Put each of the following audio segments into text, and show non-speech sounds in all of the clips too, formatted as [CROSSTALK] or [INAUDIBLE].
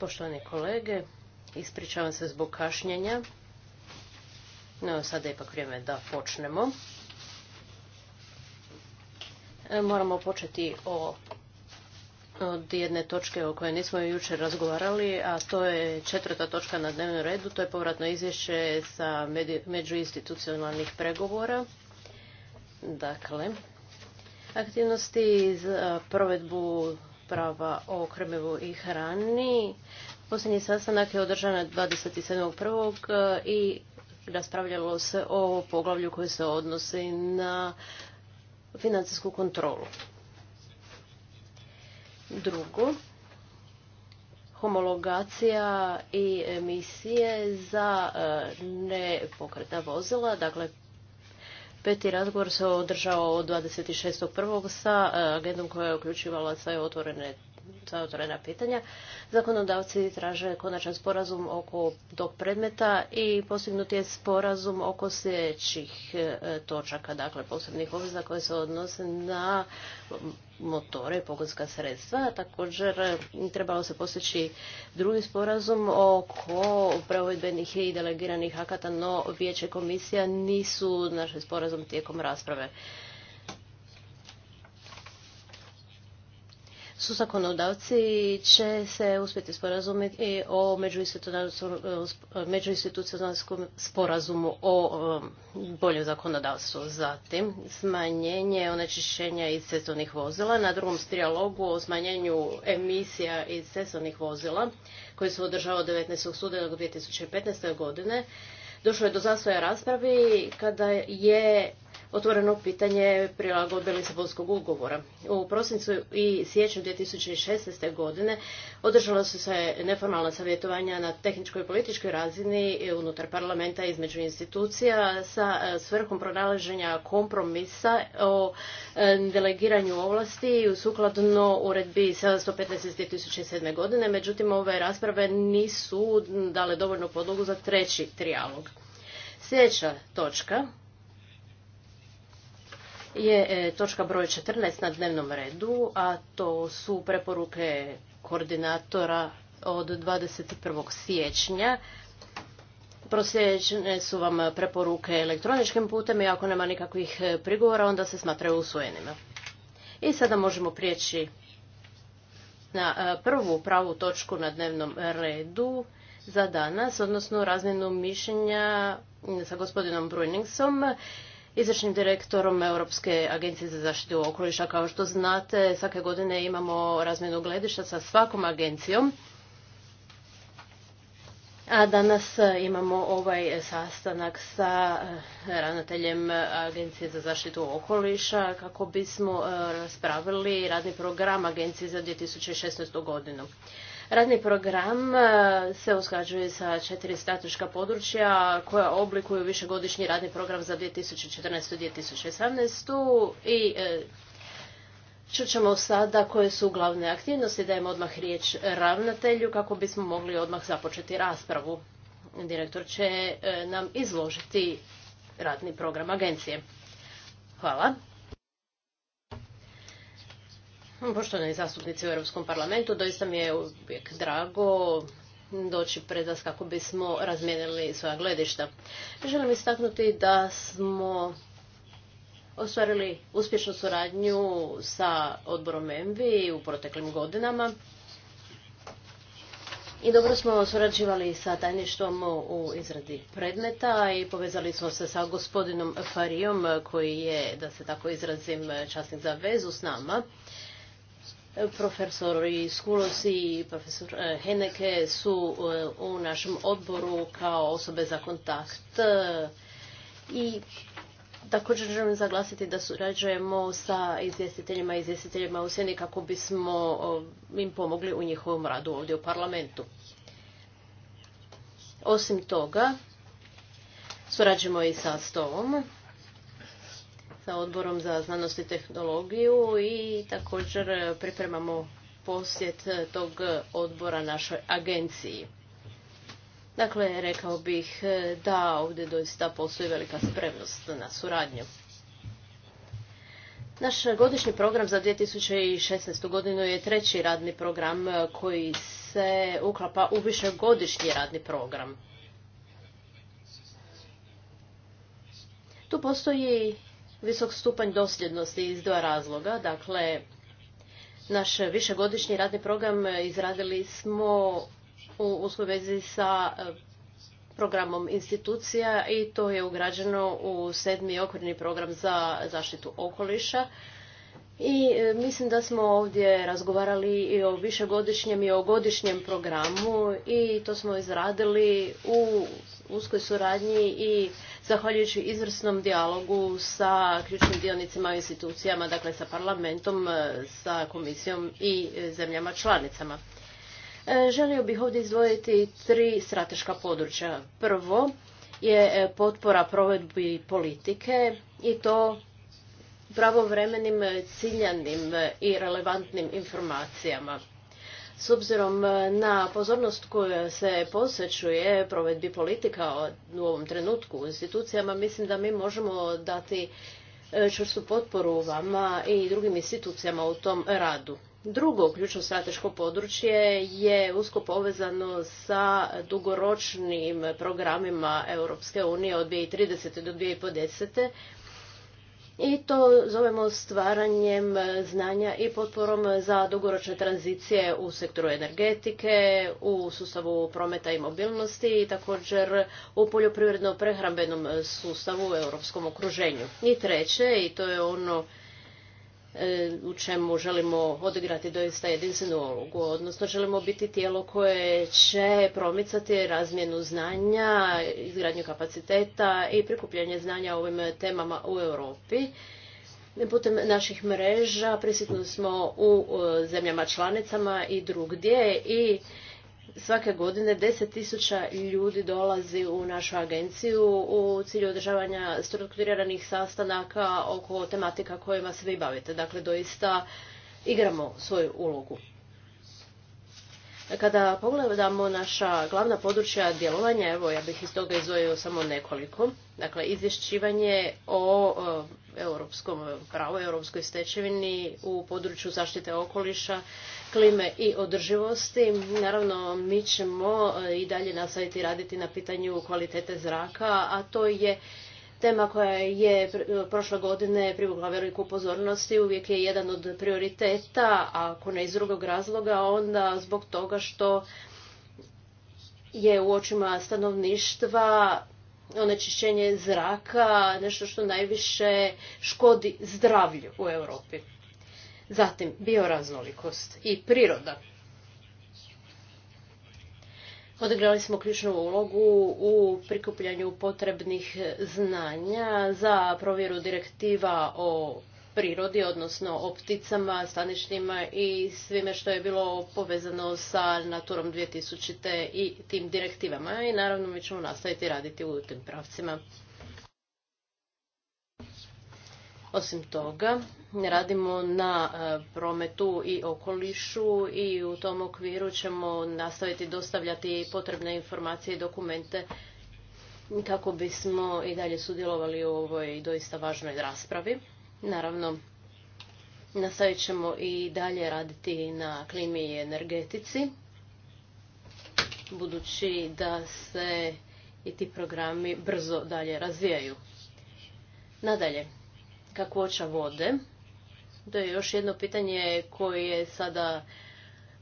Poštovani kolege, ispričavam se zbog kašnjenja. No, sada je ipak vrijeme da počnemo. E, moramo početi o od jedne točke o kojoj nismo jučer razgovarali, a to je četvrta točka na dnevnom redu, to je povratno izvješće sa međuinstitucionalnih pregovora. Dakle, aktivnosti za provedbu prava o krmevu i hrani. Posljednji sastanak je održan 27.1. i raspravljalo se o poglavlju koje se odnosi na financijsku kontrolu. Drugo, homologacija i emisije za e, nepokretna vozila, dakle Peti razgovor se održao od 26.1. sa e, agendom koja je uključivala sve otvorene za otvorena pitanja. Zakonodavci traže konačan sporazum oko tog predmeta i postignut je sporazum oko sljedećih e, točaka, dakle posebnih obveza koje se odnose na motore i pogonska sredstva. Također trebalo se postići drugi sporazum oko provedbenih i delegiranih akata, no vijeće komisija nisu našli sporazum tijekom rasprave. su zakonodavci će se uspjeti sporazumiti o međuinstitucionalnom sporazumu o um, boljem zakonodavstvu. Zatim, smanjenje onečišćenja iz cestovnih vozila. Na drugom strijalogu o smanjenju emisija iz cestovnih vozila, koji se od 19. studenog 2015. godine, došlo je do zastoja raspravi kada je otvoreno pitanje prilagodbe Lisabonskog ugovora. U prosincu i siječnju 2016. godine održala su se neformalna savjetovanja na tehničkoj i političkoj razini unutar parlamenta između institucija sa e, svrhom pronalaženja kompromisa o e, delegiranju ovlasti u sukladno uredbi 715 iz 2007. godine. Međutim, ove rasprave nisu dale dovoljnu podlogu za treći trijalog. Sljedeća točka je e, točka broj 14 na dnevnom redu, a to su preporuke koordinatora od 21. siječnja. Prosjećene su vam preporuke elektroničkim putem i ako nema nikakvih e, prigovora, onda se smatraju usvojenima. I sada možemo prijeći na e, prvu pravu točku na dnevnom redu za danas, odnosno razmjenu mišljenja sa gospodinom Bruningsom izvršnim direktorom Europske agencije za zaštitu okoliša. Kao što znate, svake godine imamo razmjenu gledišta sa svakom agencijom. A danas e, imamo ovaj sastanak sa e, ravnateljem Agencije za zaštitu okoliša kako bismo e, raspravili radni program Agencije za 2016. godinu. Radni program e, se usklađuje sa četiri strateška područja koja oblikuju višegodišnji radni program za 2014. i 2018. I e, Čućemo sada koje su glavne aktivnosti, dajemo odmah riječ ravnatelju kako bismo mogli odmah započeti raspravu. Direktor će e, nam izložiti radni program agencije. Hvala. Poštovani zastupnici u Europskom parlamentu, doista mi je uvijek drago doći pred vas kako bismo razmijenili svoja gledišta. Želim istaknuti da smo ostvarili uspješnu suradnju sa odborom ENVI u proteklim godinama. I dobro smo surađivali sa tajništvom u izradi predmeta i povezali smo se sa gospodinom Farijom koji je, da se tako izrazim, časnik za vezu s nama. Profesor Skulos i profesor e, Heneke su e, u našem odboru kao osobe za kontakt e, i također želim zaglasiti da surađujemo sa izvjestiteljima i izvjestiteljima u Sjeni kako bismo im pomogli u njihovom radu ovdje u parlamentu. Osim toga, surađujemo i sa stovom sa odborom za znanost i tehnologiju i također pripremamo posjet tog odbora našoj agenciji. Dakle, rekao bih da ovdje doista postoji velika spremnost na suradnju. Naš godišnji program za 2016. godinu je treći radni program koji se uklapa u višegodišnji radni program. Tu postoji visok stupanj dosljednosti iz dva razloga. Dakle, naš višegodišnji radni program izradili smo u uskoj sa e, programom institucija i to je ugrađeno u sedmi okvirni program za zaštitu okoliša. I e, mislim da smo ovdje razgovarali i o višegodišnjem i o godišnjem programu i to smo izradili u uskoj suradnji i zahvaljujući izvrsnom dijalogu sa ključnim dionicima i institucijama, dakle sa parlamentom, e, sa komisijom i e, zemljama članicama. E, želio bih ovdje izdvojiti tri strateška područja. Prvo je potpora provedbi politike i to pravovremenim, ciljanim i relevantnim informacijama. S obzirom e, na pozornost koja se posvećuje provedbi politika u ovom trenutku u institucijama, mislim da mi možemo dati e, čvrstu potporu vama i drugim institucijama u tom radu. Drugo ključno strateško područje je usko povezano sa dugoročnim programima Europske unije od 2030. do 2050 i to zovemo stvaranjem znanja i potporom za dugoročne tranzicije u sektoru energetike, u sustavu prometa i mobilnosti i također u poljoprivredno-prehrambenom sustavu u europskom okruženju. I treće, i to je ono E, u čemu želimo odigrati doista jedinstvenu ulogu, odnosno želimo biti tijelo koje će promicati razmjenu znanja, izgradnju kapaciteta i prikupljanje znanja o ovim temama u Europi. Putem naših mreža prisutni smo u e, zemljama članicama i drugdje i svake godine tisuća ljudi dolazi u našu agenciju u cilju održavanja strukturiranih sastanaka oko tematika kojima se vi bavite. Dakle, doista igramo svoju ulogu. Kada pogledamo naša glavna područja djelovanja, evo ja bih iz toga izvojio samo nekoliko, dakle izvješćivanje o europskom pravu, europskoj stečevini u području zaštite okoliša, klime i održivosti. Naravno, mi ćemo e, i dalje nastaviti raditi na pitanju kvalitete zraka, a to je tema koja je e, prošle godine privukla veliku pozornost i uvijek je jedan od prioriteta, ako ne iz drugog razloga, onda zbog toga što je u očima stanovništva onečišćenje zraka nešto što najviše škodi zdravlju u Europi. Zatim bioraznolikost i priroda. Odigrali smo ključnu ulogu u prikupljanju potrebnih znanja za provjeru direktiva o prirodi, odnosno o pticama, i svime što je bilo povezano sa Naturom 2000 i tim direktivama. I naravno mi ćemo nastaviti raditi u tim pravcima. Osim toga, radimo na e, prometu i okolišu i u tom okviru ćemo nastaviti dostavljati potrebne informacije i dokumente kako bismo i dalje sudjelovali u ovoj doista važnoj raspravi. Naravno, nastavit ćemo i dalje raditi na klimi i energetici, budući da se i ti programi brzo dalje razvijaju. Nadalje, kakvoća vode. To je još jedno pitanje koje sada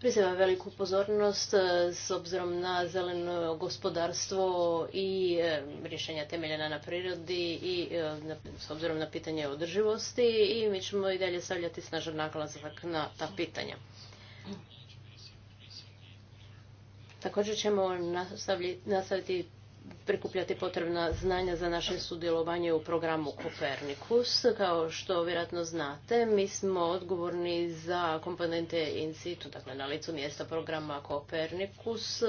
priseva veliku pozornost e, s obzirom na zeleno gospodarstvo i e, rješenja temeljena na prirodi i e, s obzirom na pitanje održivosti i mi ćemo i dalje stavljati snažan naglasak na ta pitanja. Također ćemo nastaviti prikupljati potrebna znanja za naše sudjelovanje u programu Kopernikus. Kao što vjerojatno znate, mi smo odgovorni za komponente in situ, dakle na licu mjesta programa Kopernikus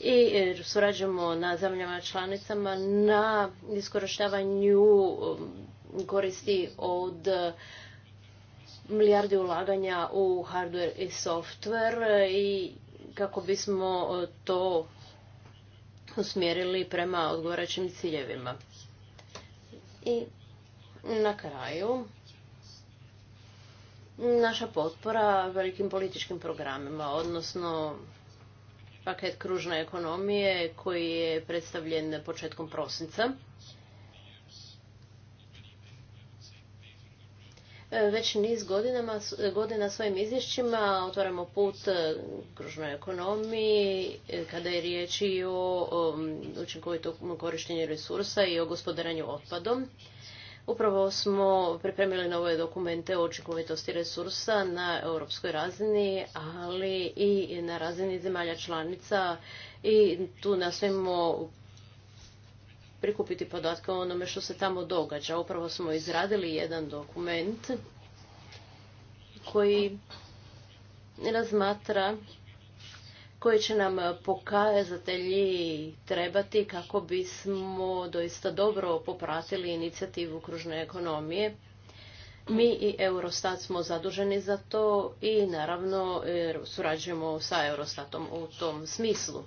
i surađujemo na zemljama članicama na iskorištavanju um, koristi od milijardi ulaganja u hardware i software i kako bismo to usmjerili prema odgovarajućim ciljevima. I na kraju, naša potpora velikim političkim programima, odnosno paket kružne ekonomije koji je predstavljen početkom prosinca. E, već niz e, godina svojim izvješćima otvaramo put e, kružnoj ekonomiji kada je riječ i o učinkovitom korištenju resursa i o gospodaranju otpadom. Upravo smo pripremili nove dokumente o učinkovitosti resursa na europskoj razini, ali i na razini zemalja članica i tu nastojimo prikupiti podatke o onome što se tamo događa. Upravo smo izradili jedan dokument koji razmatra koji će nam pokazatelji trebati kako bismo doista dobro popratili inicijativu kružne ekonomije. Mi i Eurostat smo zaduženi za to i naravno e, surađujemo sa Eurostatom u tom smislu.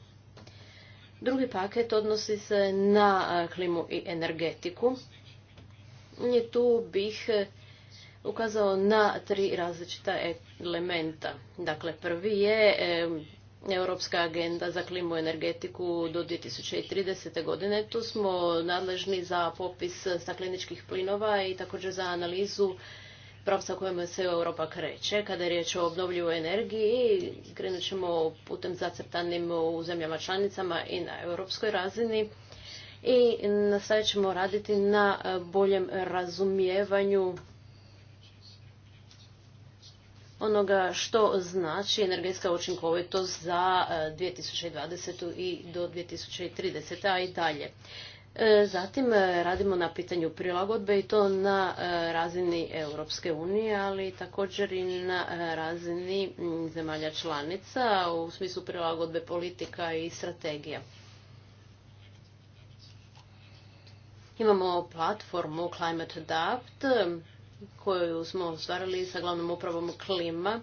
Drugi paket odnosi se na klimu i energetiku. tu bih e, ukazao na tri različita elementa. Dakle, prvi je e, Europska agenda za klimu i energetiku do 2030. godine. Tu smo nadležni za popis stakleničkih plinova i također za analizu pravca kojima se Europa kreće. Kada je riječ o obnovljivoj energiji, krenut ćemo putem zacrtanim u zemljama članicama i na europskoj razini i nastavit ćemo raditi na boljem razumijevanju onoga što znači energetska učinkovitost za 2020. E, i do 2030. a i dalje. E, zatim e, radimo na pitanju prilagodbe i to na e, razini Europske unije, ali također i na razini zemalja članica u smislu prilagodbe politika i strategija. Imamo platformu Climate Adapt koju smo ostvarili sa glavnom upravom klima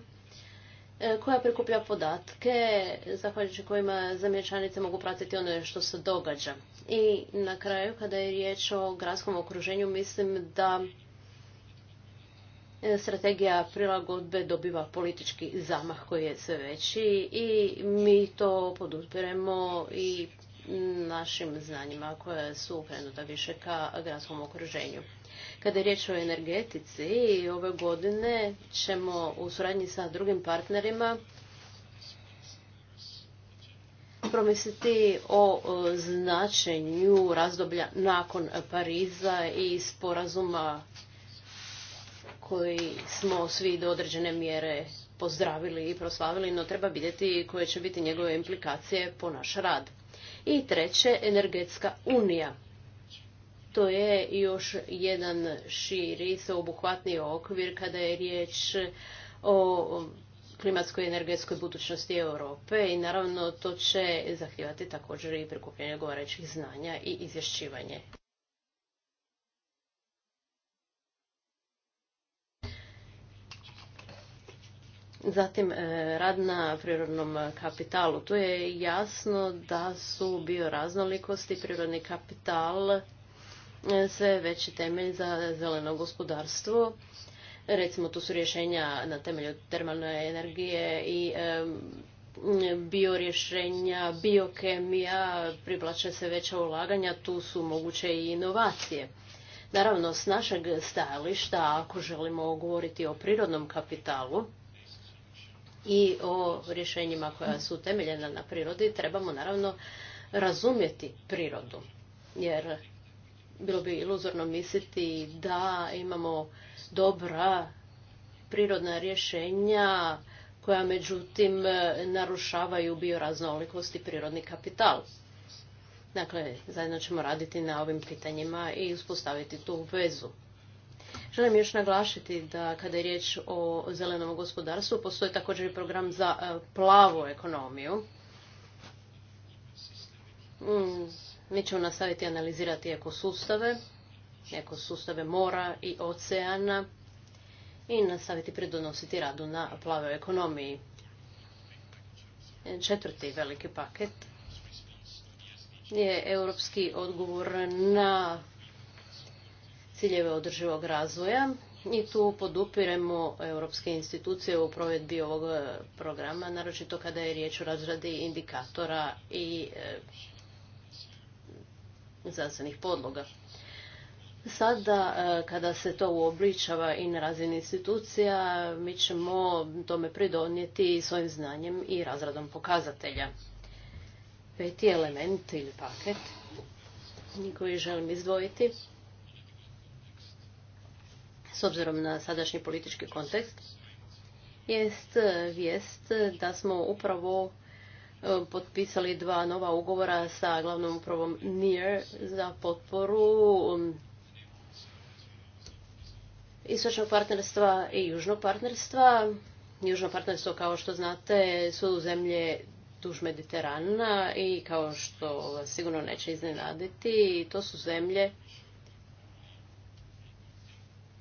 E, koja prikuplja podatke zahvaljujući kojima zamječanice mogu pratiti ono što se događa. I na kraju, kada je riječ o gradskom okruženju, mislim da e, strategija prilagodbe dobiva politički zamah koji je sve veći i mi to podupiremo i našim znanjima koje su okrenuta više ka gradskom okruženju. Kada je riječ o energetici, ove godine ćemo u suradnji sa drugim partnerima promisliti o značenju razdoblja nakon Pariza i sporazuma koji smo svi do određene mjere pozdravili i proslavili, no treba vidjeti koje će biti njegove implikacije po naš rad. I treće, energetska unija. To je još jedan širi, sveobuhvatni okvir kada je riječ o klimatskoj i energetskoj budućnosti Europe i naravno to će zahtijevati također i prikupljenje govorećih znanja i izvješćivanje. Zatim e, rad na prirodnom kapitalu. Tu je jasno da su bioraznolikosti prirodni kapital sve veći temelj za zeleno gospodarstvo. Recimo tu su rješenja na temelju termalne energije i biorješenja, biokemija, privlače se veća ulaganja, tu su moguće i inovacije. Naravno, s našeg stajališta, ako želimo govoriti o prirodnom kapitalu i o rješenjima koja su temeljena na prirodi, trebamo naravno razumjeti prirodu. Jer bilo bi iluzorno misliti da imamo dobra prirodna rješenja koja međutim narušavaju bioraznolikost i prirodni kapital. Dakle, zajedno ćemo raditi na ovim pitanjima i uspostaviti tu vezu. Želim još naglašiti da kada je riječ o zelenom gospodarstvu, postoji također i program za e, plavu ekonomiju. Mm, mi ćemo nastaviti analizirati ekosustave, ekosustave mora i oceana i nastaviti pridonositi radu na plavoj ekonomiji. Četvrti veliki paket je europski odgovor na ciljeve održivog razvoja i tu podupiremo europske institucije u provedbi ovog programa, naročito kada je riječ o razradi indikatora i e, znanstvenih podloga. Sada, e, kada se to uobličava i na razini institucija, mi ćemo tome pridonijeti svojim znanjem i razradom pokazatelja. Peti element ili paket koji želim izdvojiti, s obzirom na sadašnji politički kontekst, jest vijest da smo upravo E, potpisali dva nova ugovora sa glavnom upravom NIR za potporu um, istočnog partnerstva i južnog partnerstva. Južno partnerstvo, kao što znate, su zemlje duž Mediterana i kao što vas sigurno neće iznenaditi, to su zemlje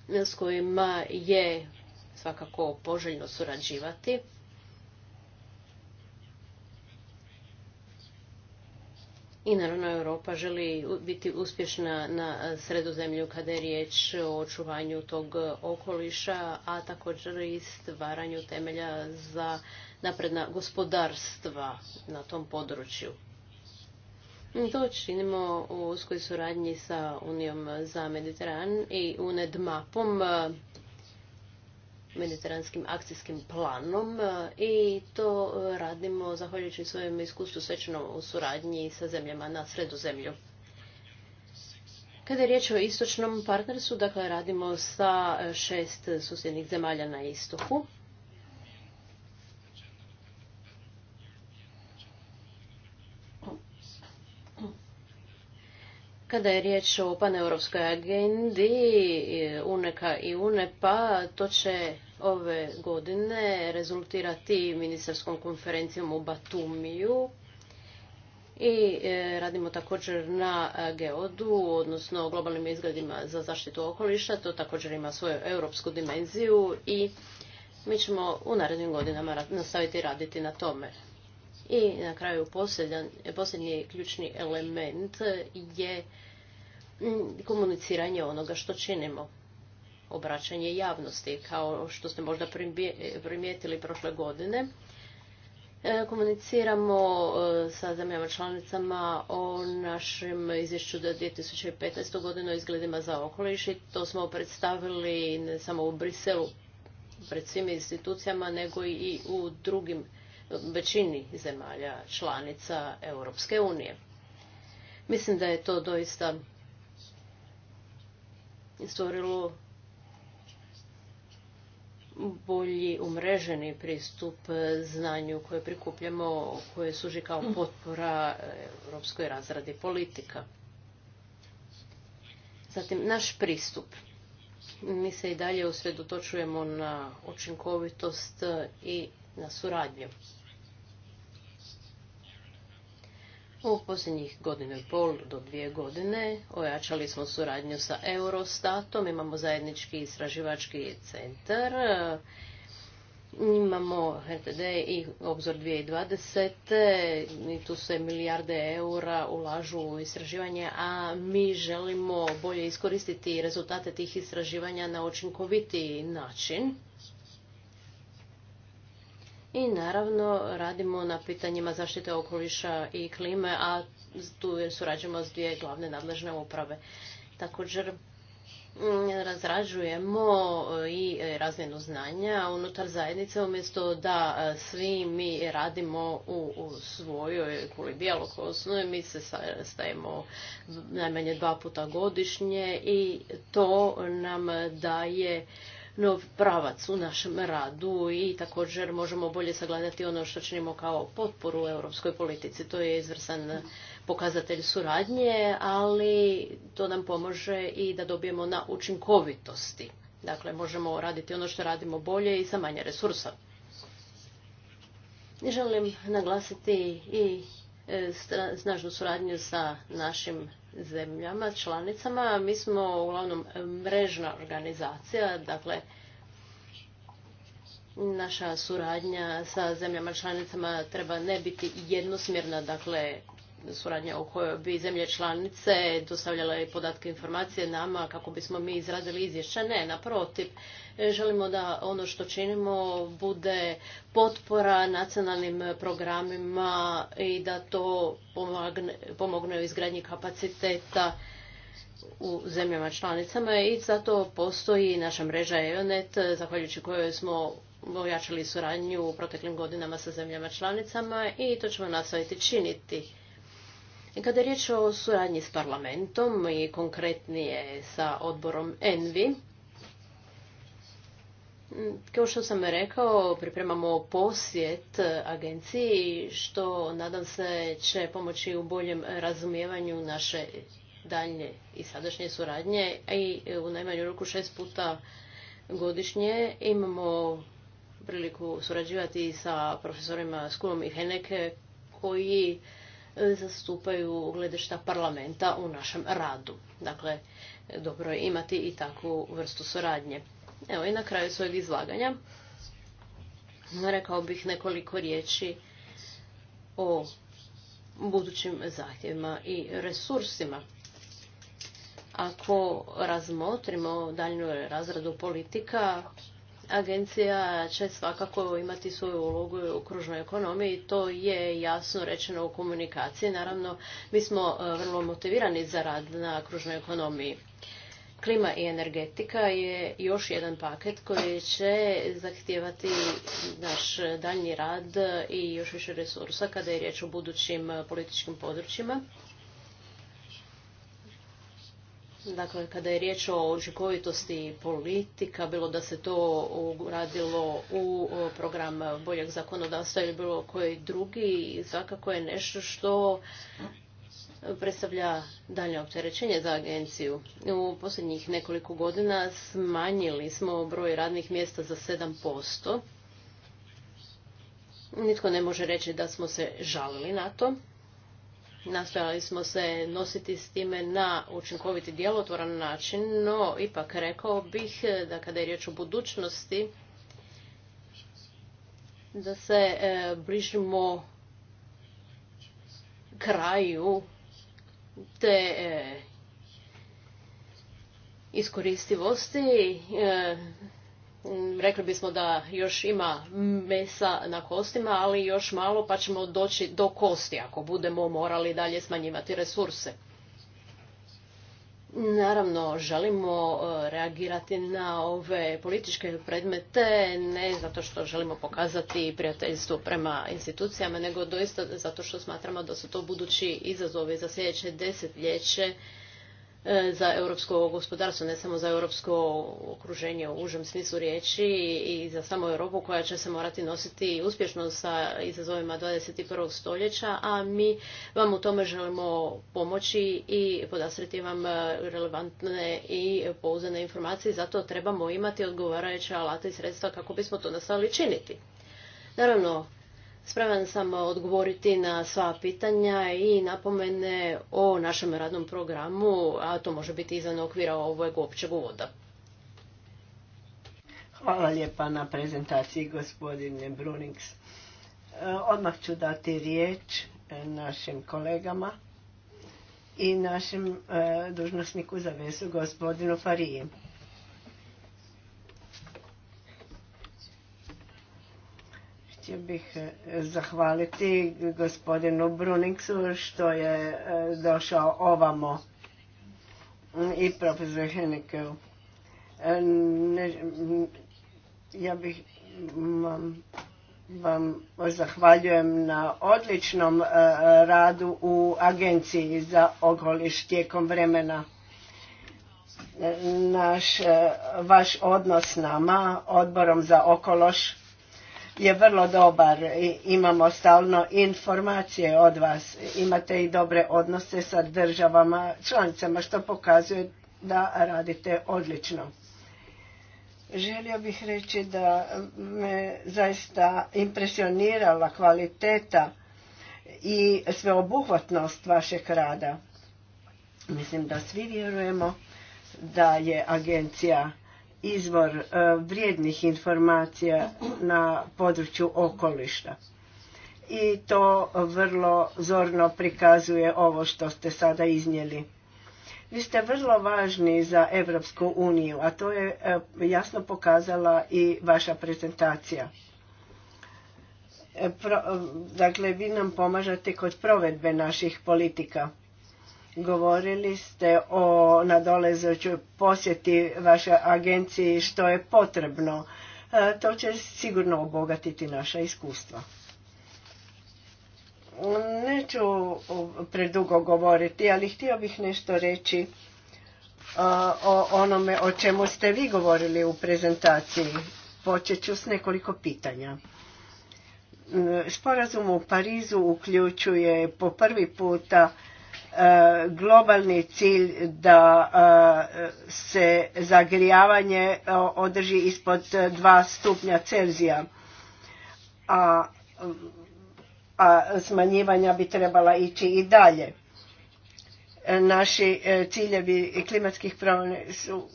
s kojima je svakako poželjno surađivati. I naravno Europa želi biti uspješna na e, sredozemlju kada je riječ o očuvanju tog e, okoliša, a također i stvaranju temelja za napredna gospodarstva na tom području. To činimo u uskoj suradnji sa Unijom za Mediteran i UNED mapom e, mediteranskim akcijskim planom e, i to e, radimo zahvaljujući svojem iskustvu svečno u suradnji sa zemljama na sredozemlju. Kada je riječ o istočnom partnerstvu, dakle radimo sa šest susjednih zemalja na istoku Kada je riječ o paneuropskoj agendi e, UNEKA i UNEPA, to će ove godine rezultirati ministarskom konferencijom u Batumiju i e, radimo također na geodu, odnosno globalnim izgledima za zaštitu okoliša. To također ima svoju europsku dimenziju i mi ćemo u narednim godinama nastaviti raditi na tome. I na kraju posljednji ključni element je mm, komuniciranje onoga što činimo. Obraćanje javnosti, kao što ste možda primijetili prošle godine. E, komuniciramo e, sa zemljama članicama o našem izvješću za 2015. godinu izgledima za okoliš i to smo predstavili ne samo u Briselu pred svim institucijama, nego i u drugim većini zemalja članica Europske unije. Mislim da je to doista stvorilo bolji umreženi pristup znanju koje prikupljamo, koje služi kao potpora europskoj razradi politika. Zatim, naš pristup. Mi se i dalje usredotočujemo na učinkovitost i na suradnju. U posljednjih godinu i pol do dvije godine ojačali smo suradnju sa Eurostatom, imamo zajednički istraživački centar, imamo RTD i obzor 2020. I tu se milijarde eura ulažu u istraživanje, a mi želimo bolje iskoristiti rezultate tih istraživanja na učinkovitiji način. I naravno radimo na pitanjima zaštite okoliša i klime, a tu surađujemo s dvije glavne nadležne uprave. Također mm, razrađujemo e, i razmjenu znanja unutar zajednice umjesto da e, svi mi radimo u, svojoj kuli bijelokosnoj mi se stajemo najmanje dva puta godišnje i to nam daje nov pravac u našem radu i također možemo bolje sagledati ono što činimo kao potporu u europskoj politici. To je izvrsan pokazatelj suradnje, ali to nam pomože i da dobijemo na učinkovitosti. Dakle, možemo raditi ono što radimo bolje i sa manje resursa. Želim naglasiti i e, snažnu suradnju sa našim zemljama, članicama. Mi smo uglavnom mrežna organizacija, dakle naša suradnja sa zemljama članicama treba ne biti jednosmjerna, dakle suradnja u kojoj bi zemlje članice dostavljale podatke informacije nama kako bismo mi izradili izvješća. Ne, naprotiv, želimo da ono što činimo bude potpora nacionalnim programima i da to pomogne, pomogne u izgradnji kapaciteta u zemljama članicama i zato postoji naša mreža EONET, zahvaljujući kojoj smo ojačali suradnju u proteklim godinama sa zemljama članicama i to ćemo nastaviti činiti. Kada je riječ o suradnji s parlamentom i konkretnije sa odborom ENVI, kao što sam rekao, pripremamo posjet agenciji što nadam se će pomoći u boljem razumijevanju naše daljnje i sadašnje suradnje i u najmanju ruku šest puta godišnje imamo priliku surađivati sa profesorima Skulom i Heneke koji E, zastupaju gledišta parlamenta u našem radu. Dakle, dobro je imati i takvu vrstu suradnje. Evo i na kraju svojeg izlaganja rekao bih nekoliko riječi o budućim zahtjevima i resursima. Ako razmotrimo daljnju razradu politika, Agencija će svakako imati svoju ulogu u kružnoj ekonomiji, i to je jasno rečeno u komunikaciji. Naravno, mi smo e, vrlo motivirani za rad na kružnoj ekonomiji. Klima i energetika je još jedan paket koji će zahtijevati naš daljnji rad i još više resursa kada je riječ o budućim političkim područjima. Dakle, kada je riječ o učinkovitosti politika, bilo da se to uradilo u program boljeg zakonodavstva ili bilo koji drugi, svakako je nešto što predstavlja dalje opterećenje za agenciju. U posljednjih nekoliko godina smanjili smo broj radnih mjesta za 7%. Nitko ne može reći da smo se žalili na to. Nastojali smo se nositi s time na učinkoviti djelotvoran način, no ipak rekao bih da kada je riječ o budućnosti, da se e, bližimo kraju te e, iskoristivosti. E, Mm, rekli bismo da još ima mesa na kostima, ali još malo pa ćemo doći do kosti ako budemo morali dalje smanjivati resurse. Naravno, želimo e, reagirati na ove političke predmete ne zato što želimo pokazati prijateljstvo prema institucijama, nego doista zato što smatramo da su to budući izazovi za sljedeće desetljeće E, za europsko gospodarstvo, ne samo za europsko okruženje u užem smislu riječi i za samu Europu koja će se morati nositi uspješno sa izazovima 21. stoljeća, a mi vam u tome želimo pomoći i podastriti vam relevantne i pouzdane informacije. Zato trebamo imati odgovarajuće alate i sredstva kako bismo to nastavili činiti. Naravno, Spreman sam odgovoriti na sva pitanja i napomene o našem radnom programu, a to može biti izvan okvira ovog općeg uvoda. Hvala lijepa na prezentaciji gospodine Brunings. E, odmah ću dati riječ e, našim kolegama i našem e, dužnosniku za vezu gospodinu Fariju. Htio bih e, zahvaliti gospodinu Bruningsu što je e, došao ovamo i profesor Henekeu. E, ja bih vam zahvaljujem na odličnom radu u Agenciji za okoliš tijekom vremena. Naš, vaš odnos s nama, odborom za okološ, je vrlo dobar. Imamo stalno informacije od vas. Imate i dobre odnose sa državama članicama što pokazuje da radite odlično. Želio bih reći da me zaista impresionirala kvaliteta i sveobuhvatnost vašeg rada. Mislim da svi vjerujemo da je agencija izvor e, vrijednih informacija na području okolišta. I to vrlo zorno prikazuje ovo što ste sada iznijeli. Vi ste vrlo važni za Evropsku uniju, a to je e, jasno pokazala i vaša prezentacija. E, dakle, vi nam pomažete kod provedbe naših politika Govorili ste o nadolezećoj posjeti vašoj agenciji što je potrebno. E, to će sigurno obogatiti naša iskustva. Neću predugo govoriti, ali htio bih nešto reći e, o onome o čemu ste vi govorili u prezentaciji. Počet ću s nekoliko pitanja. E, sporazum u Parizu uključuje po prvi puta E, globalni cilj da e, se zagrijavanje e, održi ispod 2 stupnja Celzija, a, smanjivanja bi trebala ići i dalje. Naši ciljevi klimatskih promjena su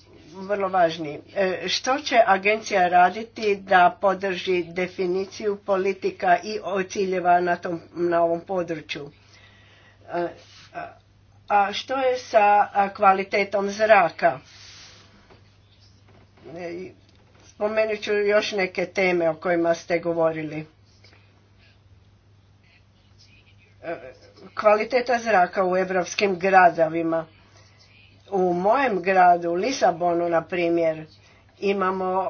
vrlo važni. Što će agencija raditi da podrži definiciju politika i ciljeva na, tom, na ovom području? A što je sa kvalitetom zraka? E, spomenut ću još neke teme o kojima ste govorili. E, kvaliteta zraka u evropskim gradovima. U mojem gradu, Lisabonu, na primjer, imamo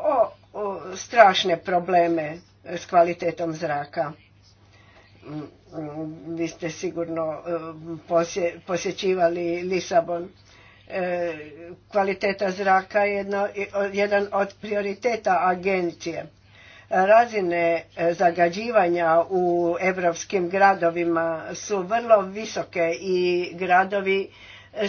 strašne probleme s kvalitetom zraka vi ste sigurno e, posjećivali Lisabon. E, kvaliteta zraka je e, jedan od prioriteta agencije. Razine zagađivanja u evropskim gradovima su vrlo visoke i gradovi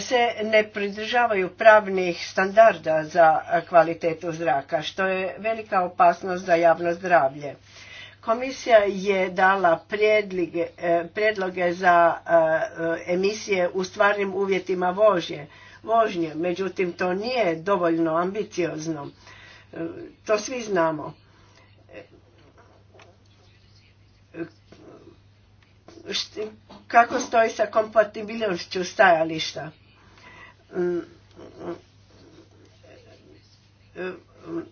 se ne pridržavaju pravnih standarda za kvalitetu zraka, što je velika opasnost za javno zdravlje. Komisija je dala predloge e, prijedloge za e, e, emisije u stvarnim uvjetima vožnje, vožnje, međutim to nije dovoljno ambiciozno. To svi znamo. Kako stoji sa kompatibilnošću stajališta? Mm, mm, mm,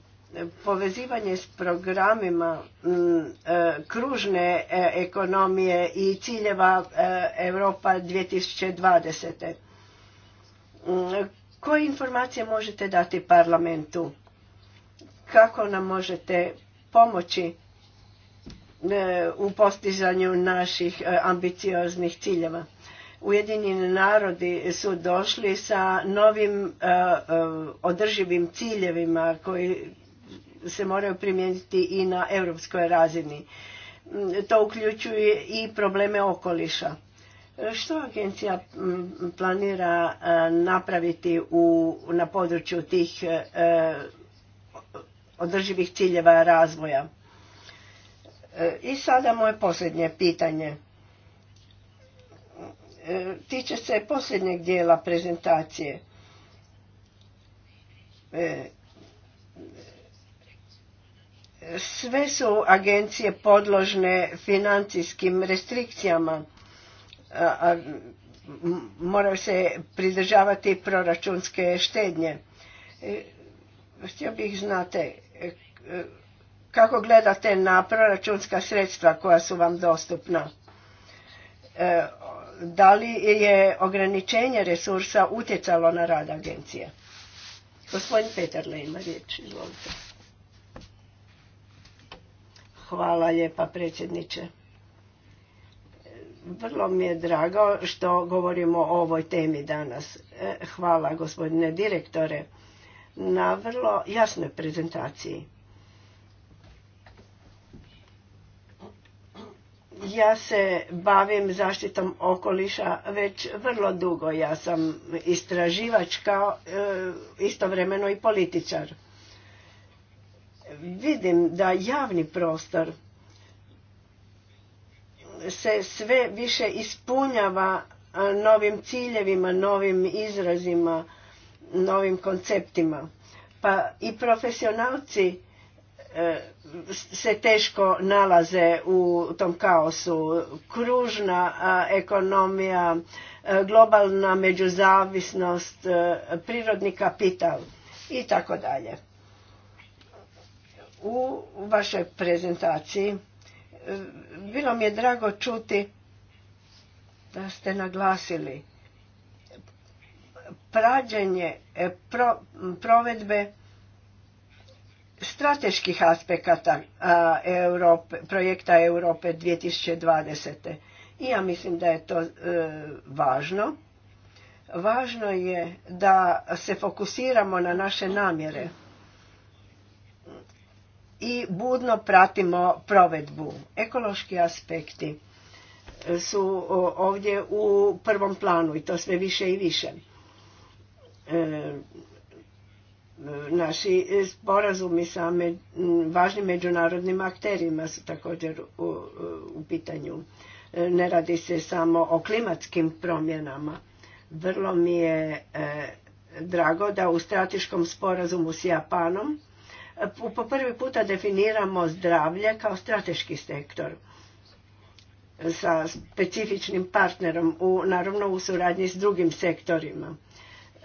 povezivanje s programima mm, e, kružne e, ekonomije i ciljeva e, Europa 2020. Mm, koje informacije možete dati parlamentu? Kako nam možete pomoći u postizanju naših ambicioznih ciljeva? Ujedinjeni narodi su došli sa novim održivim ciljevima koji se moraju primijeniti i na europskoj razini. Mm, to uključuje i probleme okoliša. Što agencija mm, planira e, napraviti u, na području tih e, održivih ciljeva razvoja? E, I sada moje posljednje pitanje. tiče se posljednjeg dijela prezentacije. Sve su agencije podložne financijskim restrikcijama. Moraju se pridržavati proračunske štednje. E, htio bih znate e, kako gledate na proračunska sredstva koja su vam dostupna. E, da li je ograničenje resursa utjecalo na rad agencije? Gospodin petar ima riječ, izvolite. Hvala lijepa predsjedniče. Vrlo mi je drago što govorimo o ovoj temi danas. E, hvala gospodine direktore na vrlo jasnoj prezentaciji. Ja se bavim zaštitom okoliša već vrlo dugo. Ja sam istraživač kao e, istovremeno i političar vidim da javni prostor se sve više ispunjava novim ciljevima, novim izrazima, novim konceptima. Pa i profesionalci e, se teško nalaze u tom kaosu. Kružna ekonomija, e, globalna međuzavisnost, e, prirodni kapital i tako dalje. U vašoj prezentaciji bilo mi je drago čuti da ste naglasili prađenje e, provedbe strateških aspekata Europe, projekta Europe 2020. I ja mislim da je to e, važno. Važno je da se fokusiramo na naše namjere i budno pratimo provedbu. Ekološki aspekti e, su ovdje u prvom planu i to sve više i više. E, naši sporazumi sa važnim međunarodnim akterima su također u, pitanju. E, ne radi se samo o klimatskim promjenama. Vrlo mi je drago da u strateškom sporazumu s Japanom po prvi puta definiramo zdravlje kao strateški sektor sa specifičnim partnerom, u, naravno u suradnji s drugim sektorima.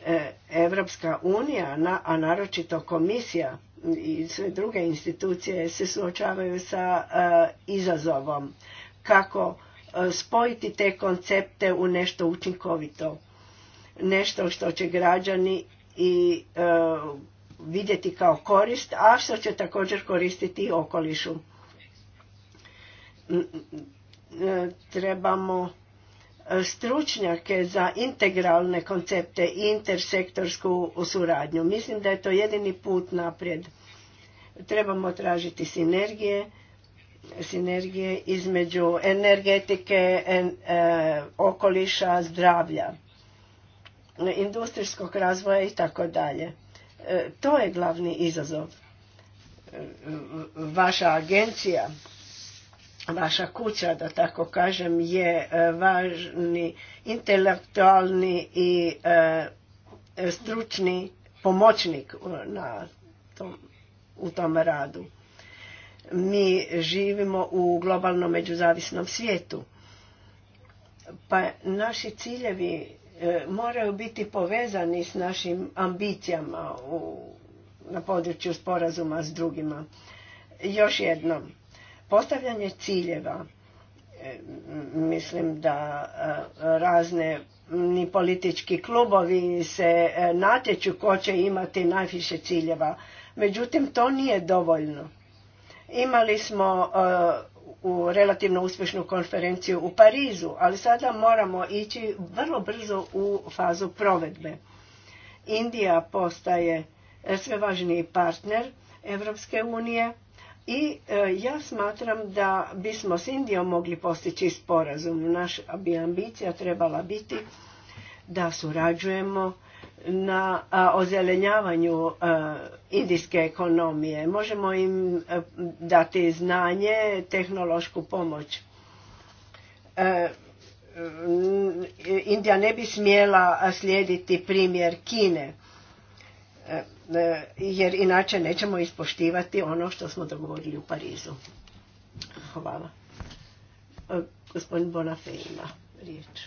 E, Evropska unija, a naročito komisija i sve druge institucije se suočavaju sa e, izazovom kako e, spojiti te koncepte u nešto učinkovito, nešto što će građani i vidjeti kao korist, a što će također koristiti i okolišu. Trebamo e, stručnjake za integralne koncepte i intersektorsku suradnju. Mislim da je to jedini put naprijed. Trebamo tražiti sinergije, sinergije između energetike, en, e, okoliša, zdravlja, industrijskog razvoja i tako dalje. E, to je glavni izazov. E, vaša agencija, vaša kuća, da tako kažem, je e, važni intelektualni i stručni pomoćnik na tom, u tom radu. Mi živimo u globalno međuzavisnom svijetu. Pa naši ciljevi E, moraju biti povezani s našim ambicijama na području sporazuma s drugima. Još jednom, postavljanje ciljeva, e, mislim da e, razne ni politički klubovi se natječu ko će imati najviše ciljeva. Međutim, to nije dovoljno. Imali smo u relativno uspješnu konferenciju u Parizu, ali sada moramo ići vrlo brzo u fazu provedbe. Indija postaje e, sve važniji partner Evropske unije i e, ja smatram da bismo s Indijom mogli postići sporazum. Naša bi ambicija trebala biti da surađujemo na ozelenjavanju indijske ekonomije. Možemo im dati znanje, tehnološku pomoć. Indija ne bi smjela slijediti primjer Kine, jer inače nećemo ispoštivati ono što smo dogovorili u Parizu. Hvala. Gospodin Bonafé ima riječ.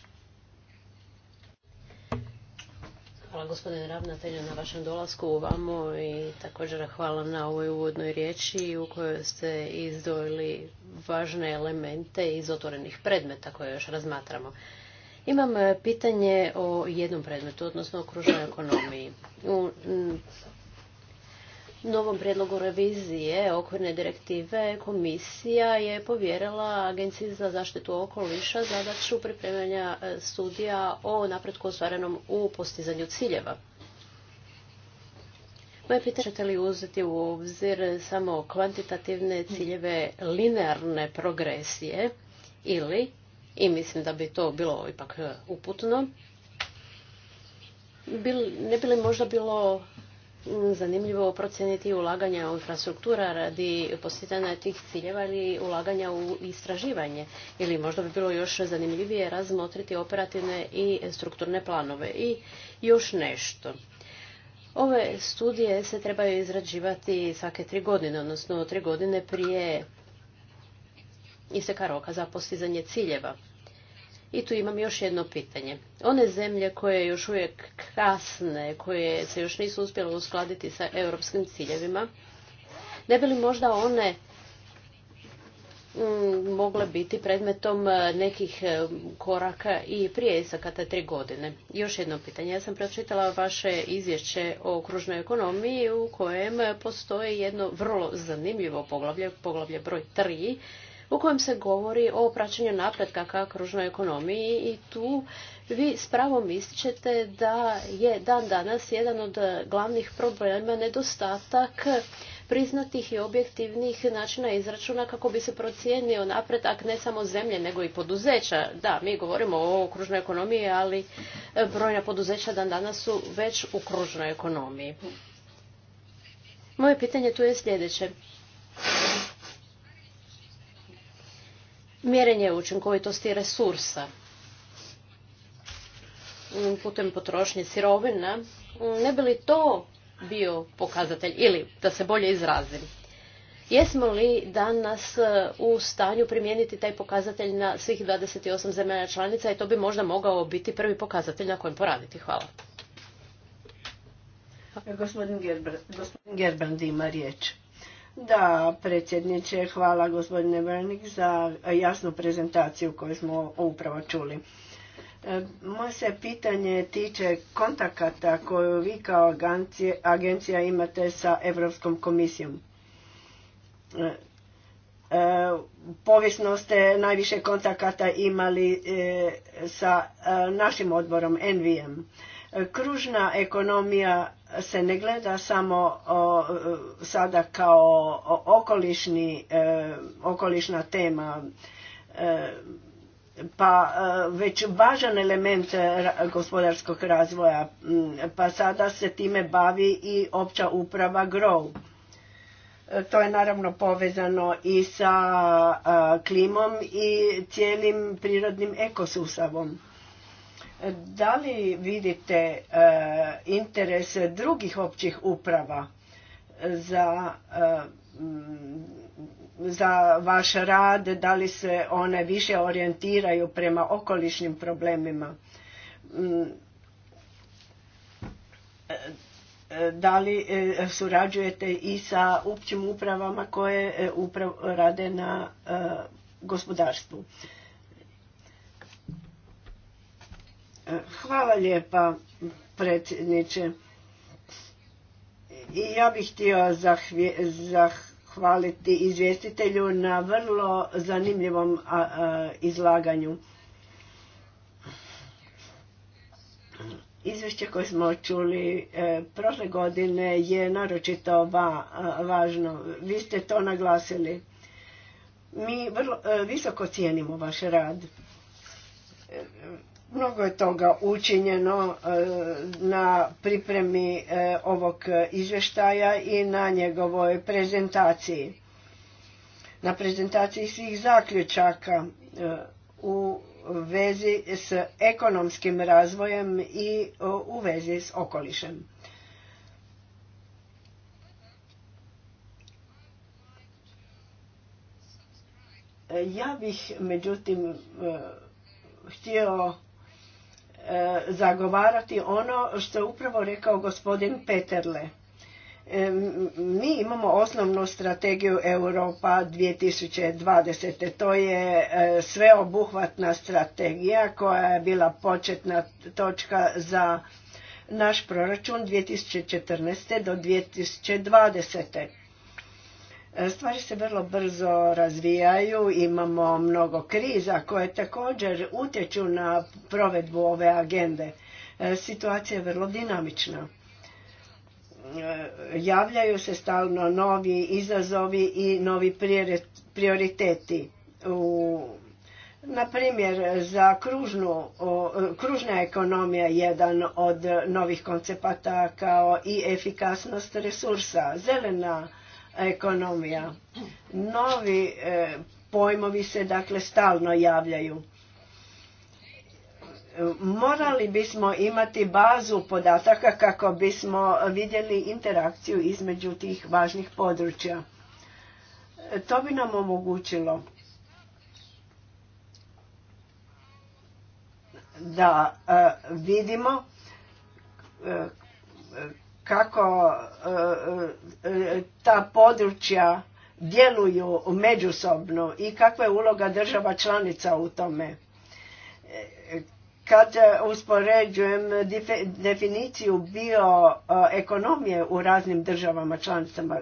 Hvala gospodine ravnatelju na vašem dolasku vamo i također hvala na ovoj uvodnoj riječi u kojoj ste izdvojili važne elemente iz otvorenih predmeta koje još razmatramo. Imam e, pitanje o jednom predmetu, odnosno okružnoj ekonomiji novom prijedlogu revizije okvirne direktive komisija je povjerila Agenciji za zaštitu okoliša zadaću pripremanja e, studija o napretku ostvarenom u postizanju ciljeva. Moje pitanje ćete li uzeti u obzir samo kvantitativne ciljeve linearne progresije ili, i mislim da bi to bilo ipak e, uputno, ne bi li možda bilo zanimljivo procijeniti ulaganja u infrastruktura radi postizanja tih ciljeva ili ulaganja u istraživanje. Ili možda bi bilo još zanimljivije razmotriti operativne i strukturne planove. I još nešto. Ove studije se trebaju izrađivati svake tri godine, odnosno tri godine prije isteka roka za postizanje ciljeva. I tu imam još jedno pitanje. One zemlje koje još uvijek krasne, koje se još nisu uspjele uskladiti sa europskim ciljevima, ne bi li možda one mm, mogle biti predmetom e, nekih e, koraka i prije isaka te tri godine. Još jedno pitanje. Ja sam pročitala vaše izvješće o kružnoj ekonomiji u kojem postoji jedno vrlo zanimljivo poglavlje, poglavlje broj tri u kojem se govori o praćenju napretka ka kružnoj ekonomiji i tu vi s pravom ističete da je dan danas jedan od glavnih problema nedostatak priznatih i objektivnih načina izračuna kako bi se procijenio napredak ne samo zemlje nego i poduzeća. Da, mi govorimo o kružnoj ekonomiji, ali brojna poduzeća dan danas su već u kružnoj ekonomiji. Moje pitanje tu je sljedeće mjerenje učinkovitosti resursa putem potrošnje sirovina, ne bi li to bio pokazatelj ili da se bolje izrazim. Jesmo li danas u stanju primijeniti taj pokazatelj na svih 28 zemalja članica i to bi možda mogao biti prvi pokazatelj na kojem poraditi? Hvala. Gospodin Gerbrand ima riječ. Da, predsjedniče, hvala gospodine Vernik za jasnu prezentaciju koju smo upravo čuli. E, moje se pitanje tiče kontakata koju vi kao agencija imate sa Europskom komisijom. E, e ste najviše kontakata imali e, sa našim odborom NVM. Kružna ekonomija se ne gleda samo e, sada kao okolišni, e, okolišna tema, e, pa već važan element gospodarskog razvoja, pa sada se time bavi i opća uprava GROW. To je naravno povezano i sa klimom i cijelim prirodnim ekosustavom da li vidite e, interes drugih općih uprava za, e, za vaš rad, da li se one više orijentiraju prema okolišnim problemima? E, da li surađujete i sa općim upravama koje rade na gospodarstvu. Hvala lijepa predsjedniče. I ja bih htio zahvaliti izvjestitelju na vrlo zanimljivom izlaganju. Izvješće koje smo čuli e, prošle godine je naročito važno. Vi ste to naglasili. Mi vrlo, e, visoko cijenimo vaš rad. Mnogo je toga učinjeno e, na pripremi e, ovog izvještaja i na njegovoj prezentaciji. Na prezentaciji svih zaključaka e, u vezi s ekonomskim razvojem i u vezi s okolišem. Ja bih međutim htio E, zagovarati ono što je upravo rekao gospodin Peterle. E, mi imamo osnovnu strategiju Europa 2020. To je e, sveobuhvatna strategija koja je bila početna točka za naš proračun 2014. do 2020. E, stvari se vrlo brzo razvijaju, imamo mnogo kriza koje također utječu na provedbu ove agende. E, situacija je vrlo dinamična. E, javljaju se stalno novi izazovi i novi prioriteti. U, na primjer, za kružnu, kružna ekonomija je jedan od novih koncepata kao i efikasnost resursa, zelena ekonomija. Novi e, pojmovi se dakle stalno javljaju. Morali bismo imati bazu podataka kako bismo vidjeli interakciju između tih važnih područja. To bi nam omogućilo da e, vidimo e, kako e, e, ta područja djeluju međusobno i kakva je uloga država članica u tome. Kad uspoređujem definiciju bioekonomije u raznim državama članicama,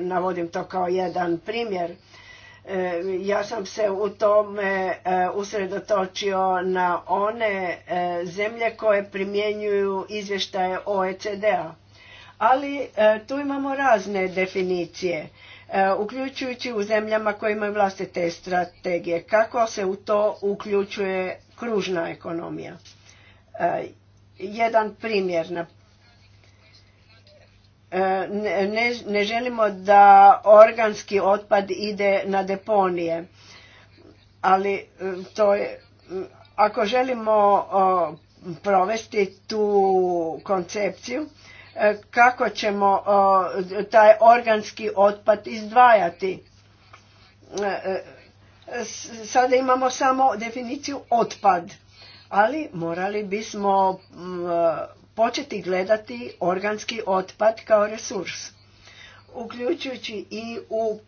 navodim to kao jedan primjer, E, ja sam se u tome e, usredotočio na one e, zemlje koje primjenjuju izvještaje OECD-a. Ali tu imamo razne definicije, uključujući u zemljama koje imaju vlastite strategije. Kako se u to uključuje kružna ekonomija? Jedan primjer, na E, ne, želimo da organski otpad ide na deponije, ali e, to je, ako želimo provesti tu koncepciju, e, kako ćemo taj organski otpad izdvajati. Sada imamo samo definiciju otpad, ali morali bismo početi gledati organski otpad kao resurs, uključujući i u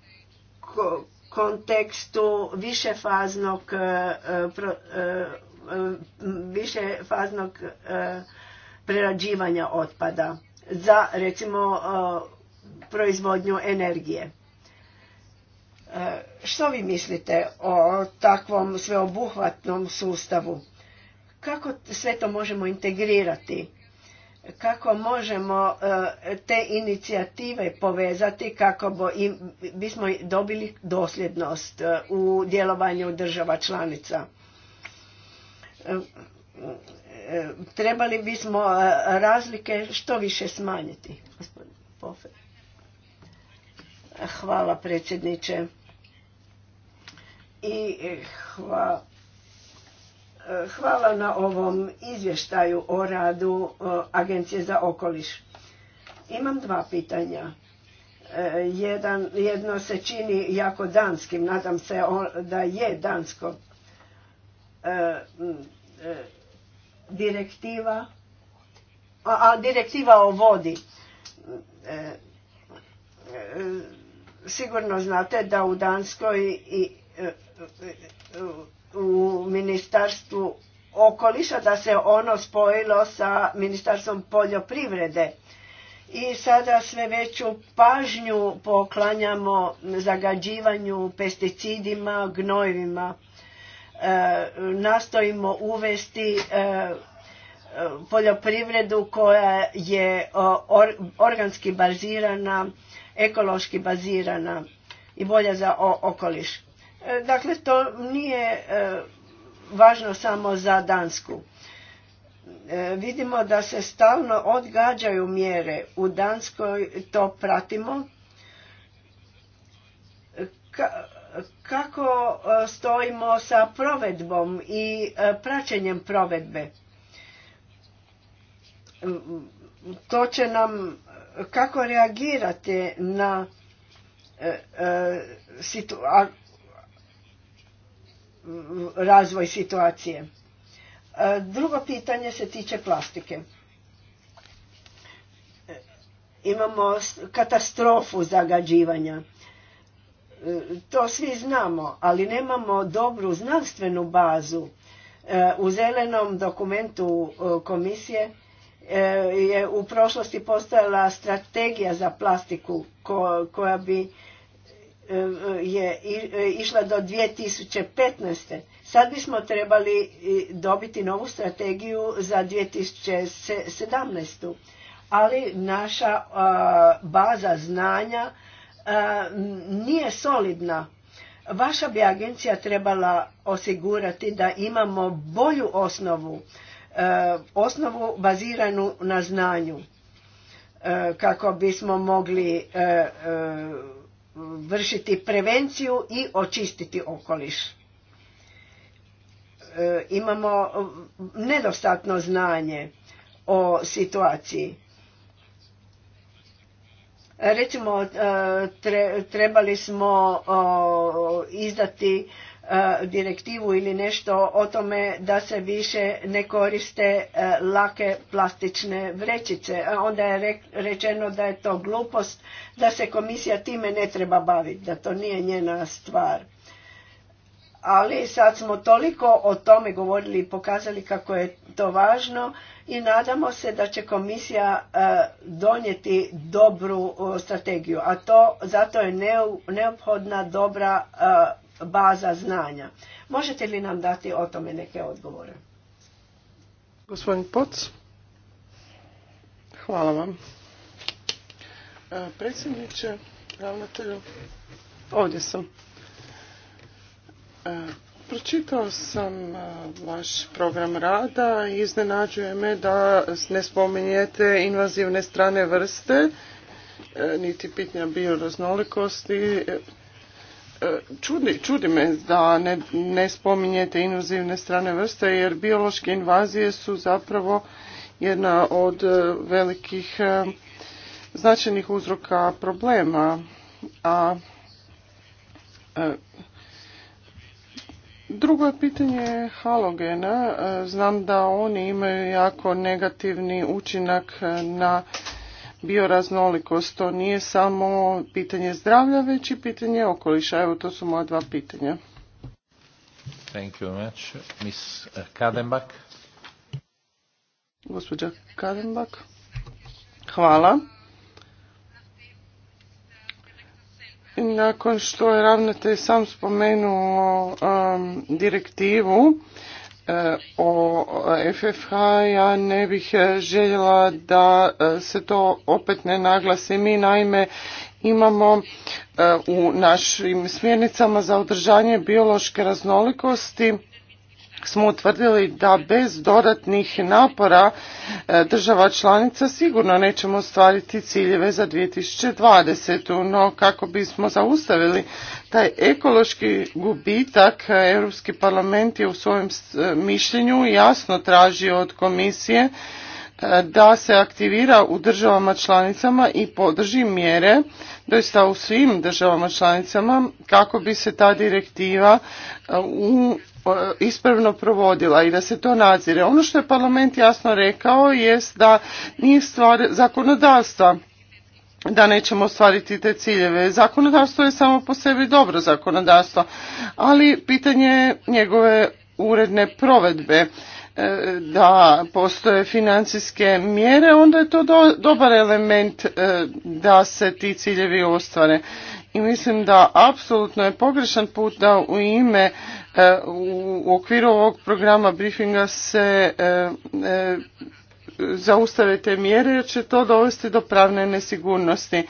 kontekstu višefaznog e, e, višefaznog e, prerađivanja otpada za recimo proizvodnju energije. Što vi mislite o takvom sveobuhvatnom sustavu? Kako sve to možemo integrirati? kako možemo e, te inicijative povezati kako bismo dobili dosljednost e, u djelovanju država članica. E, trebali bismo razlike što više smanjiti. Hvala predsjedniče. I hvala Hvala na ovom izvještaju o radu e, Agencije za okoliš. Imam dva pitanja. E, jedno se čini jako danskim, nadam se da je dansko. E, direktiva, direktiva o vodi. Sigurno znate da u Danskoj i u Ministarstvu okoliša da se ono spojilo sa Ministarstvom poljoprivrede i sada sve veću pažnju poklanjamo zagađivanju pesticidima, gnojivima. E, nastojimo uvesti e, e, poljoprivredu koja je organski bazirana, ekološki bazirana i bolja za okoliš. Dakle, to nije e, važno samo za Dansku. E, vidimo da se stalno odgađaju mjere. U Danskoj to pratimo. kako e, stojimo sa provedbom i praćenjem provedbe. To će nam kako reagirate na situaciju? razvoj situacije. E, drugo pitanje se tiče plastike. E, imamo katastrofu zagađivanja. E, to svi znamo, ali nemamo dobru znanstvenu bazu. U zelenom dokumentu komisije je u prošlosti postojala strategija za plastiku koja bi je e, išla do 2015. Sad bismo trebali e, dobiti novu strategiju za 2017. Ali naša baza znanja nije solidna. Vaša bi agencija trebala osigurati da imamo bolju osnovu, e, osnovu baziranu na znanju kako bismo mogli vršiti prevenciju i očistiti okoliš. E, imamo nedostatno znanje o situaciji. Recimo, e, trebali smo izdati E, direktivu ili nešto o tome da se više ne koriste e, lake plastične vrećice. Onda je rečeno da je to glupost, da se komisija time ne treba baviti, da to nije njena stvar. Ali sad smo toliko o tome govorili i pokazali kako je to važno i nadamo se da će komisija e, donijeti dobru strategiju, a to zato je neophodna dobra baza znanja. Možete li nam dati o tome neke odgovore? Gospodin Poc, hvala vam. E, predsjedniče, ravnatelju, ovdje sam. E, pročitao sam e, vaš program rada i iznenađuje me da ne spominjete invazivne strane vrste, niti pitnja bioraznolikosti, E, čudi, čudi me da ne, ne spominjete inuzivne strane vrste jer biološke invazije su zapravo jedna od e, velikih e, značajnih uzroka problema. A Drugo je pitanje halogena. Znam da oni imaju jako negativni učinak na bioraznolikost. To nije samo pitanje zdravlja, već i pitanje okoliša. Evo, to su moja dva pitanja. Thank you much. Miss eh, Kadenbach. Gospodja Kadenbach. Hvala. Nakon što je ravnatelj sam spomenuo direktivu, o FFH ja ne bih e, željela da e, se to opet ne naglasi. Mi naime imamo e, u našim smjernicama za održanje biološke raznolikosti smo utvrdili da bez dodatnih napora e, država članica sigurno nećemo ostvariti ciljeve za 2020. No kako bismo zaustavili taj ekološki gubitak, Europski parlament je u svojem e, mišljenju jasno tražio od komisije e, da se aktivira u državama članicama i podrži mjere doista u svim državama članicama kako bi se ta direktiva u ispravno provodila i da se to nadzire. Ono što je parlament jasno rekao jest da nije stvar zakonodavstva da nećemo ostvariti te ciljeve. Zakonodavstvo je samo po sebi dobro zakonodavstvo, ali pitanje njegove uredne provedbe e, da postoje financijske mjere, onda je to dobar element e, da se ti ciljevi ostvare i mislim da apsolutno je pogrešan put da u ime e, u okviru ovog programa briefinga se e, e, zaustave te mjere jer će to dovesti do pravne nesigurnosti.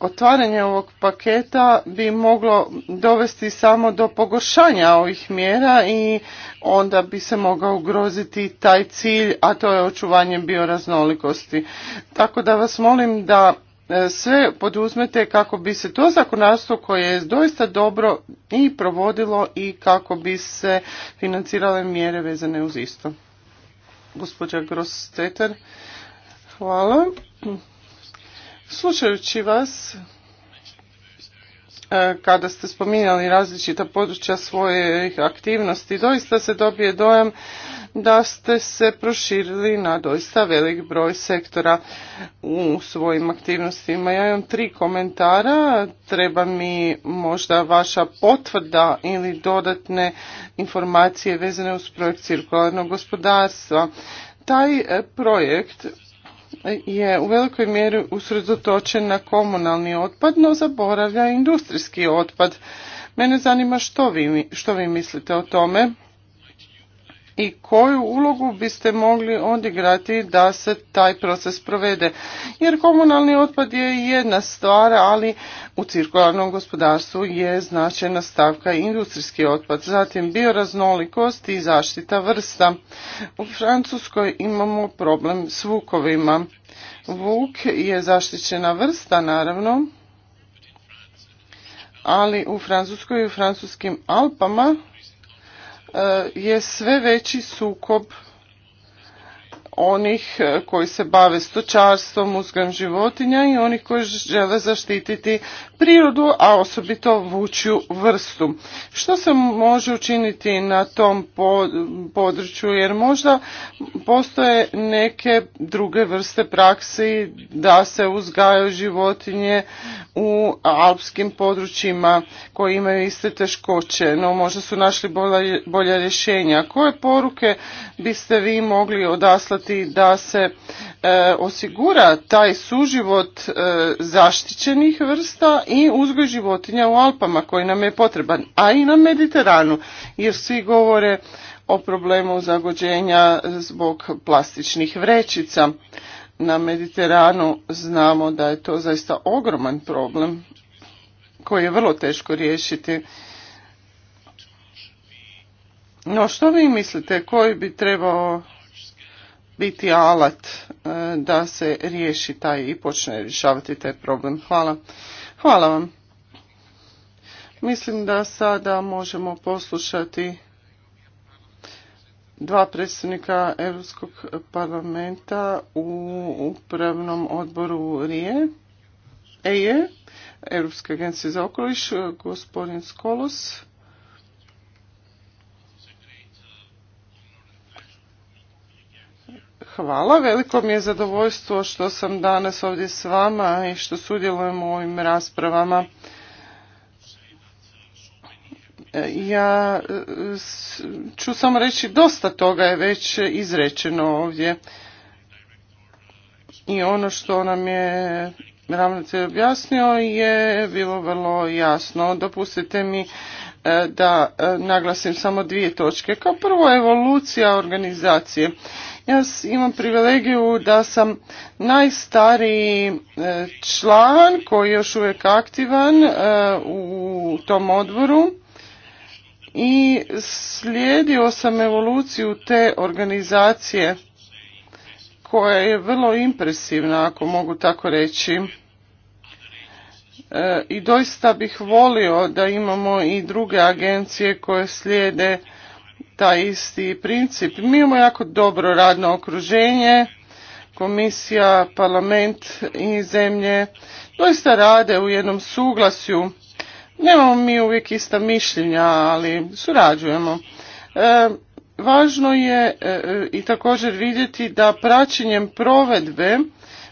Otvaranje ovog paketa bi moglo dovesti samo do pogoršanja ovih mjera i onda bi se mogao ugroziti taj cilj, a to je očuvanje bioraznolikosti. Tako da vas molim da E, sve poduzmete kako bi se to zakonodavstvo koje je doista dobro i provodilo i kako bi se financirale mjere vezane uz isto. Gospođa Grosteter, hvala. Slušajući vas, e, kada ste spominjali različita područja svoje aktivnosti, doista se dobije dojam da ste se proširili na doista velik broj sektora u svojim aktivnostima. Ja imam tri komentara, treba mi možda vaša potvrda ili dodatne informacije vezane uz projekt cirkularnog gospodarstva. Taj e, projekt je u velikoj mjeri usredotočen na komunalni otpad, no zaboravlja industrijski otpad. Mene zanima što vi, što vi mislite o tome i koju ulogu biste mogli odigrati da se taj proces provede. Jer komunalni otpad je jedna stvar, ali u cirkularnom gospodarstvu je značajna stavka industrijski otpad. Zatim bioraznolikost i zaštita vrsta. U Francuskoj imamo problem s vukovima. Vuk je zaštićena vrsta naravno, ali u Francuskoj i u francuskim Alpama je sve veći sukob onih e, koji se bave stočarstvom, uzgam životinja i onih koji žele zaštititi prirodu, a osobito vučju vrstu. Što se može učiniti na tom području, jer možda postoje neke druge vrste praksi da se uzgajaju životinje u alpskim područjima koji imaju iste teškoće, no možda su našli bolja, rješenja. Koje poruke biste vi mogli odaslati ti da se e, osigura taj suživot e, zaštićenih vrsta i uzgoj životinja u Alpama koji nam je potreban, a i na Mediteranu jer svi govore o problemu zagođenja zbog plastičnih vrećica. Na Mediteranu znamo da je to zaista ogroman problem koji je vrlo teško riješiti. No što vi mislite koji bi trebao biti alat e, da se riješi taj i počne rješavati taj problem. Hvala. Hvala vam. Mislim da sada možemo poslušati dva predstavnika Europskog parlamenta u upravnom odboru RIE, EIE, Europske agencije za okoliš, gospodin Skolos Hvala, veliko mi je zadovoljstvo što sam danas ovdje s vama i što sudjelujem u ovim raspravama. Ja ću samo reći, dosta toga je već izrečeno ovdje. I ono što nam je ravnatelj objasnio je bilo vrlo jasno. Dopustite mi e, da e, naglasim samo dvije točke. Kao prvo, evolucija organizacije. Ja imam privilegiju da sam najstariji e, član koji je još uvijek aktivan e, u tom odboru i slijedio sam evoluciju te organizacije koja je vrlo impresivna ako mogu tako reći e, i doista bih volio da imamo i druge agencije koje slijede taj isti princip. Mi imamo jako dobro radno okruženje, komisija, parlament i zemlje doista rade u jednom suglasju. Nemamo mi uvijek ista mišljenja, ali surađujemo. E, važno je e, i također vidjeti da praćenjem provedbe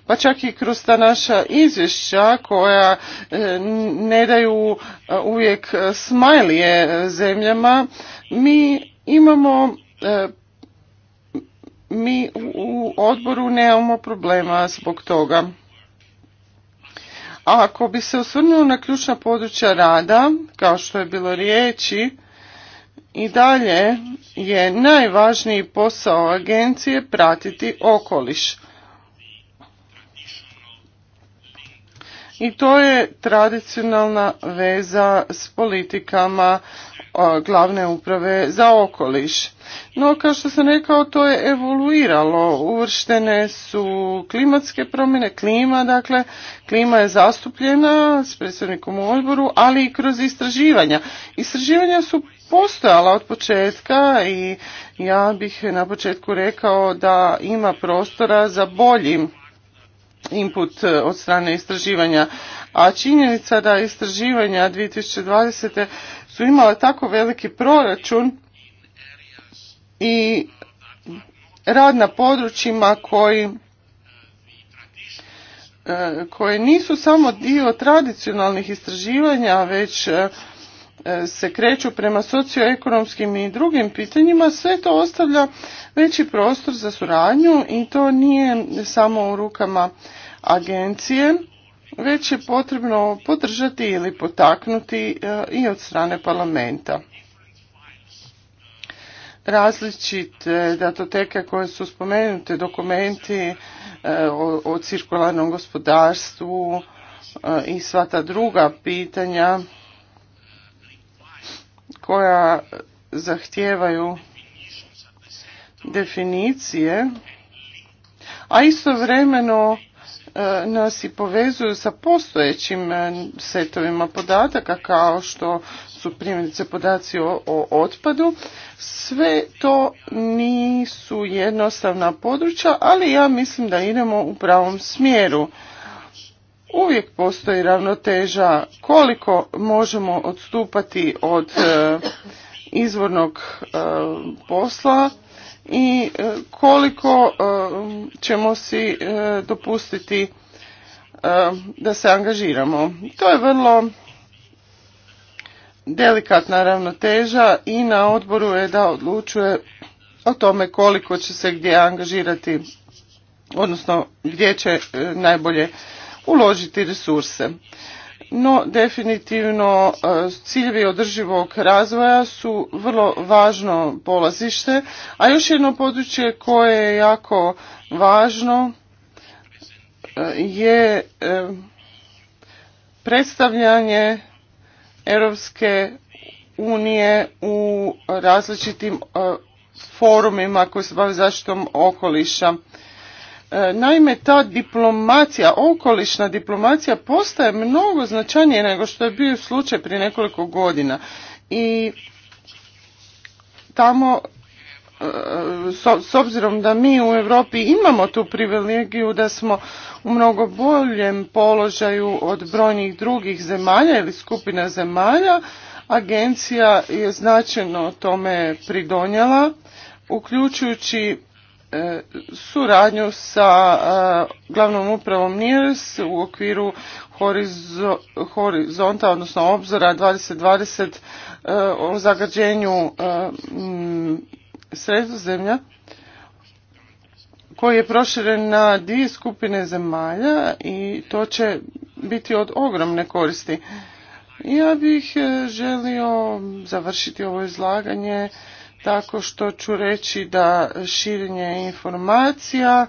pa čak i kroz ta naša izvješća koja e, ne daju uvijek smajlije zemljama, mi Imamo e, mi u odboru nemamo problema zbog toga. A ako bi se osvrnuo na ključna područja rada, kao što je bilo riječi, i dalje je najvažniji posao agencije pratiti okoliš. I to je tradicionalna veza s politikama glavne uprave za okoliš. No, kao što sam rekao, to je evoluiralo. Uvrštene su klimatske promjene, klima, dakle, klima je zastupljena s predsjednikom u odboru, ali i kroz istraživanja. Istraživanja su postojala od početka i ja bih na početku rekao da ima prostora za bolji input e, od strane istraživanja. A činjenica da istraživanja 2020 su imale tako veliki proračun i rad na područjima koji e, koje nisu samo dio tradicionalnih istraživanja, već e, e, se kreću prema socioekonomskim i drugim pitanjima, sve to ostavlja veći prostor za suradnju i to nije samo u rukama agencije već je potrebno podržati ili potaknuti e, i od strane parlamenta. Različite datoteke koje su spomenute, dokumenti e, o, o cirkularnom gospodarstvu e, i sva ta druga pitanja koja zahtijevaju definicije, a istovremeno E, nas i povezuju sa postojećim e, setovima podataka kao što su primjerice podaci o, otpadu. Sve to nisu jednostavna područja, ali ja mislim da idemo u pravom smjeru. Uvijek postoji ravnoteža koliko možemo odstupati od e, izvornog posla i e, koliko e, ćemo si e, dopustiti da se angažiramo. To je vrlo delikatna ravnoteža i na odboru je da odlučuje o tome koliko će se gdje angažirati, odnosno gdje će najbolje uložiti resurse. No, definitivno e, ciljevi održivog razvoja su vrlo važno polazište, a još jedno područje koje je jako važno e, je e, predstavljanje Europske unije u različitim forumima koji se bave zaštitom okoliša. E, naime, ta diplomacija, okolišna diplomacija postaje mnogo značajnije nego što je bio slučaj prije nekoliko godina. I tamo e, s obzirom da mi u Europi imamo tu privilegiju da smo u mnogo boljem položaju od brojnih drugih zemalja ili skupina zemalja, agencija je značajno tome pridonjela, uključujući E, suradnju sa e, glavnom upravom NIRS u okviru horizonta, odnosno obzora 2020 e, o zagađenju sredozemlja koji je proširen na dvije skupine zemalja i to će biti od ogromne koristi. Ja bih želio završiti ovo izlaganje tako što ću reći da širenje informacija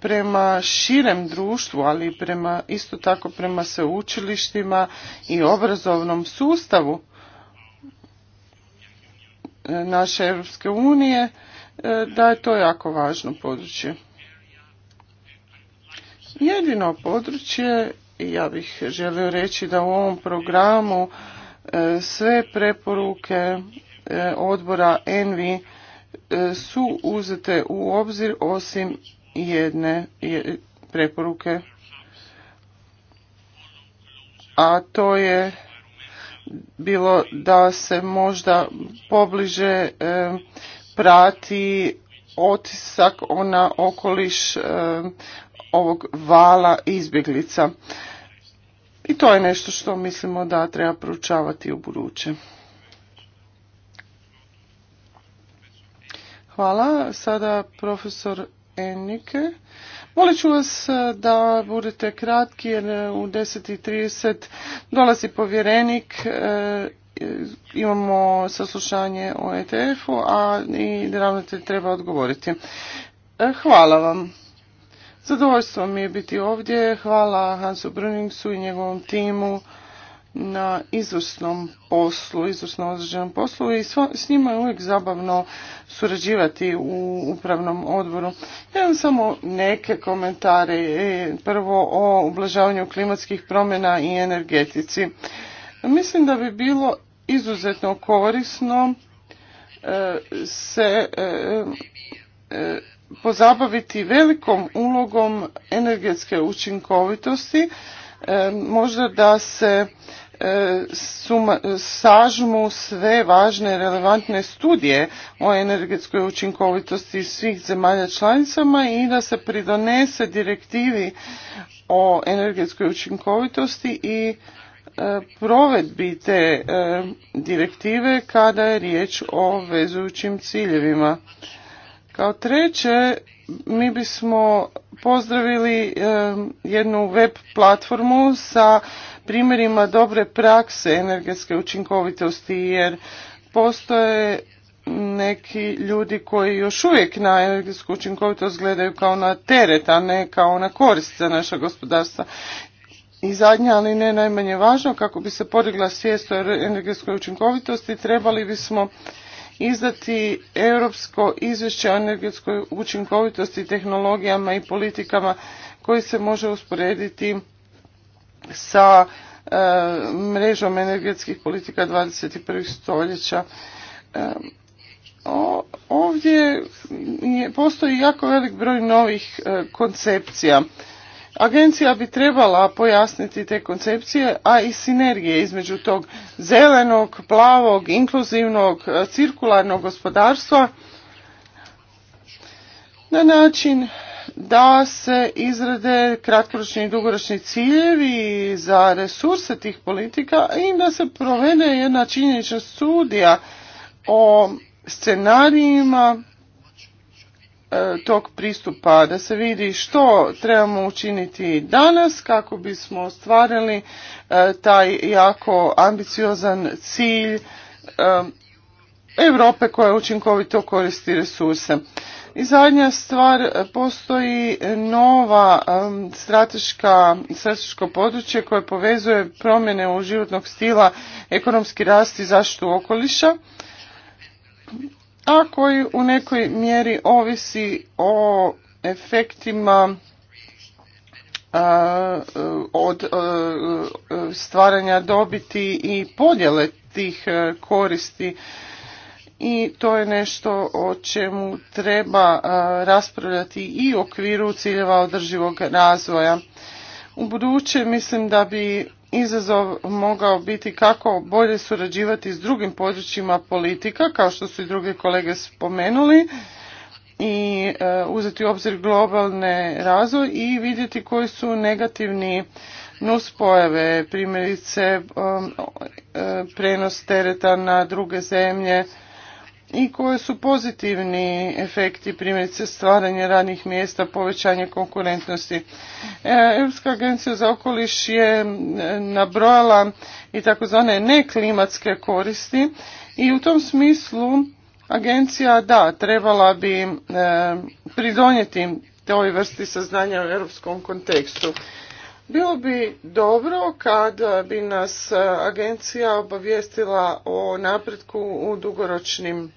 prema širem društvu, ali prema, isto tako prema sveučilištima i obrazovnom sustavu e, naše Europske unije, e, da je to jako važno područje. Jedino područje, ja bih želio reći da u ovom programu E, sve preporuke e, odbora Envi e, su uzete u obzir osim jedne preporuke, a to je bilo da se možda pobliže prati otisak na okoliš ovog vala izbjeglica. I to je nešto što mislimo da treba proučavati u buduće. Hvala. Sada profesor Enike. Molit ću vas e, da budete kratki jer e, u 10.30 dolazi povjerenik e, imamo saslušanje o ETF-u, a i ravnatelj treba odgovoriti. Hvala vam. Zadovoljstvo mi je biti ovdje. Hvala Hansu Brunningsu i njegovom timu na izvrsnom poslu, izvrsno određenom poslu i s njima je uvijek zabavno surađivati u upravnom odboru. Ja imam samo neke komentare. E, prvo o ublažavanju klimatskih promjena i energetici. Mislim da bi bilo izuzetno korisno e, se e, pozabaviti velikom ulogom energetske učinkovitosti, e, možda da se e, sažmu sve važne relevantne studije o energetskoj učinkovitosti svih zemalja članicama i da se pridonese direktivi o energetskoj učinkovitosti i e, provedbi te direktive kada je riječ o vezujućim ciljevima. Kao treće, mi bismo pozdravili jednu web platformu sa primjerima dobre prakse energetske učinkovitosti jer postoje neki ljudi koji još uvijek na energetsku učinkovitost gledaju kao na teret, a ne kao na korist za naša gospodarstva. I zadnja, ali ne najmanje važno, kako bi se podigla svijest o energetskoj učinkovitosti, trebali bismo izdati europsko izvješće o energetskoj učinkovitosti, tehnologijama i politikama koji se može usporediti sa e, mrežom energetskih politika 21. stoljeća. E, ovdje postoji jako velik broj novih e, koncepcija Agencija bi trebala pojasniti te koncepcije, a i sinergije između tog zelenog, plavog, inkluzivnog, cirkularnog gospodarstva na način da se izrade kratkoročni i dugoročni ciljevi za resurse tih politika i da se provede jedna činjenična studija o scenarijima E, tog pristupa, da se vidi što trebamo učiniti danas kako bismo ostvarili e, taj jako ambiciozan cilj e, Europe koja učinkovito koristi resurse. I zadnja stvar, postoji nova strateška, strateško područje koje povezuje promjene u životnog stila, ekonomski rast i zaštitu okoliša a koji u nekoj mjeri ovisi o efektima od stvaranja dobiti i podjele tih koristi i to je nešto o čemu treba raspravljati i u okviru ciljeva održivog razvoja. U buduće mislim da bi izazov mogao biti kako bolje surađivati s drugim područjima politika, kao što su i druge kolege spomenuli, i e, uzeti u obzir globalne razvoj i vidjeti koji su negativni nuspojave, primjerice um, e, prenos tereta na druge zemlje, i koje su pozitivni efekti primjerice stvaranje radnih mjesta, povećanje konkurentnosti. E, Europska agencija za okoliš je nabrojala i takozvane neklimatske koristi i u tom smislu agencija da trebala bi e, pridonijeti toj vrsti saznanja u europskom kontekstu. Bilo bi dobro kada bi nas agencija obavijestila o napretku u dugoročnim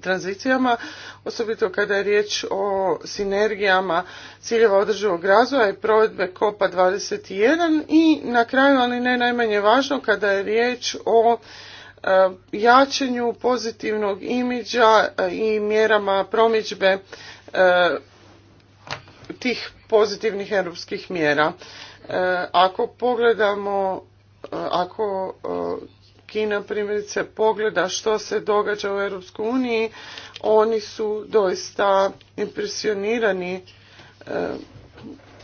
tranzicijama, osobito kada je riječ o sinergijama ciljeva održivog razvoja i provedbe COPA 21 i na kraju, ali ne najmanje važno, kada je riječ o e, jačenju pozitivnog imidža e, i mjerama promičbe e, tih pozitivnih europskih mjera. Ako pogledamo, ako Kina primjerice pogleda što se događa u Europskoj uniji, oni su doista impresionirani e,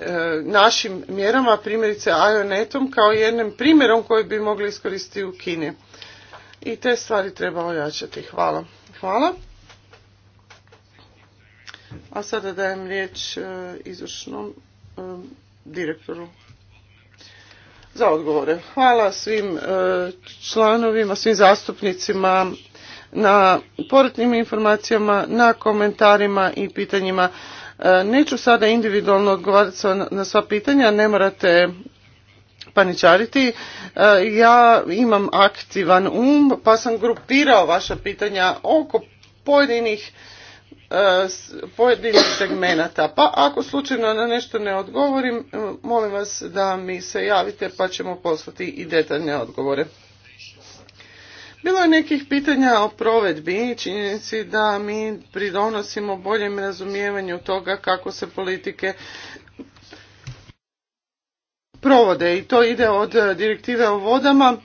e, našim mjerama, primjerice Ionetom, kao jednim primjerom koji bi mogli iskoristiti u Kini. I te stvari treba ojačati. Hvala. Hvala. A sada dajem riječ e, izvršnom direktoru za odgovore. Hvala svim e, članovima, svim zastupnicima na povratnim informacijama, na komentarima i pitanjima. E, neću sada individualno odgovarati na sva pitanja, ne morate paničariti. E, ja imam aktivan um, pa sam grupirao vaša pitanja oko pojedinih E, pojedinih segmenata. Pa ako slučajno na nešto ne odgovorim, molim vas da mi se javite pa ćemo poslati i detaljne odgovore. Bilo je nekih pitanja o provedbi i činjenici da mi pridonosimo boljem razumijevanju toga kako se politike provode i to ide od direktive o vodama,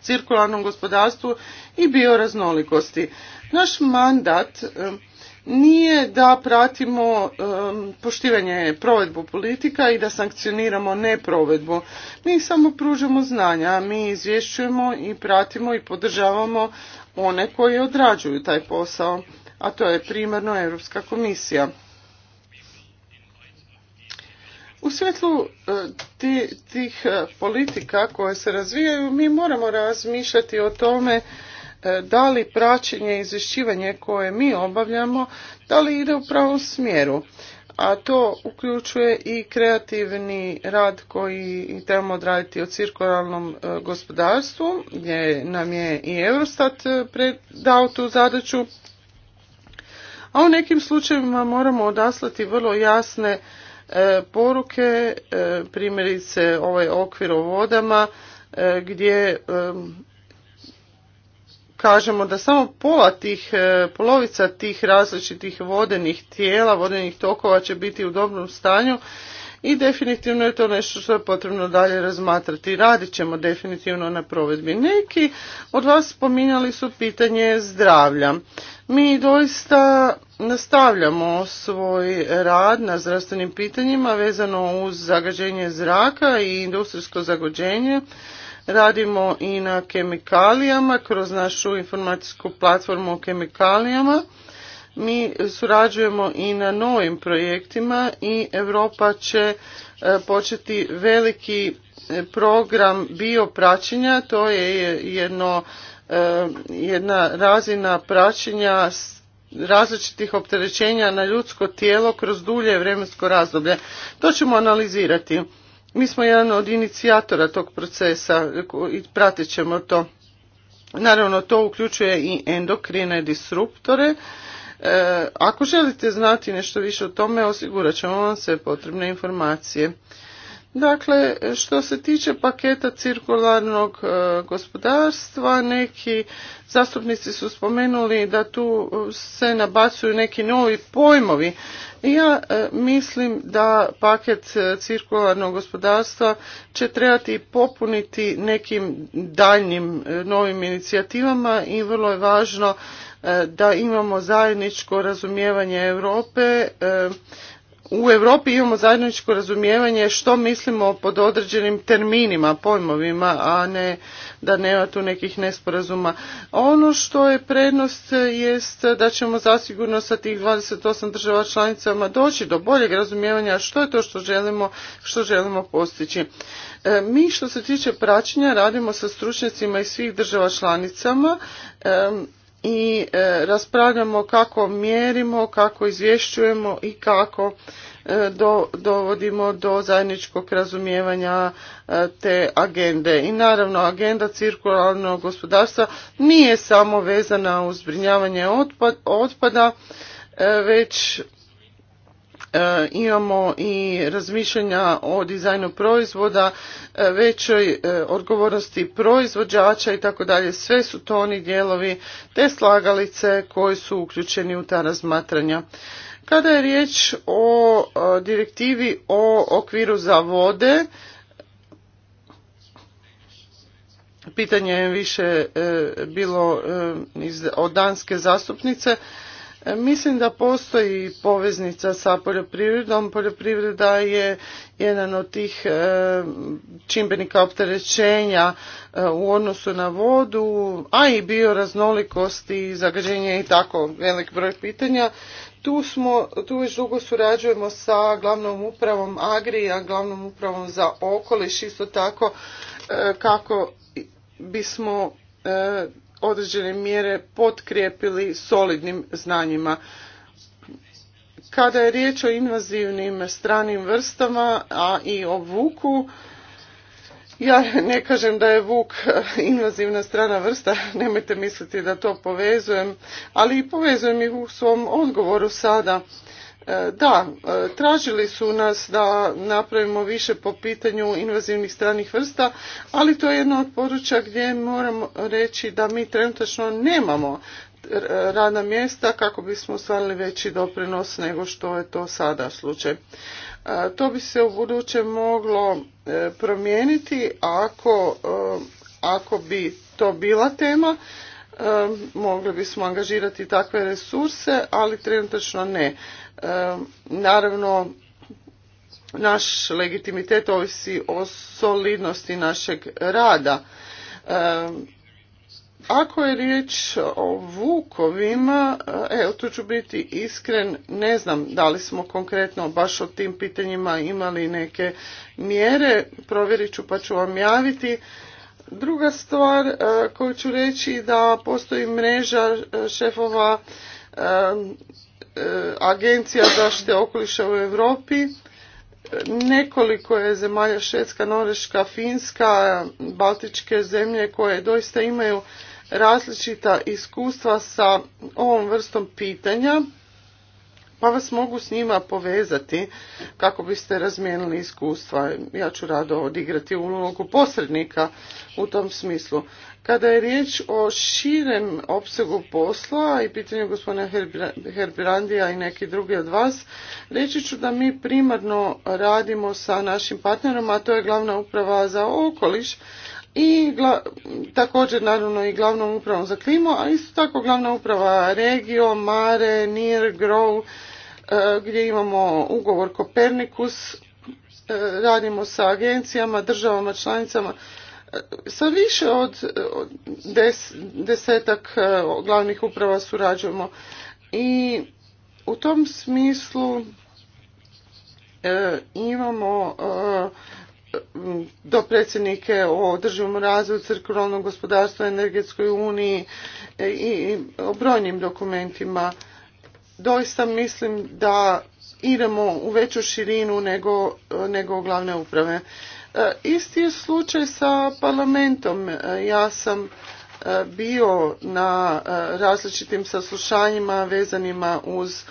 cirkularnom gospodarstvu i bioraznolikosti. Naš mandat nije da pratimo poštivanje provedbu politika i da sankcioniramo neprovedbu. Mi samo pružamo znanja, mi izvješćujemo i pratimo i podržavamo one koji odrađuju taj posao, a to je primarno Europska komisija. U svjetlu e, tih e, politika koje se razvijaju, mi moramo razmišljati o tome E, da li praćenje i izvješćivanje koje mi obavljamo, da li ide u pravom smjeru. A to uključuje i kreativni rad koji trebamo odraditi o cirkularnom e, gospodarstvu, gdje nam je i Eurostat e, dao tu zadaću. A u nekim slučajevima moramo odaslati vrlo jasne poruke, primjerice ovaj okvir o vodama, gdje kažemo da samo pola tih, e, polovica tih različitih vodenih tijela, vodenih tokova će biti u dobrom stanju i definitivno je to nešto što je potrebno dalje razmatrati. Radit ćemo definitivno na provedbi. Neki od vas spominjali su pitanje zdravlja. Mi doista nastavljamo svoj rad na zdravstvenim pitanjima vezano uz zagađenje zraka i industrijsko zagađenje. Radimo i na kemikalijama kroz našu informacijsku platformu o kemikalijama. Mi surađujemo i na novim projektima i Europa će e, početi veliki e, program biopraćenja, to je jedno, e, jedna razina praćenja različitih opterećenja na ljudsko tijelo kroz dulje vremensko razdoblje. To ćemo analizirati. Mi smo jedan od inicijatora tog procesa i pratit ćemo to. Naravno, to uključuje i endokrine disruptore. E, ako želite znati nešto više o tome, osigurat ćemo vam sve potrebne informacije. Dakle, što se tiče paketa cirkularnog e, gospodarstva, neki zastupnici su spomenuli da tu e, se nabacuju neki novi pojmovi. Ja e, mislim da paket cirkularnog gospodarstva će trebati popuniti nekim daljnim novim inicijativama i vrlo je važno da imamo zajedničko razumijevanje Europe u Europi imamo zajedničko razumijevanje što mislimo pod određenim terminima, pojmovima, a ne da nema tu nekih nesporazuma. Ono što je prednost jest da ćemo zasigurno sa tih 28 država članicama doći do boljeg razumijevanja što je to što želimo, što želimo postići. E, mi što se tiče praćenja radimo sa stručnjacima iz svih država članicama e, i e, raspravljamo kako mjerimo, kako izvješćujemo i kako e, do, dovodimo do zajedničkog razumijevanja e, te agende. I naravno agenda cirkularnog gospodarstva nije samo vezana uz zbrinjavanje otpada, već E, imamo i razmišljanja o dizajnu proizvoda, e, većoj e, odgovornosti proizvođača i tako dalje. Sve su to oni dijelovi te slagalice koji su uključeni u ta razmatranja. Kada je riječ o direktivi o okviru za vode, pitanje je više bilo od danske zastupnice, Mislim da postoji poveznica sa poljoprivredom. Poljoprivreda je jedan od tih e, čimbenika opterećenja e, u odnosu na vodu, a i bioraznolikosti, zagađenje i tako velik broj pitanja. Tu, smo, tu već dugo surađujemo sa glavnom upravom Agri, a glavnom upravom za okoliš, isto tako e, kako bismo određene mjere potkrijepili solidnim znanjima. Kada je riječ o invazivnim stranim vrstama, a i o vuku, ja ne kažem da je vuk [LAUGHS] invazivna strana vrsta, [LAUGHS] nemojte misliti da to povezujem, ali i povezujem ih u svom odgovoru sada. E, da, e, tražili su nas da napravimo više po pitanju invazivnih stranih vrsta, ali to je jedno od područja gdje moramo reći da mi trenutačno nemamo radna mjesta kako bismo ostvarili veći doprinos nego što je to sada slučaj. E, to bi se u buduće moglo promijeniti ako, ako bi to bila tema mogli bismo angažirati takve resurse, ali trenutačno ne. E, naravno, naš legitimitet ovisi o solidnosti našeg rada. E, ako je riječ o vukovima, e, evo tu ću biti iskren, ne znam da li smo konkretno baš o tim pitanjima imali neke mjere, provjerit ću pa ću vam javiti. Druga stvar koju ću reći da postoji mreža šefova E, agencija zaštite okoliša u Europi. Nekoliko je zemalja Švedska, Norveška, Finska, Baltičke zemlje koje doista imaju različita iskustva sa ovom vrstom pitanja, pa vas mogu s njima povezati kako biste razmijenili iskustva. Ja ću rado odigrati ulogu posrednika u tom smislu. Kada je riječ o širem opsegu posla i pitanju gospodina Herbrandija i neki drugi od vas, reći ću da mi primarno radimo sa našim partnerom, a to je glavna uprava za okoliš i također naravno i glavnom upravom za klimu, a isto tako glavna uprava Regio, Mare, Nir, Grow, e, gdje imamo ugovor Kopernikus, e, radimo sa agencijama, državama, članicama, sa više od des, desetak e, glavnih uprava surađujemo i u tom smislu e, imamo e, do predsjednike o državnom razvoju cirkularnog gospodarstva, energetskoj uniji i o brojnim dokumentima. Doista mislim da idemo u veću širinu nego, nego glavne uprave. E, isti je slučaj sa parlamentom. E, ja sam e, bio na različitim saslušanjima vezanima uz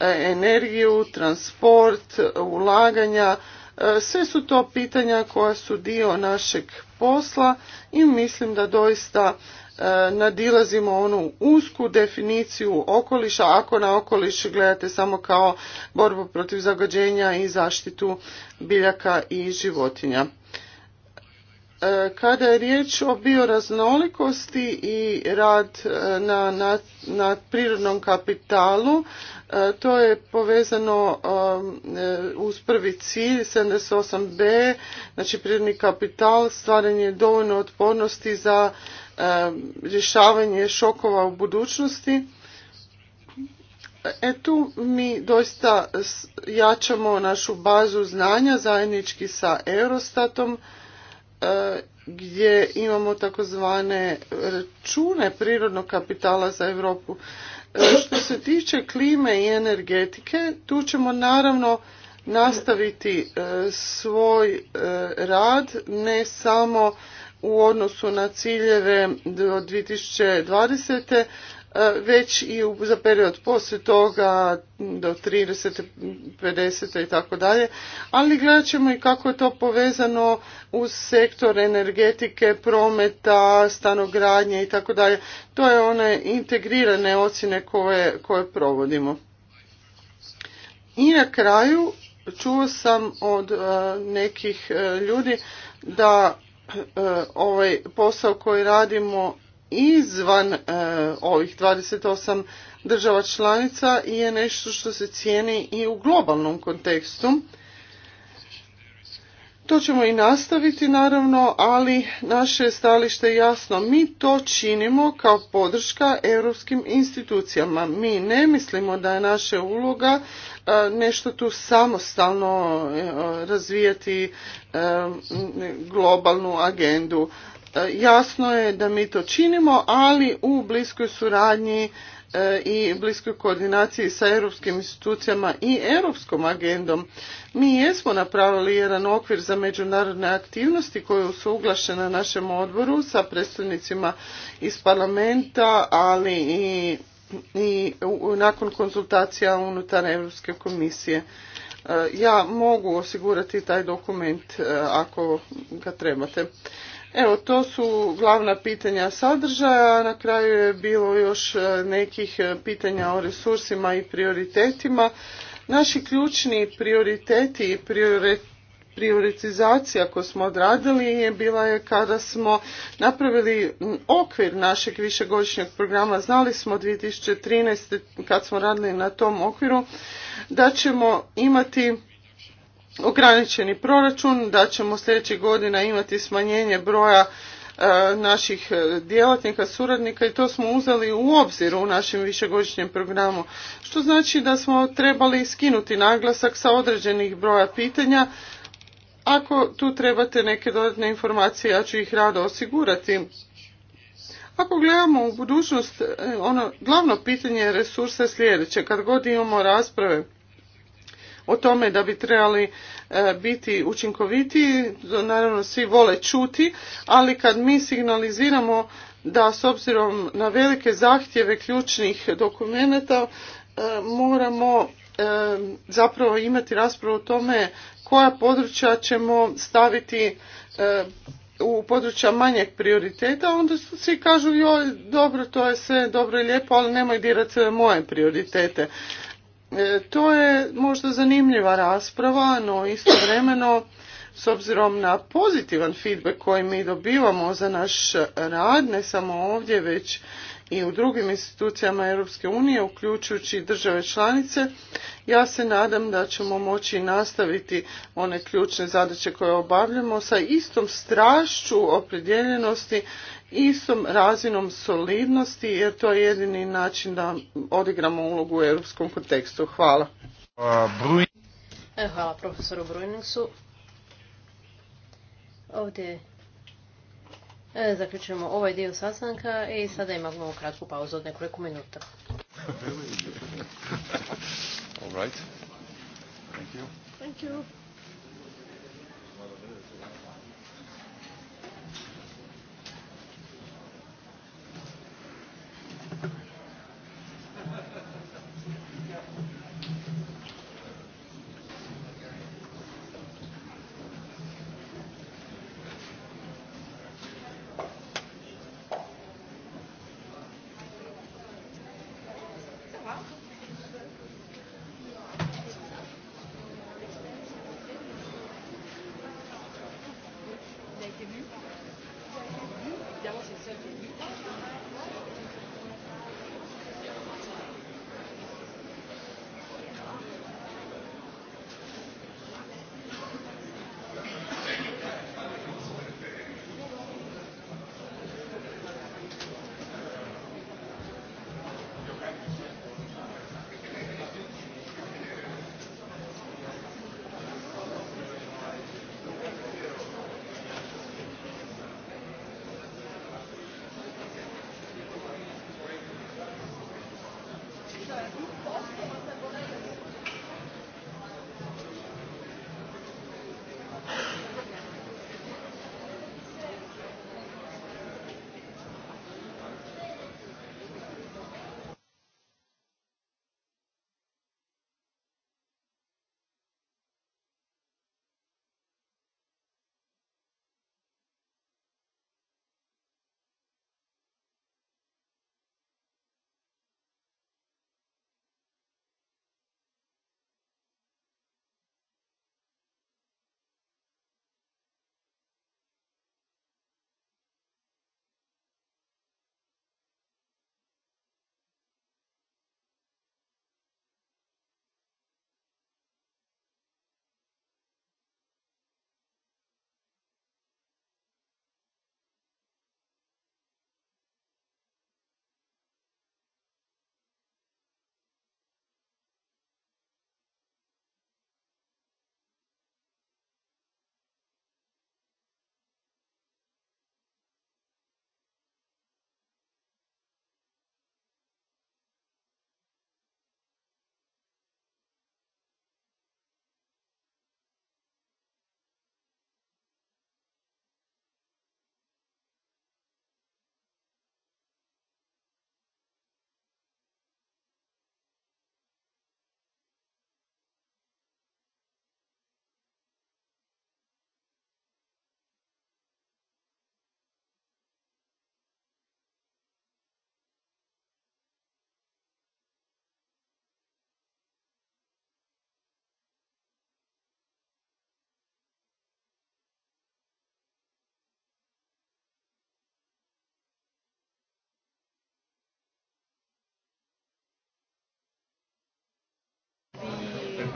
energiju, transport, ulaganja. Sve su to pitanja koja su dio našeg posla i mislim da doista E, nadilazimo onu usku definiciju okoliša ako na okoliš gledate samo kao borbu protiv zagađenja i zaštitu biljaka i životinja. E, kada je riječ o bioraznolikosti i rad e, na, na, na prirodnom kapitalu, to je povezano um, uz prvi cilj 78b, znači prirodni kapital, stvaranje dovoljno otpornosti za Um, rješavanje šokova u budućnosti. E tu mi doista jačamo našu bazu znanja zajednički sa Eurostatom uh, gdje imamo takozvane račune prirodnog kapitala za Europu. Uh, što se tiče klime i energetike, tu ćemo naravno nastaviti uh, svoj rad, ne samo u odnosu na ciljeve do 2020. Eh, već i za period poslije toga do 30. 50. i tako dalje, ali gledat ćemo i kako je to povezano uz sektor energetike, prometa, stanogradnje i tako dalje. To je one integrirane ocjene koje, koje provodimo. I na kraju čuo sam od eh, nekih eh, ljudi da E, ovaj posao koji radimo izvan e, ovih 28 država članica je nešto što se cijeni i u globalnom kontekstu to ćemo i nastaviti naravno, ali naše stalište je jasno. Mi to činimo kao podrška europskim institucijama. Mi ne mislimo da je naša uloga e, nešto tu samostalno e, razvijati e, globalnu agendu. Jasno je da mi to činimo, ali u bliskoj suradnji E, i bliskoj koordinaciji sa europskim institucijama i europskom agendom. Mi jesmo napravili jedan okvir za međunarodne aktivnosti koje su uglašene našem odboru sa predstavnicima iz parlamenta, ali i, i nakon konzultacija unutar Europske komisije. E, ja mogu osigurati taj dokument e, ako ga trebate. Evo, to su glavna pitanja sadržaja. Na kraju je bilo još e, nekih e, pitanja o resursima i prioritetima. Naši ključni prioriteti i prioritizacija koju smo odradili je bila je kada smo napravili okvir našeg višegodišnjeg programa. Znali smo 2013. kad smo radili na tom okviru da ćemo imati ograničeni proračun, da ćemo sljedećih godina imati smanjenje broja e, naših e, djelatnika, suradnika i to smo uzeli u obzir u našem višegodišnjem programu. Što znači da smo trebali skinuti naglasak sa određenih broja pitanja. Ako tu trebate neke dodatne informacije, ja ću ih rado osigurati. Ako gledamo u budućnost, e, ono glavno pitanje resursa je sljedeće. Kad god imamo rasprave o tome da bi trebali e, biti učinkoviti, naravno svi vole čuti, ali kad mi signaliziramo da s obzirom na velike zahtjeve ključnih dokumenata e, moramo e, zapravo imati raspravu o tome koja područja ćemo staviti u područja manjeg prioriteta, onda su svi kažu joj dobro, to je sve dobro i lijepo, ali nemoj dirati moje prioritete. E, to je možda zanimljiva rasprava, no istovremeno s obzirom na pozitivan feedback koji mi dobivamo za naš rad, ne samo ovdje, već i u drugim institucijama Europske unije, uključujući države članice. Ja se nadam da ćemo moći nastaviti one ključne zadaće koje obavljamo sa istom strašću opredjeljenosti, istom razinom solidnosti, jer to je jedini način da odigramo ulogu u europskom kontekstu. Hvala. E, hvala profesoru Ovdje E, zaključujemo ovaj dio sastanka i sada imamo kratku pauzu od nekoliko minuta. [LAUGHS] Thank you. Thank you.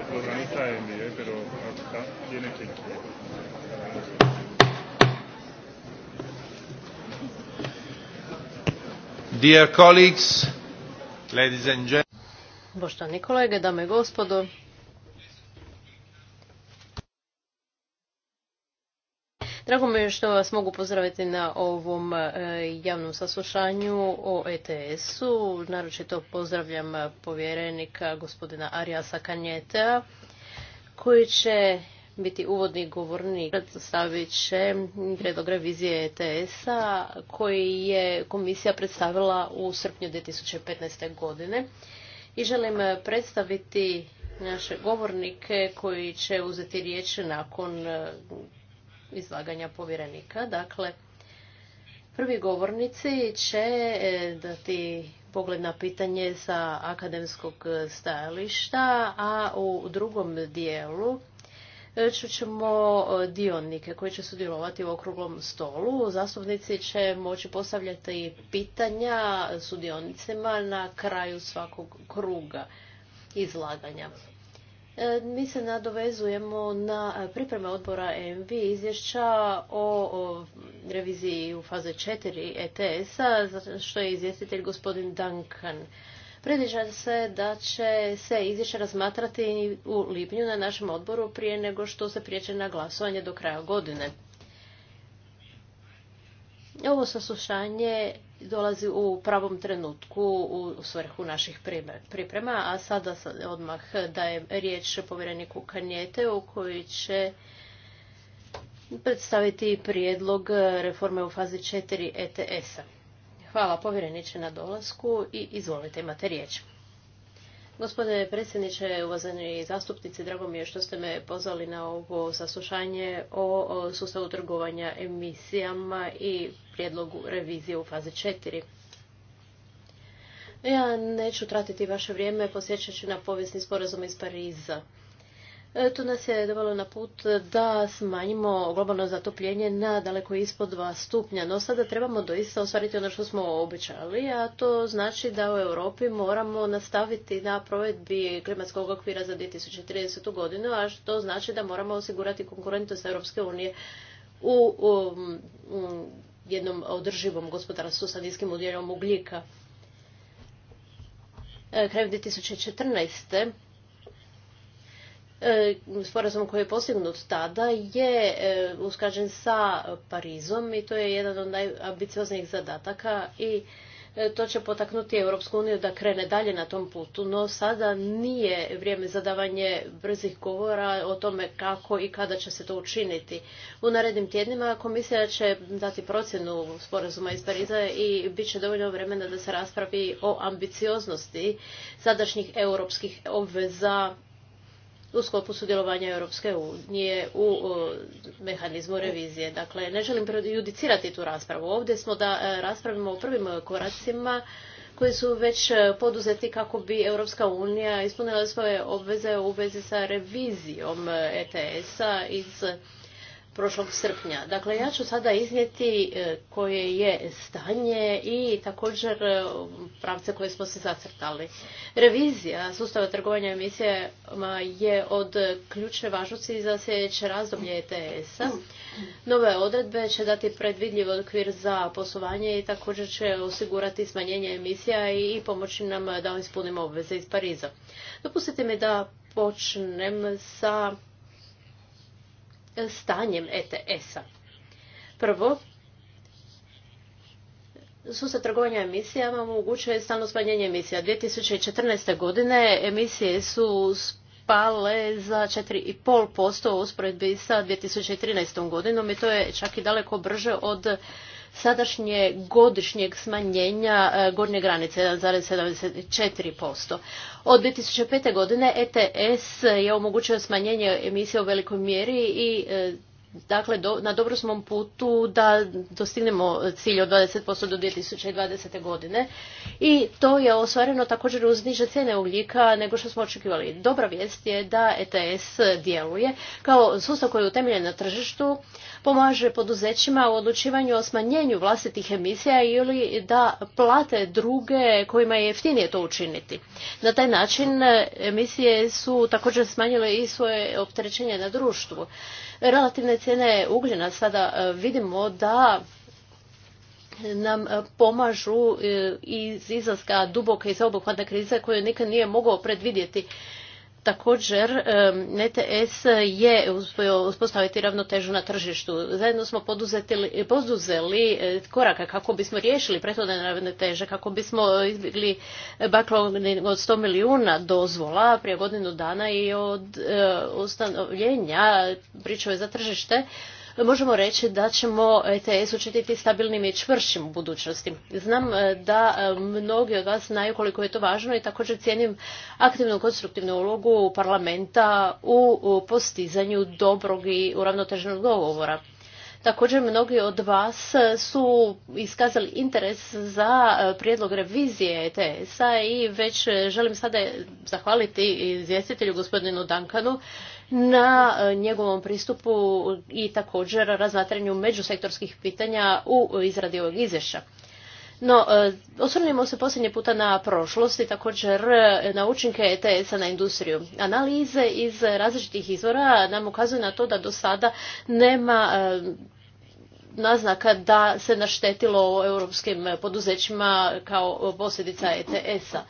lo organiza Emi, ¿eh? pero está tiene que Dear colleagues, ladies and gentlemen. Poštovani kolege, dame i gospodo, Drago mi je što vas mogu pozdraviti na ovom e, javnom saslušanju o ETS-u. Naročito pozdravljam povjerenika gospodina Arijasa Kanjeta, koji će biti uvodni govornik. Predstavit će predlog revizije ETS-a koji je komisija predstavila u srpnju 2015. godine. I želim predstaviti naše govornike koji će uzeti riječ nakon e, izlaganja povjerenika. Dakle, prvi govornici će e, dati pogled na pitanje sa akademskog stajališta, a u drugom dijelu e, ćemo e, dionike koji će sudjelovati u okruglom stolu. Zastupnici će moći postavljati pitanja sudionicima na kraju svakog kruga izlaganja. E, mi se nadovezujemo na e, pripreme odbora EMV izvješća o reviziji u faze 4 ETS-a, što je izvjestitelj gospodin Duncan. Predviđa se da će se izvješće razmatrati u lipnju na našem odboru prije nego što se priječe na glasovanje do kraja godine. Ovo saslušanje dolazi u pravom trenutku u svrhu naših priprema, a sada odmah dajem riječ povjereniku u koji će predstaviti prijedlog reforme u fazi 4 ETS-a. Hvala povjereniče na dolasku i izvolite imate riječ. Gospodine predsjedniče, uvaženi zastupnici, drago mi je što ste me pozvali na ovo saslušanje o sustavu trgovanja emisijama i prijedlogu revizije u fazi 4. Ja neću tratiti vaše vrijeme posjećajući na povijesni sporazum iz Pariza. E, to nas je dovelo na put da smanjimo globalno zatopljenje na daleko ispod dva stupnja, no sada trebamo doista ostvariti ono što smo obećali, a to znači da u Europi moramo nastaviti na provedbi klimatskog okvira za 2030. godinu, a što znači da moramo osigurati konkurentnost Europske unije u jednom održivom gospodarstvu sa niskim udjelom ugljika. E, krajem 2014. E, sporazum koji je postignut tada je e, uskađen sa Parizom i to je jedan od najambicioznijih zadataka i E, to će potaknuti Europsku uniju da krene dalje na tom putu. No sada nije vrijeme za davanje brzih govora o tome kako i kada će se to učiniti. U narednim tjednima komisija će dati procjenu sporazuma iz Pariza i bit će dovoljno vremena da se raspravi o ambicioznosti sadašnjih europskih obveza u sklopu sudjelovanja Europske unije u e, mehanizmu revizije. Dakle, ne želim prejudicirati tu raspravu. Ovdje smo da e, raspravimo o prvim koracima koji su već e, poduzeti kako bi Europska unija ispunila svoje obveze u vezi sa revizijom ETS-a iz prošlog srpnja. Dakle, ja ću sada iznijeti e, koje je stanje i također e, pravce koje smo se zacrtali. Revizija sustava trgovanja emisijama je od ključne važnosti za sljedeće razdoblje ETS-a. Nove odredbe će dati predvidljiv okvir za poslovanje i također će osigurati smanjenje emisija i pomoći nam da ispunimo obveze iz Pariza. Dopustite mi da počnem sa stanjem ETS-a. Prvo, sustav trgovanja emisijama omogućuje stalno smanjenje emisija. 2014. godine emisije su pale za 4,5% u usporedbi sa 2013. godinom i to je čak i daleko brže od sadašnje godišnjeg smanjenja e, gornje granice 1,74%. Od 2005. godine ETS je omogućio smanjenje emisije u velikoj mjeri i e, Dakle, na dobrom smo putu da dostignemo cilj od 20% do 2020. godine i to je ostvareno također uz niže cijene ugljika nego što smo očekivali. Dobra vijest je da ETS djeluje kao sustav koji je utemeljen na tržištu, pomaže poduzećima u odlučivanju o smanjenju vlastitih emisija ili da plate druge kojima je jeftinije to učiniti. Na taj način emisije su također smanjile i svoje opterećenje na društvu relativne cijene ugljena sada e, vidimo da nam e, pomažu e, iz izlaska duboke i sveobuhvatne krize koju nikad nije mogao predvidjeti Također, NTS e je uspio uspostaviti ravnotežu na tržištu. Zajedno smo poduzeli e, koraka kako bismo riješili prethodne ravnoteže, kako bismo izbjegli backlog od 100 milijuna dozvola prije godinu dana i od e, ustanovljenja pričove za tržište možemo reći da ćemo ETS učiniti stabilnim i čvršim u budućnosti. Znam e, da e, mnogi od vas znaju koliko je to važno i također cijenim aktivnu konstruktivnu ulogu parlamenta u postizanju dobrog i uravnoteženog dogovora. Također mnogi od vas su iskazali interes za e, prijedlog revizije ETS-a i već želim sada zahvaliti izvjestitelju gospodinu Dankanu na e, njegovom pristupu i također razmatranju međusektorskih pitanja u izradi ovog izvješća. No, e, osvrnimo se posljednje puta na prošlost i također e, na učinke ETS-a na industriju. Analize iz različitih izvora nam ukazuju na to da do sada nema naznaka da se naštetilo europskim poduzećima kao posljedica ETS-a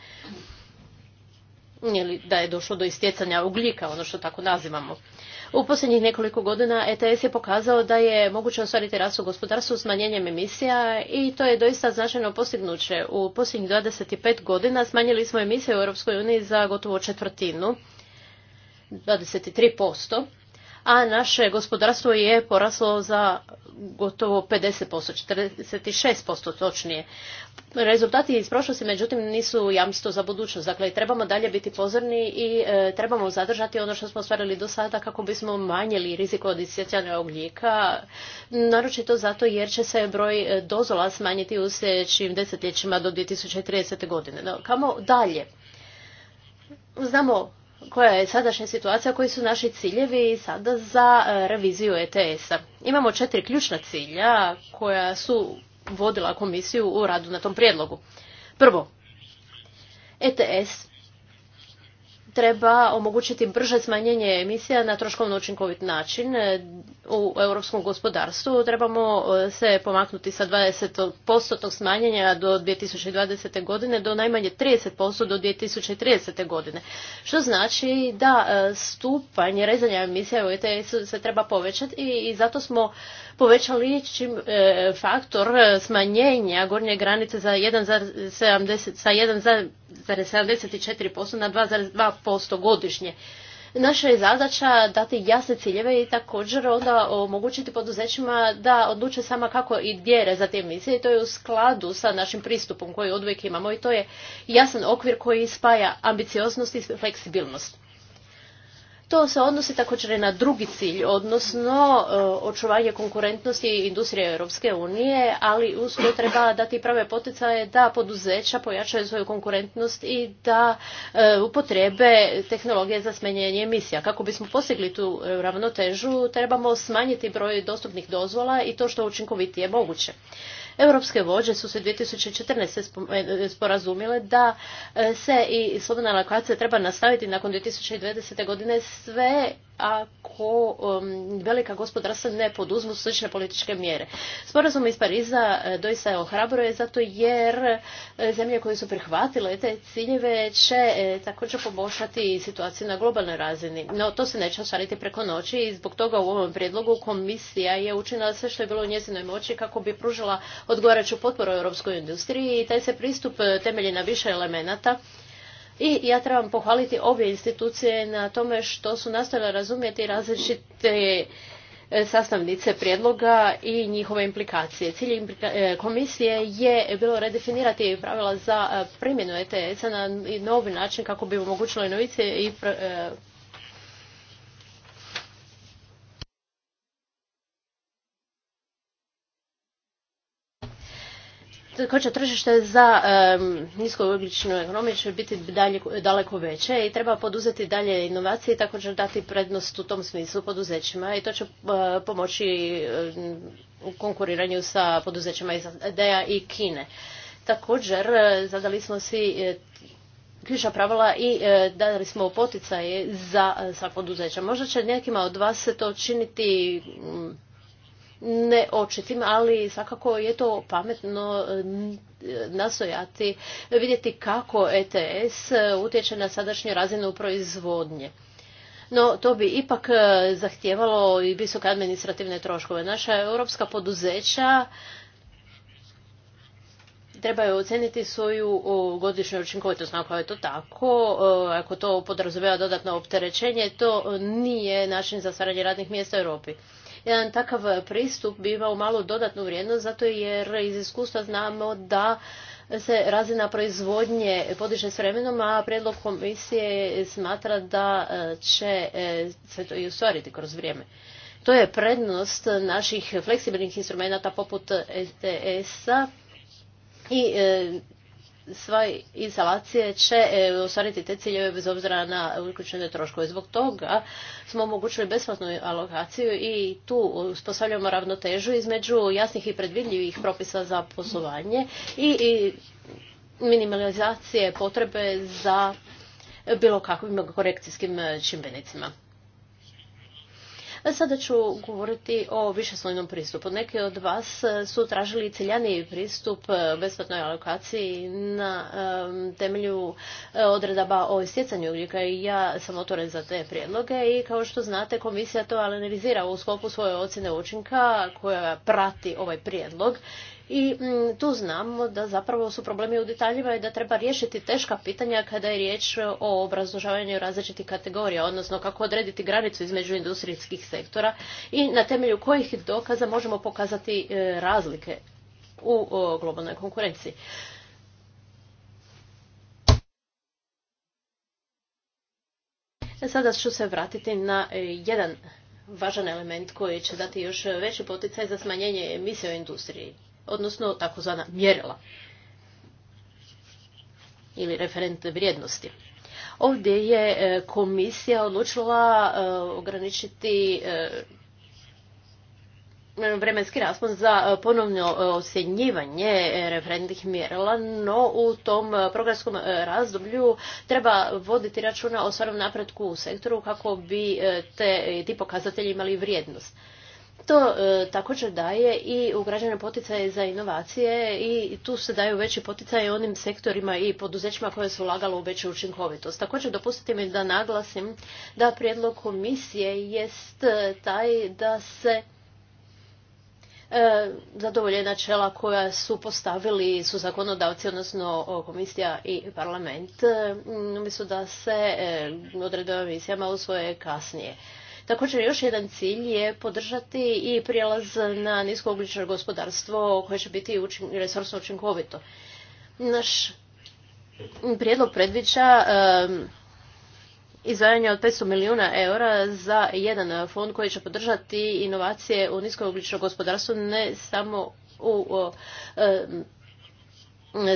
ili da je došlo do istjecanja ugljika, ono što tako nazivamo. U posljednjih nekoliko godina ETS je pokazao da je moguće ostvariti rast u gospodarstvu smanjenjem emisija i to je doista značajno postignuće. U posljednjih 25 godina smanjili smo emisije u EU za gotovo četvrtinu, 23% a naše gospodarstvo je poraslo za gotovo 50%, 46% točnije. Rezultati iz prošlosti, međutim, nisu jamstvo za budućnost. Dakle, trebamo dalje biti pozorni i e, trebamo zadržati ono što smo stvarili do sada kako bismo manjili riziko od isjećanja ugljika, naročito zato jer će se broj e, dozola smanjiti u sljedećim desetljećima do 2030. godine. No, kamo dalje? Znamo koja je sadašnja situacija, koji su naši ciljevi sada za e, reviziju ETS-a. Imamo četiri ključna cilja koja su vodila komisiju u radu na tom prijedlogu. Prvo, ETS treba omogućiti brže smanjenje emisija na troškovno učinkovit način. U europskom gospodarstvu trebamo e, se pomaknuti sa 20% smanjenja do 2020. godine do najmanje 30% do 2030. godine. Što znači da e, stupanje rezanja emisija u ETS se treba povećati i zato smo povećali e, faktor e, smanjenja gornje granice za 1,70, sa 1,74% na 2,2% godišnje. Naša je zadaća dati jasne ciljeve i također onda omogućiti poduzećima da odluče sama kako i gdje za te emisije i to je u skladu sa našim pristupom koji odvijek imamo i to je jasan okvir koji spaja ambicioznost i fleksibilnost. To se odnosi također i na drugi cilj, odnosno e, očuvanje konkurentnosti industrije Europske unije, ali uz to treba dati prave poticaje da poduzeća pojačaju svoju konkurentnost i da e, upotrebe tehnologije za smanjenje emisija. Kako bismo postigli tu e, ravnotežu, trebamo smanjiti broj dostupnih dozvola i to što učinkovitije je moguće. Europske vođe su se 2014. E, e, sporazumile da e, se i slobodna alokacija treba nastaviti nakon 2020. godine sve ako um, velika gospodarstva ne poduzmu slične političke mjere. Sporazum iz Pariza e, doista je ohrabruje zato jer e, zemlje koje su prihvatile te ciljeve će e, također poboljšati situaciju na globalnoj razini. No to se neće ostvariti preko noći i zbog toga u ovom prijedlogu komisija je učinila sve što je bilo u njezinoj moći kako bi pružila odgovarajuću potporu europskoj industriji i taj se pristup temelji na više elemenata i ja trebam pohvaliti obje institucije na tome što su nastojale razumjeti različite e, sastavnice prijedloga i njihove implikacije. Cilj e, komisije je bilo redefinirati pravila za e, primjenu ETS-a na novi način kako bi omogućilo inovacije i ko će tržište za um, niskougljičnu ekonomiju će biti daleko veće i treba poduzeti dalje inovacije i također dati prednost u tom smislu poduzećima i to će e, pomoći u konkuriranju sa poduzećima iz Deja i Kine. Također, e, zadali smo si e, ključna pravila i dali smo poticaje za sva poduzeća. Možda će nekima od vas se to činiti ne očitim, ali svakako je to pametno eh, nasojati, vidjeti kako ETS utječe na sadašnju razinu proizvodnje. No, to bi ipak eh, zahtijevalo i visoke administrativne troškove. Naša europska poduzeća trebaju oceniti svoju godišnju učinkovitost. Ako je to tako, eh, ako to podrazumijeva dodatno opterećenje, to nije način za stvaranje radnih mjesta u Europi jedan takav pristup bi imao malo dodatnu vrijednost zato jer iz iskustva znamo da se razina proizvodnje podiže s vremenom, a predlog komisije smatra da e, će se to i ostvariti kroz vrijeme. To je prednost naših fleksibilnih instrumenta poput STS-a i e, sva instalacije će e, ostvariti te ciljeve bez obzira na uključene troškove. Zbog toga smo omogućili besplatnu alokaciju i tu uspostavljamo ravnotežu između jasnih i predvidljivih propisa za poslovanje i, i minimalizacije potrebe za bilo kakvim korekcijskim čimbenicima. Sada ću govoriti o višeslojnom pristupu. Neki od vas e, su tražili ciljaniji pristup e, besplatnoj alokaciji na e, temelju odredaba o stjecanju ugljika i ja sam otvoren za te prijedloge i kao što znate komisija to analizira u sklopu svoje ocjene učinka koja prati ovaj prijedlog i mm, tu znamo da zapravo su problemi u detaljima i da treba riješiti teška pitanja kada je riječ o obrazložavanju različitih kategorija, odnosno kako odrediti granicu između industrijskih sektora i na temelju kojih dokaza možemo pokazati e, razlike u globalnoj konkurenciji. E, sada ću se vratiti na e, jedan važan element koji će dati još veći poticaj za smanjenje emisije u industriji odnosno takozvana mjerila ili referentne vrijednosti. Ovdje je e, komisija odlučila e, ograničiti e, vremenski raspon za ponovno osjenjivanje referentnih mjerila, no u tom programskom razdoblju treba voditi računa o stvarnom napretku u sektoru kako bi ti pokazatelji imali vrijednost. To e, također daje i ugrađene poticaje za inovacije i tu se daju veći poticaje onim sektorima i poduzećima koje su ulagalo u veću učinkovitost. Također dopustite mi da naglasim da prijedlog komisije jest e, taj da se e, zadovolje načela koja su postavili su zakonodavci, odnosno komisija i parlament, umjesto da se e, odredbe o svoje usvoje kasnije. Također još jedan cilj je podržati i prijelaz na niskooglično gospodarstvo koje će biti resursno učinkovito. Naš prijedlog predviđa izvajanje od 500 milijuna eura za jedan fond koji će podržati inovacije u niskooglično gospodarstvu ne samo u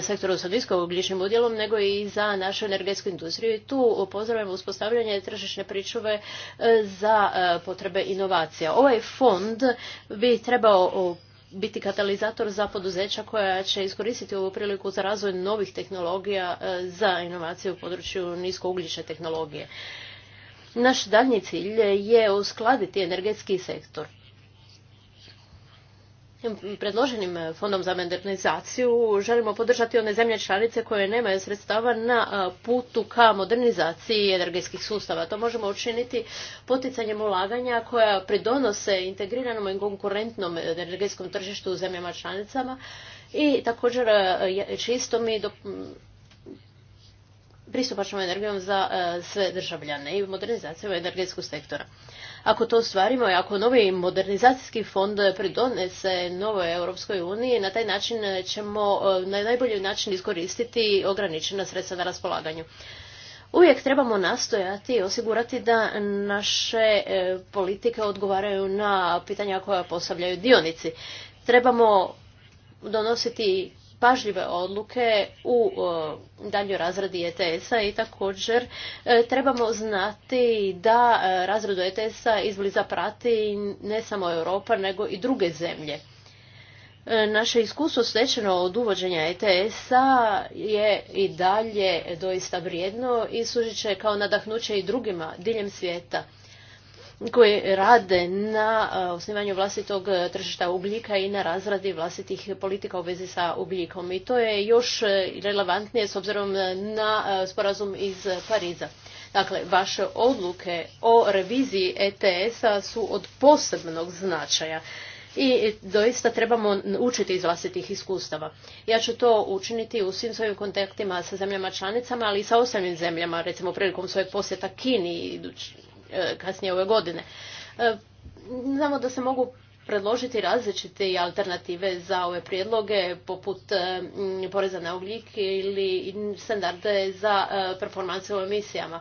sektoru sa niskom udjelom, nego i za našu energetsku industriju. I tu pozdravljam uspostavljanje tržišne pričuve e, za e, potrebe inovacija. Ovaj fond bi trebao biti katalizator za poduzeća koja će iskoristiti ovu priliku za razvoj novih tehnologija e, za inovacije u području niskougljične tehnologije. Naš daljnji cilj je uskladiti energetski sektor predloženim e, fondom za modernizaciju želimo podržati one zemlje članice koje nemaju sredstava na e, putu ka modernizaciji energetskih sustava. To možemo učiniti poticanjem ulaganja koja pridonose integriranom i konkurentnom energetskom tržištu u zemljama članicama i također čistom e, i pristupačnom energijom za sve državljane i modernizaciju energetskog sektora. Ako to ostvarimo i ako novi modernizacijski fond pridonese novoj Europskoj uniji, na taj način ćemo e, na najbolji način iskoristiti ograničena sredstva na raspolaganju. Uvijek trebamo nastojati i osigurati da naše e, politike odgovaraju na pitanja koja postavljaju dionici. Trebamo donositi pažljive odluke u e, daljoj razradi ETS-a i također e, trebamo znati da e, razradu ETS-a izbliza prati ne samo Europa nego i druge zemlje. Naše iskustvo stečeno od uvođenja ETS-a je i dalje doista vrijedno i služit će kao nadahnuće i drugima diljem svijeta koje rade na e, osnivanju vlastitog e, tržišta ugljika i na razradi vlastitih politika u vezi sa ugljikom. I to je još e, relevantnije s obzirom na sporazum iz Pariza. Dakle, vaše odluke o reviziji ETS-a su od posebnog značaja i doista trebamo učiti iz vlastitih iskustava. Ja ću to učiniti u svim svojim kontaktima sa zemljama članicama, ali i sa ostalim zemljama, recimo prilikom svojeg posjeta Kini E, kasnije ove godine. E, znamo da se mogu predložiti različite alternative za ove prijedloge poput e, poreza na ugljik ili standarde za performanse u emisijama.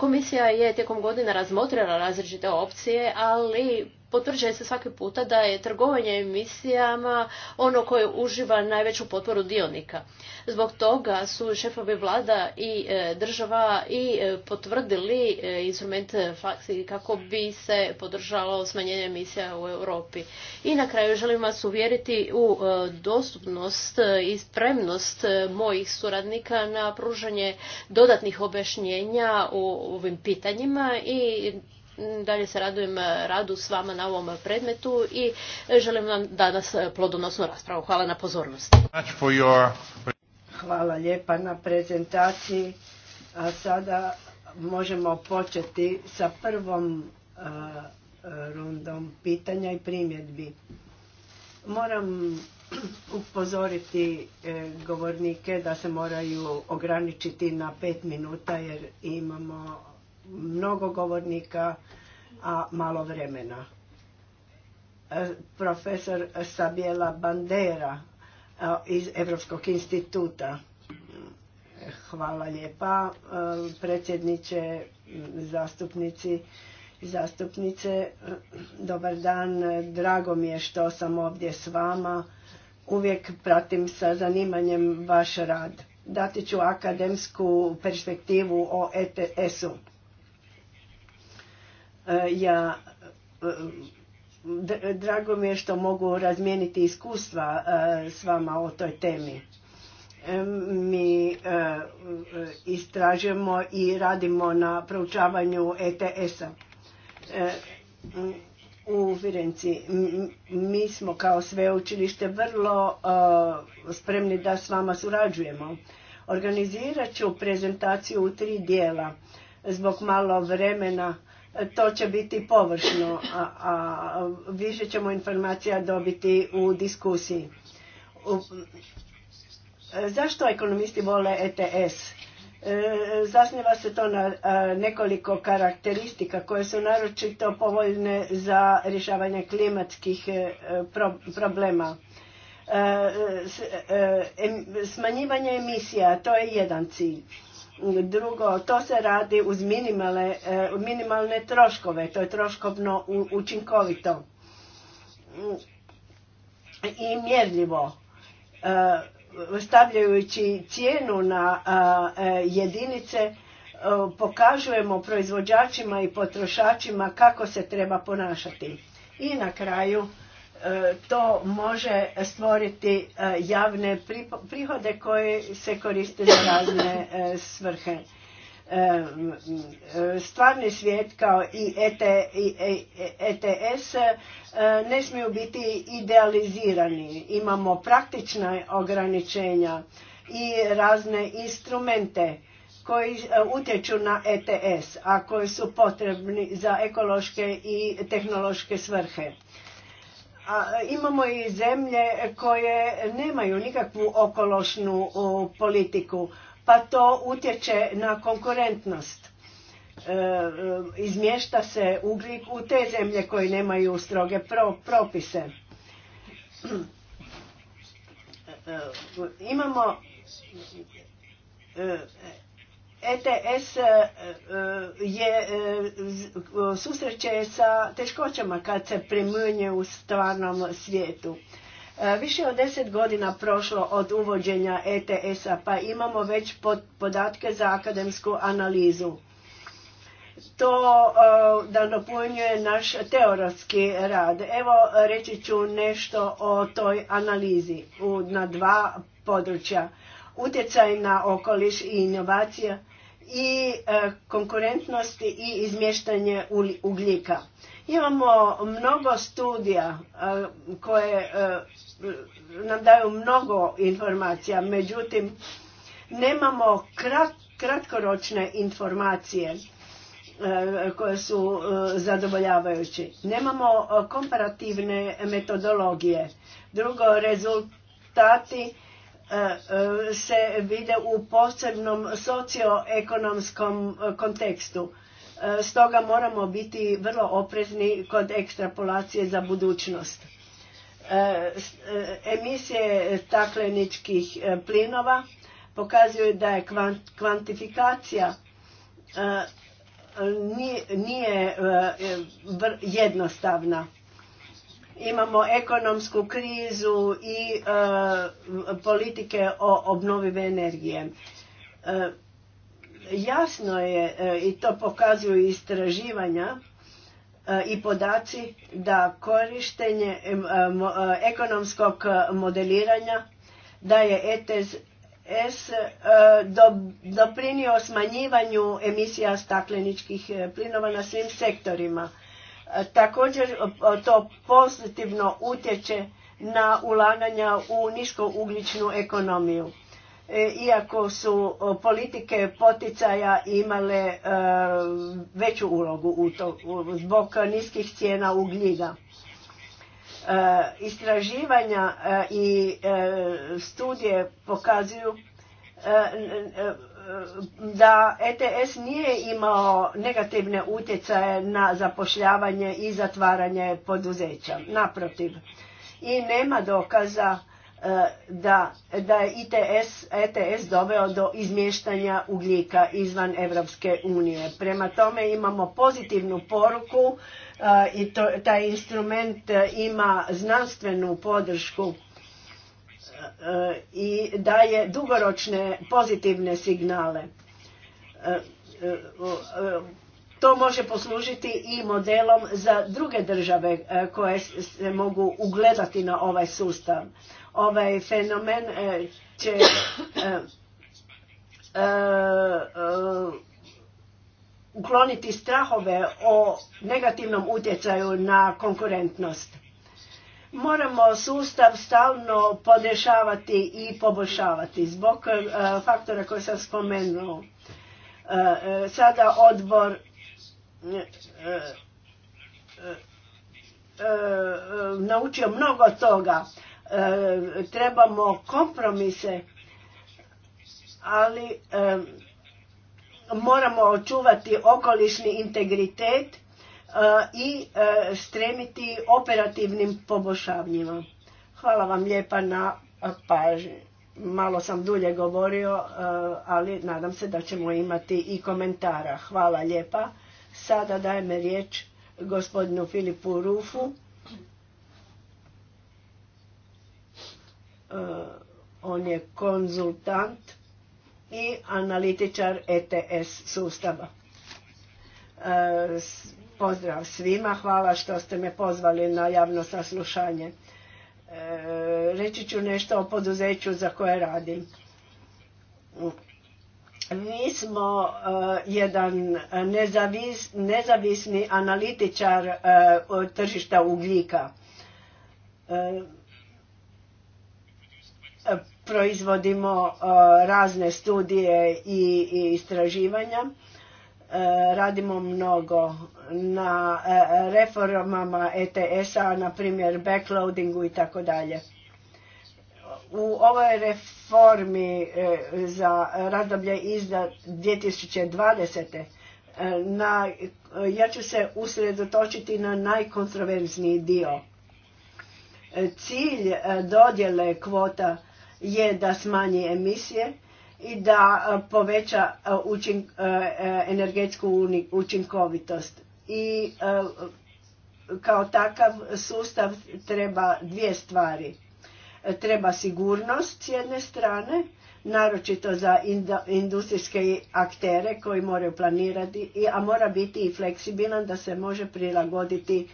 Komisija je tijekom godina razmotrila različite opcije, ali potvrđuje se svaki puta da je trgovanje emisijama ono koje uživa najveću potporu dionika. Zbog toga su šefovi vlada i e, država i e, potvrdili e, instrument flaksi kako bi se podržalo smanjenje emisija u Europi. I na kraju želim vas uvjeriti u dostupnost i spremnost mojih suradnika na pružanje dodatnih objašnjenja u ovim pitanjima i dalje se radujem radu s vama na ovom predmetu i želim vam danas plodonosnu raspravu. Hvala na pozornosti. Hvala lijepa na prezentaciji. A sada možemo početi sa prvom e, e, rundom pitanja i primjedbi. Moram upozoriti e, govornike da se moraju ograničiti na pet minuta jer imamo mnogo govornika, a malo vremena. E, profesor Sabjela Bandera e, iz Europskog instituta. Hvala lijepa predsjedniče, zastupnici i zastupnice. Dobar dan, drago mi je što sam ovdje s vama uvijek pratim sa zanimanjem vaš rad. Dati ću akademsku perspektivu o ETS-u. E, ja, e, drago mi je što mogu razmijeniti iskustva e, s vama o toj temi. Mi istražujemo i radimo na proučavanju ETS-a u Firenci. Mi smo kao sveučilište vrlo spremni da s vama surađujemo. Organizirat ću prezentaciju u tri dijela. Zbog malo vremena to će biti površno, a, više ćemo informacija dobiti u diskusiji. zašto ekonomisti vole ETS? E, zasniva se to na e, nekoliko karakteristika koje su naročito povoljne za rješavanje klimatskih e, problema. Smanjivanje emisija, to je jedan cilj. Drugo, to se radi uz minimalne troškove, to je troškovno učinkovito i mjerljivo stavljajući cijenu na e, jedinice e, pokažujemo proizvođačima i potrošačima kako se treba ponašati. I na kraju e, to može stvoriti javne prihode koje se koriste za razne svrhe stvarni svijet kao i ETS e e, ne smiju biti idealizirani. Imamo praktična ograničenja i razne instrumente koji e, utječu na ETS, a koji su potrebni za ekološke i tehnološke svrhe. imamo i zemlje koje nemaju nikakvu okološnu politiku pa to utječe na konkurentnost. E, e, izmješta se ugljik u te zemlje koje nemaju stroge propise. E, imamo ETS je susreće sa teškoćama kad se primjenjuje u stvarnom svijetu. E, više od deset godina prošlo od uvođenja ETS-a, pa imamo već podatke za akademsku analizu. To e, da dopunjuje naš teoretski rad. Evo reći ću nešto o toj analizi na dva područja. Utjecaj na okoliš i inovacija i e, konkurentnosti i izmještanje ugljika. Imamo mnogo studija e, koje e, nam daju mnogo informacija, međutim nemamo kratkoročne informacije e, koje su zadovoljavajući. Nemamo komparativne metodologije. Drugo, rezultati se vide u posebnom socioekonomskom kontekstu. E, stoga moramo biti vrlo oprezni kod ekstrapolacije za budućnost. E, e, emisije stakleničkih plinova pokazuju da je kvantifikacija nije jednostavna. Imamo ekonomsku krizu i politike o obnovive energije Jasno je e, i to pokazuju istraživanja e, i podaci da korištenje e, ekonomskog modeliranja da je ETS doprinio smanjivanju emisija stakleničkih plinova na svim sektorima. Također to pozitivno utječe na ulaganja u niskougličnu ekonomiju. E, iako su politike poticaja imale e, veću ulogu zbog niskih cijena ugljina. E, istraživanja i studije pokazuju da ETS nije imao negativne utjecaje na zapošljavanje i zatvaranje poduzeća. Naprotiv, i nema dokaza da, je ETS e doveo do izmještanja ugljika izvan Evropske unije. Prema tome imamo pozitivnu poruku e, i taj instrument e, ima znanstvenu podršku i daje dugoročne pozitivne signale. to može poslužiti i modelom za druge države koje se mogu ugledati na ovaj sustav. Ovaj fenomen e, će e, e, ukloniti strahove o negativnom utjecaju na konkurentnost. Moramo sustav stalno podešavati i poboljšavati zbog faktora koje sam spomenuo. Sada odbor naučio mnogo toga E, trebamo kompromise, ali e, moramo očuvati okolišni integritet e, i stremiti operativnim poboljšavnjima. Hvala vam lijepa na pažnji. Malo sam dulje govorio, ali nadam se da ćemo imati i komentara. Hvala lijepa. Sada dajme riječ gospodinu Filipu Rufu Eh, on je konzultant i analitičar ETS sustava. Eh, pozdrav svima, hvala što ste me pozvali na javno saslušanje. Eh, reći ću nešto o poduzeću za koje radim. Mi smo jedan nezavisni analitičar tržišta ugljika proizvodimo e, razne studije i istraživanja. E, radimo mnogo na e, reformama ETS-a, na primjer backloadingu i tako dalje. U ovoj reformi za razdoblje izda 2020. Na, ja ću se usredotočiti na najkontroverzniji dio. Cilj dodjele kvota je da smanji emisije i da e, poveća e, e, energetsku učinkovitost. I kao takav sustav treba dvije stvari. Treba sigurnost s jedne strane, naročito za industrijske aktere koji moraju planirati, a mora biti i fleksibilan da se može prilagoditi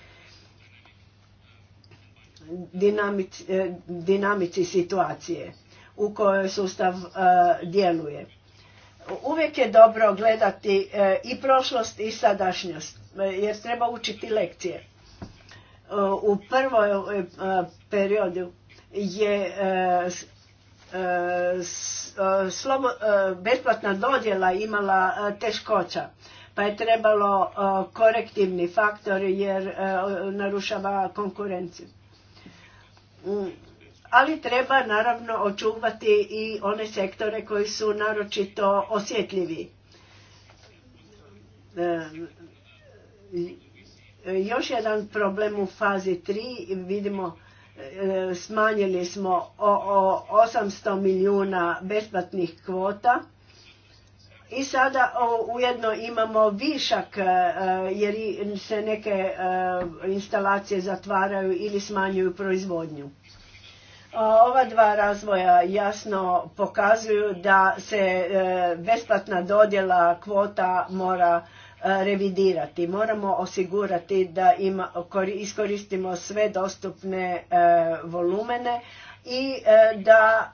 E, dinamici, situacije u kojoj sustav e, djeluje. Uvijek je dobro gledati e, i prošlost i sadašnjost jer treba učiti lekcije. U prvoj periodu je besplatna dodjela imala teškoća, pa je trebalo korektivni faktor jer narušava konkurenciju ali treba naravno očuvati i one sektore koji su naročito osjetljivi. E, još jedan problem u fazi 3 vidimo e, smanjili smo o 800 milijuna besplatnih kvota i sada ujedno imamo višak e, e, jer se neke e, instalacije zatvaraju ili smanjuju proizvodnju. Ova dva razvoja jasno pokazuju da se besplatna dodjela kvota mora revidirati. Moramo osigurati da ima, iskoristimo sve dostupne volumene i da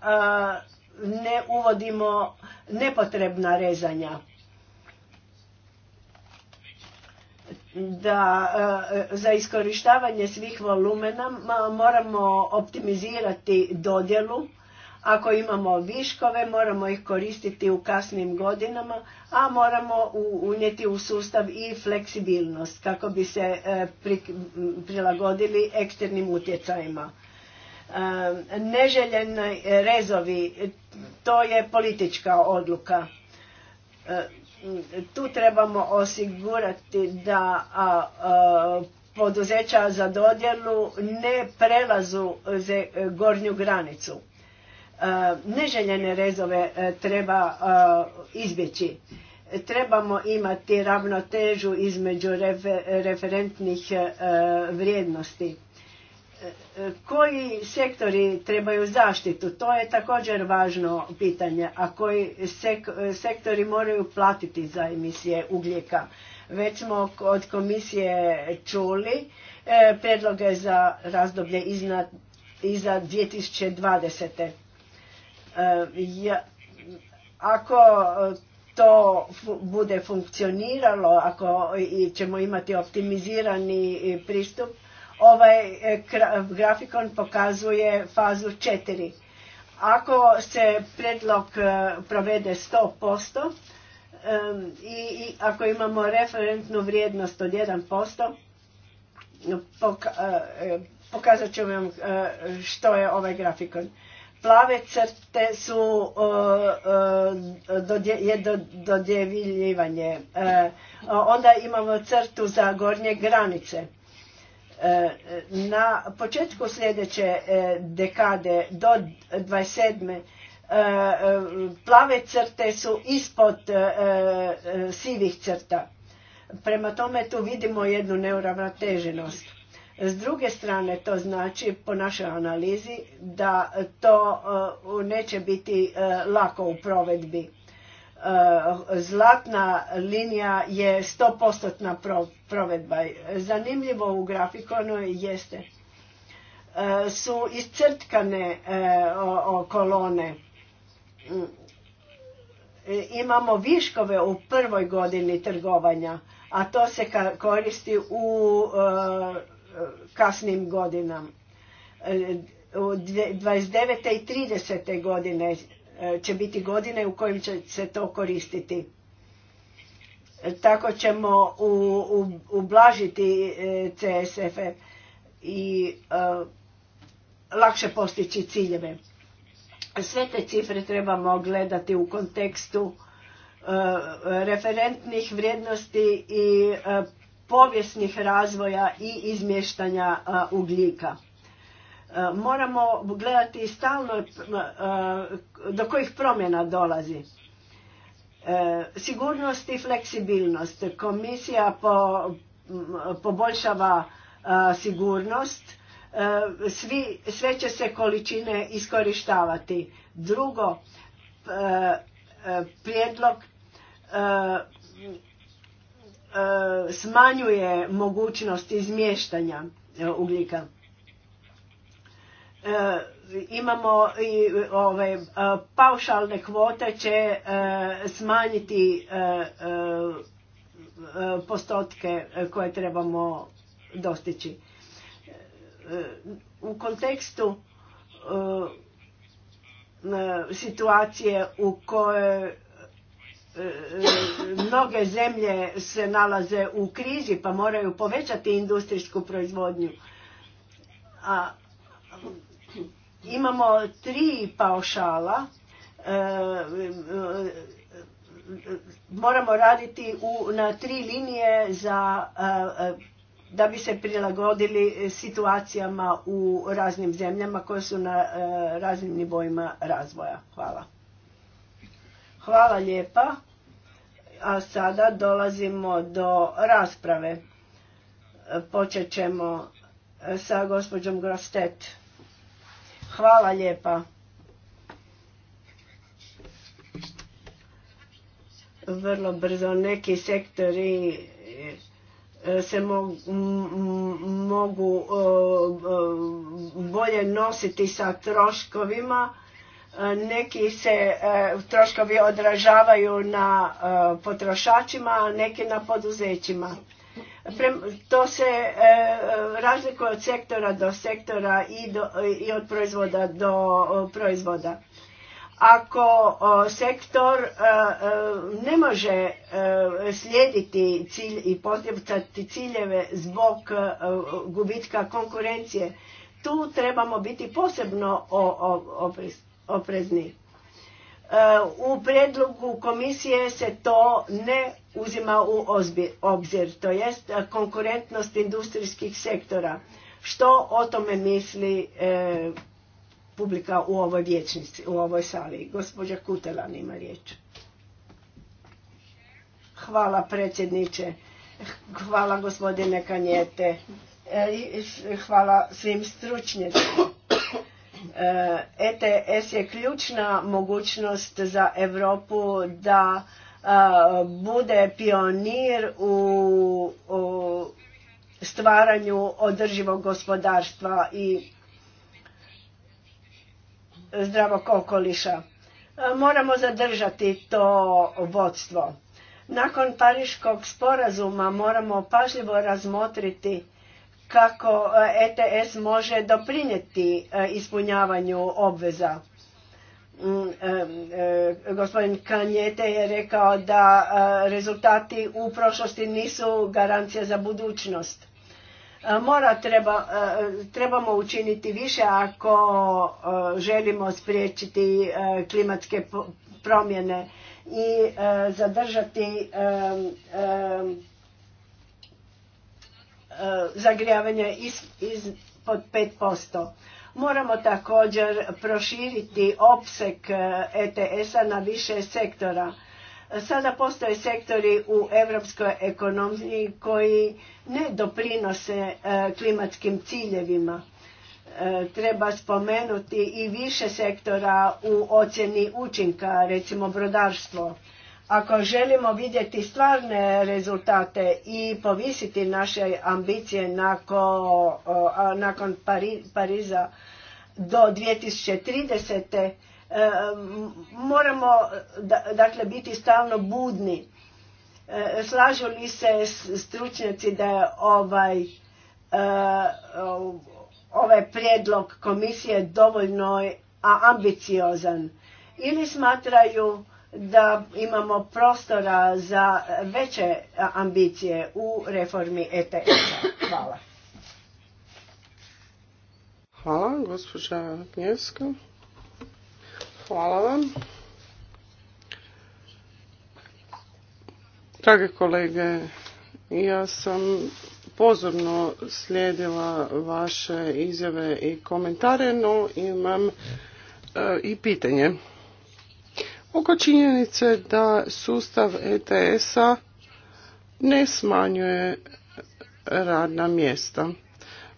ne uvodimo nepotrebna rezanja. Da e, za iskorištavanje svih volumena moramo optimizirati dodjelu. Ako imamo viškove, moramo ih koristiti u kasnim godinama, a moramo unijeti u sustav i fleksibilnost kako bi se e, prilagodili eksternim utjecajima neželjeni rezovi, to je politička odluka. Tu trebamo osigurati da poduzeća za dodjelu ne prelazu gornju granicu. Neželjene rezove e, treba izbjeći. Trebamo imati ravnotežu između referentnih e, vrijednosti koji sektori trebaju zaštitu, to je također važno pitanje, a koji sektori moraju platiti za emisije ugljika. Već smo od komisije čuli e, predloge za razdoblje iza 2020. E, ako to bude funkcioniralo, ako ćemo imati optimizirani pristup, Ovaj e, grafikon pokazuje fazu 4. Ako se predlog e, provede 100%, e, i ako imamo referentnu vrijednost od 1%, pokazat ću vam što je ovaj grafikon. Plave crte su dodjeljivanje. Onda imamo crtu za gornje granice. E, na početku sljedeće e, dekade do 27. E, plave crte su ispod sivih crta. Prema tome tu vidimo jednu neuravnoteženost. S druge strane to znači po našoj analizi da to neće biti lako u provedbi Eh, zlatna linija je 100% provedba. Zanimljivo u grafikonu jeste eh, su iscrtkane eh, kolone. Mm, imamo viškove u prvoj godini trgovanja, a to se koristi u kasnim godinama. 29. i 30. godine E, će biti godine u kojim će se to koristiti. E, tako ćemo ublažiti e, CSF i lakše postići ciljeve. Sve te cifre trebamo gledati u kontekstu referentnih vrijednosti i povijesnih razvoja i izmještanja ugljika. E, moramo gledati stalno e, do kojih promjena dolazi. E, sigurnost i fleksibilnost. Komisija poboljšava sigurnost, sve će se količine iskorištavati. Drugo, prijedlog smanjuje mogućnost izmještanja ugljika. E, imamo i ove e, paušalne kvote će e, smanjiti postotke koje trebamo dostići. U kontekstu situacije u kojoj mnoge zemlje se nalaze u krizi pa moraju povećati industrijsku proizvodnju. A Imamo tri paušala, e, e, moramo raditi na tri linije za, e, da bi se prilagodili situacijama u raznim zemljama koje su na raznim nivoima razvoja. Hvala. Hvala lijepa. A sada dolazimo do rasprave. Počet ćemo sa gospođom Grostet. Hvala lijepa. Vrlo brzo neki sektori e, se mogu bolje nositi sa troškovima. E, neki se e, troškovi odražavaju na potrošačima, neki na poduzećima to se e, e, razlikuje od sektora do sektora i, od proizvoda do proizvoda. Ako sektor e, ne može slijediti cilj i postaviti ciljeve zbog gubitka konkurencije, tu trebamo biti posebno oprezni. U predlogu komisije se to ne uzima u obzir, to jest e, konkurentnost industrijskih sektora. Što o tome misli e, publika u ovoj vječnici, u ovoj sali? Gospođa Kutelan ima riječ. Hvala predsjedniče, hvala gospodine Kanjete, e, hvala svim stručnjacima. ETS je ključna mogućnost za Europu da bude pionir u, stvaranju održivog gospodarstva i zdravog okoliša. Moramo zadržati to vodstvo. Nakon Pariškog sporazuma moramo pažljivo razmotriti kako ETS može doprinijeti ispunjavanju obveza Mm, gospodin Kanjete je rekao da e, rezultati u prošlosti nisu garancija za budućnost. E, mora treba, e, trebamo učiniti više ako želimo spriječiti klimatske promjene i zadržati zagrijavanje ispod 5%. Moramo također proširiti opseg ETS-a e na više sektora. Sada postoje sektori u europskoj ekonomiji koji ne doprinose e, klimatskim ciljevima. E, treba spomenuti i više sektora u ocjeni učinka, recimo brodarstvo ako želimo vidjeti stvarne rezultate i povisiti naše ambicije nakon, Pariza do 2030. E, moramo dakle biti stalno budni. E, slažu li se stručnjaci da je ovaj e, ovaj prijedlog komisije dovoljno ambiciozan ili smatraju da imamo prostora za veće ambicije u reformi ETS-a. Hvala. Hvala, gospođa Hvala vam. Drage kolege, ja sam pozorno slijedila vaše izjave i komentare, no imam e, i pitanje oko činjenice da sustav ETS-a ne smanjuje radna mjesta.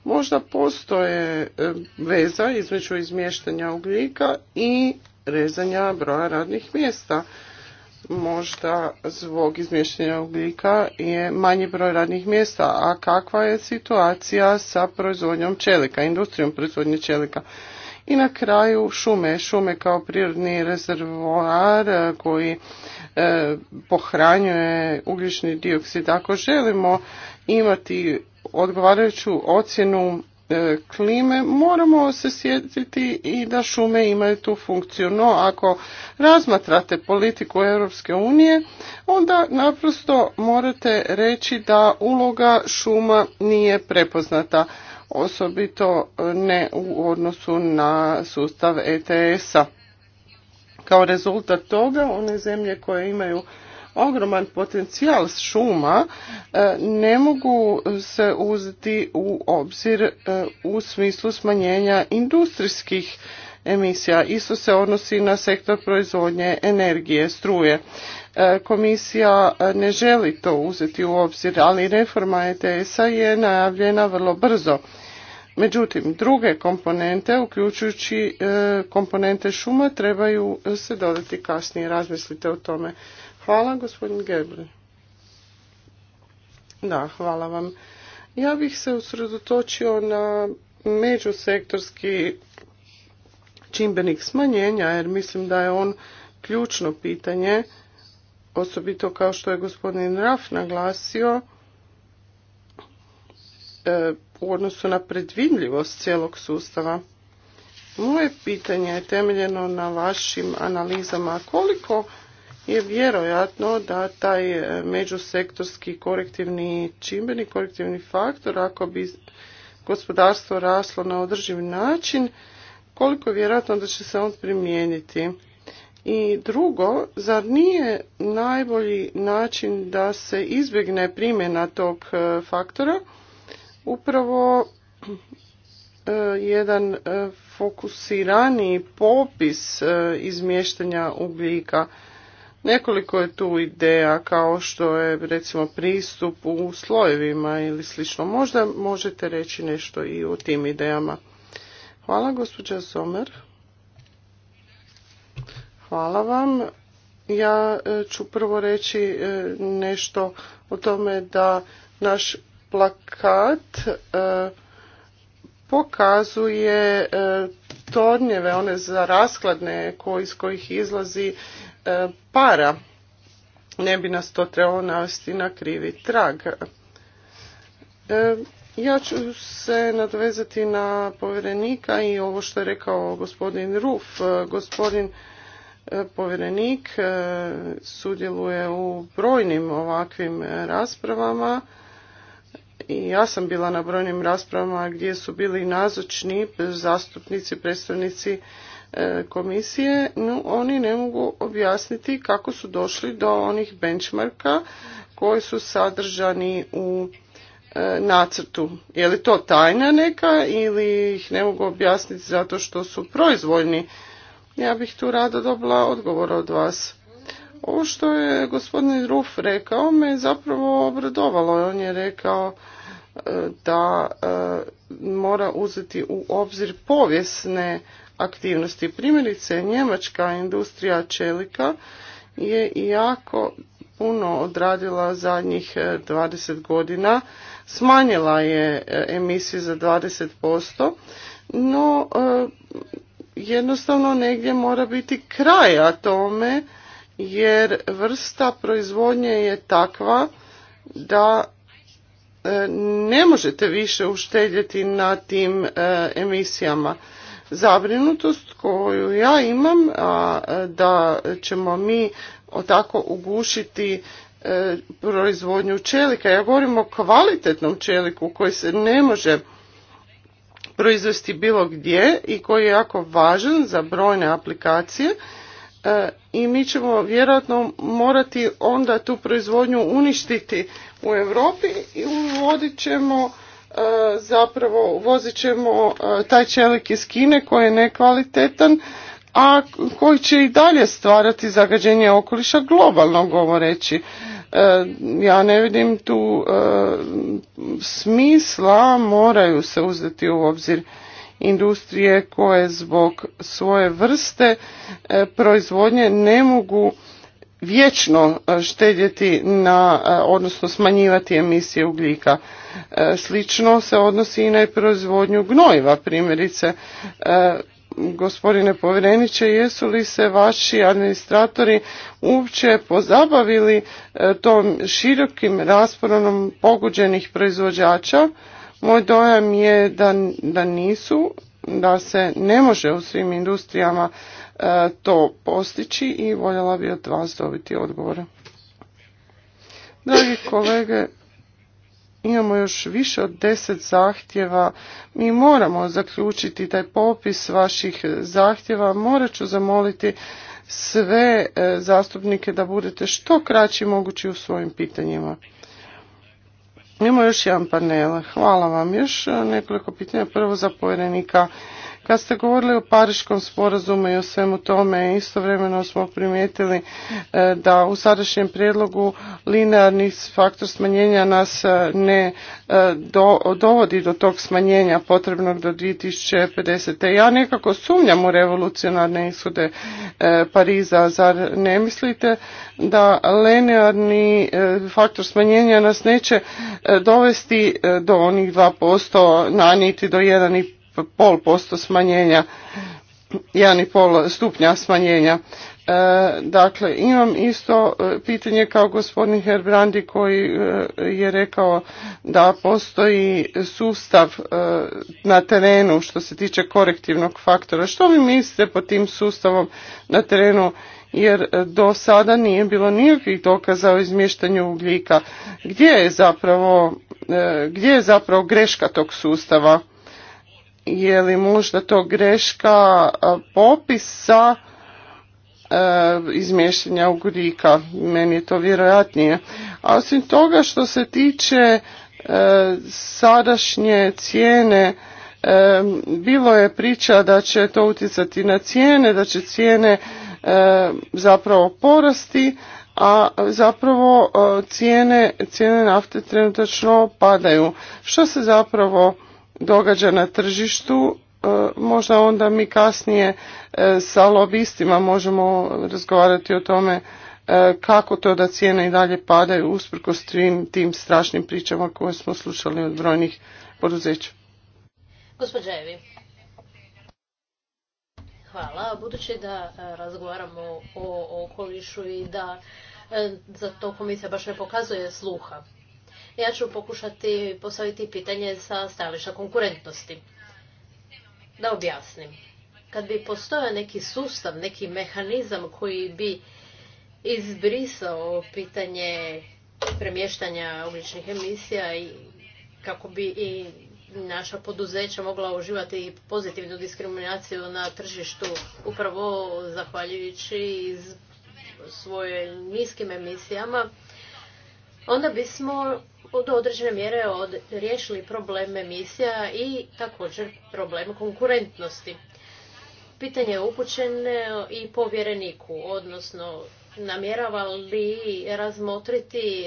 Možda postoje e, veza između izmještanja ugljika i rezanja broja radnih mjesta. Možda zbog izmještanja ugljika je manji broj radnih mjesta, a kakva je situacija sa proizvodnjom čelika, industrijom proizvodnje čelika? I na kraju šume. Šume kao prirodni rezervoar eh, koji eh, pohranjuje ugljični dioksid. Ako želimo imati odgovarajuću ocjenu eh, klime, moramo se sjetiti i da šume imaju tu funkciju. No, ako razmatrate politiku Europske unije, onda naprosto morate reći da uloga šuma nije prepoznata osobito e, ne u odnosu na sustav ETS-a. Kao rezultat toga one zemlje koje imaju ogroman potencijal šuma e, ne mogu se uzeti u obzir e, u smislu smanjenja industrijskih emisija. Isto se odnosi na sektor proizvodnje energije, struje. E, komisija e, ne želi to uzeti u obzir, ali reforma ETS-a je najavljena vrlo brzo. Međutim, druge komponente, uključujući e, komponente šuma, trebaju se dodati kasnije. Razmislite o tome. Hvala, gospodin Gebre. Da, hvala vam. Ja bih se usredotočio na međusektorski čimbenik smanjenja, jer mislim da je on ključno pitanje osobito kao što je gospodin Raf naglasio, e, u odnosu na predvidljivost cijelog sustava. Moje pitanje je temeljeno na vašim analizama koliko je vjerojatno da taj međusektorski korektivni čimbenik, korektivni faktor, ako bi gospodarstvo raslo na održiv način, koliko je vjerojatno da će se on primijeniti i drugo, zar nije najbolji način da se izbjegne primjena tog e, faktora upravo e, jedan e, fokusirani popis izmještanja ugljika. Nekoliko je tu ideja kao što je recimo pristup u slojevima ili slično. Možda možete reći nešto i o tim idejama. Hvala gospođa Somer. Hvala vam. Ja e, ću prvo reći e, nešto o tome da naš plakat e, pokazuje tornjeve, one za raskladne iz kojih izlazi para. Ne bi nas to trebalo navesti na krivi trag. Ja ću se nadvezati na povjerenika i ovo što je rekao gospodin Ruf. Gospodin E, povjerenik e, sudjeluje u brojnim ovakvim raspravama i ja sam bila na brojnim raspravama gdje su bili nazočni zastupnici, predstavnici e, komisije, no oni ne mogu objasniti kako su došli do onih benchmarka koji su sadržani u nacrtu. Je li to tajna neka ili ih ne mogu objasniti zato što su proizvoljni ja bih tu rado dobila odgovor od vas. Ovo što je gospodin Ruf rekao me zapravo obradovalo. On je rekao e, da e, mora uzeti u obzir povijesne aktivnosti. Primjerice, njemačka industrija čelika je jako puno odradila zadnjih 20 e, godina. Smanjila je emisije za 20%, no jednostavno negdje mora biti kraja tome jer vrsta proizvodnje je takva da e, ne možete više uštedjeti na tim e, emisijama. Zabrinutost koju ja imam a da ćemo mi tako ugušiti e, proizvodnju čelika. Ja govorim o kvalitetnom čeliku koji se ne može proizvesti bilo gdje i koji je jako važan za brojne aplikacije e, i mi ćemo vjerojatno morati onda tu proizvodnju uništiti u Europi i uvodit ćemo e, zapravo uvozit ćemo e, taj čelik iz Kine koji je nekvalitetan a koji će i dalje stvarati zagađenje okoliša globalno govoreći. E, ja ne vidim tu e, smisla, moraju se uzeti u obzir industrije koje zbog svoje vrste e, proizvodnje ne mogu vječno štedjeti na, odnosno smanjivati emisije ugljika. Slično se odnosi i na proizvodnju gnojiva, primjerice gospodine povjereniče, jesu li se vaši administratori uopće pozabavili e, tom širokim rasporom pogođenih proizvođača? Moj dojam je da, da nisu, da se ne može u svim industrijama e, to postići i voljela bi od vas dobiti odgovore. Dragi kolege, imamo još više od deset zahtjeva. Mi moramo zaključiti taj popis vaših zahtjeva. Morat ću zamoliti sve e, zastupnike da budete što kraći mogući u svojim pitanjima. Imamo još jedan panel. Hvala vam. Još e, nekoliko pitanja. Prvo za povjerenika kad ste govorili o Pariškom sporazumu i o svemu tome, istovremeno smo primijetili e, da u sadašnjem prijedlogu linearni faktor smanjenja nas e, ne e, dovodi do tog smanjenja potrebnog do 2050. Ja nekako sumnjam u revolucionarne ishode Pariza. Zar ne mislite da linearni faktor smanjenja nas neće dovesti do onih 2% na niti do 1,5%? pol posto smanjenja, pol stupnja smanjenja. E, dakle, imam isto e, pitanje kao gospodin Herbrandi koji e, je rekao da postoji sustav na terenu što se tiče korektivnog faktora. Što vi mislite po tim sustavom na terenu? jer do sada nije bilo nikakvih dokaza o izmještanju ugljika. Gdje je zapravo, gdje je zapravo greška tog sustava? je li možda to greška popisa e, izmještenja ugodika. Meni je to vjerojatnije. A osim toga što se tiče e, sadašnje cijene, e, bilo je priča da će to utjecati na cijene, da će cijene zapravo porasti, a zapravo cijene, cijene nafte trenutačno padaju. Što se zapravo događa na tržištu, e, možda onda mi kasnije e, sa lobistima možemo razgovarati o tome e, kako to da cijene i dalje padaju usprkos svim tim strašnim pričama koje smo slušali od brojnih poduzeća. Gospođa Hvala. Budući da razgovaramo o okolišu i da za to komisija baš ne pokazuje sluha. Ja ću pokušati postaviti pitanje sa stajališta konkurentnosti. Da objasnim. Kad bi postojao neki sustav, neki mehanizam koji bi izbrisao pitanje premještanja ugljičnih emisija i kako bi i naša poduzeća mogla uživati pozitivnu diskriminaciju na tržištu upravo zahvaljujući svojim niskim emisijama, onda bismo do određene mjere od, riješili problem emisija i također problem konkurentnosti. Pitanje je upućeno i povjereniku, odnosno namjerava li razmotriti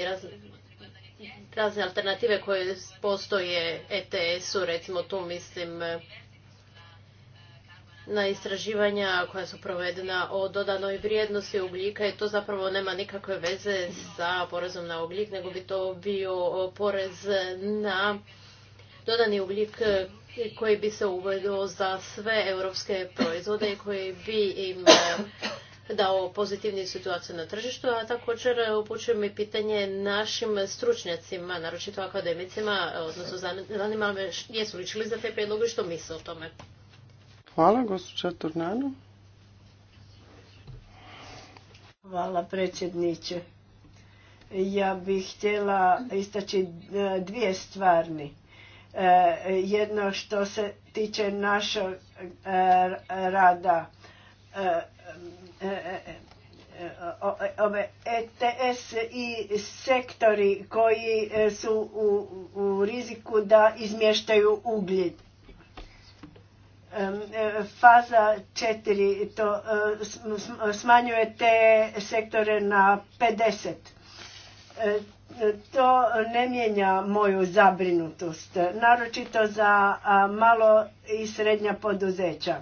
razne alternative koje postoje ETS-u, recimo tu mislim na istraživanja koja su provedena o dodanoj vrijednosti ugljika i to zapravo nema nikakve veze sa porezom na ugljik, nego bi to bio porez na dodani ugljik koji bi se uvedio za sve europske proizvode i koji bi im e, dao pozitivnu situaciju na tržištu, a također e, upućujem i pitanje našim stručnjacima, naročito akademicima, e, odnosno zanima me jesu li za te prijedloge i što misle o tome. Hvala, gospođa Tornano. Hvala, predsjedniče. Ja bih htjela istaći e, dvije stvarni. E, jedno što se tiče našeg e, rada ove ETS i sektori koji su u, riziku da izmještaju ugljid. E, faza četiri to e, smanjuje te sektore na 50. E, to ne mijenja moju zabrinutost, naročito za malo i srednja poduzeća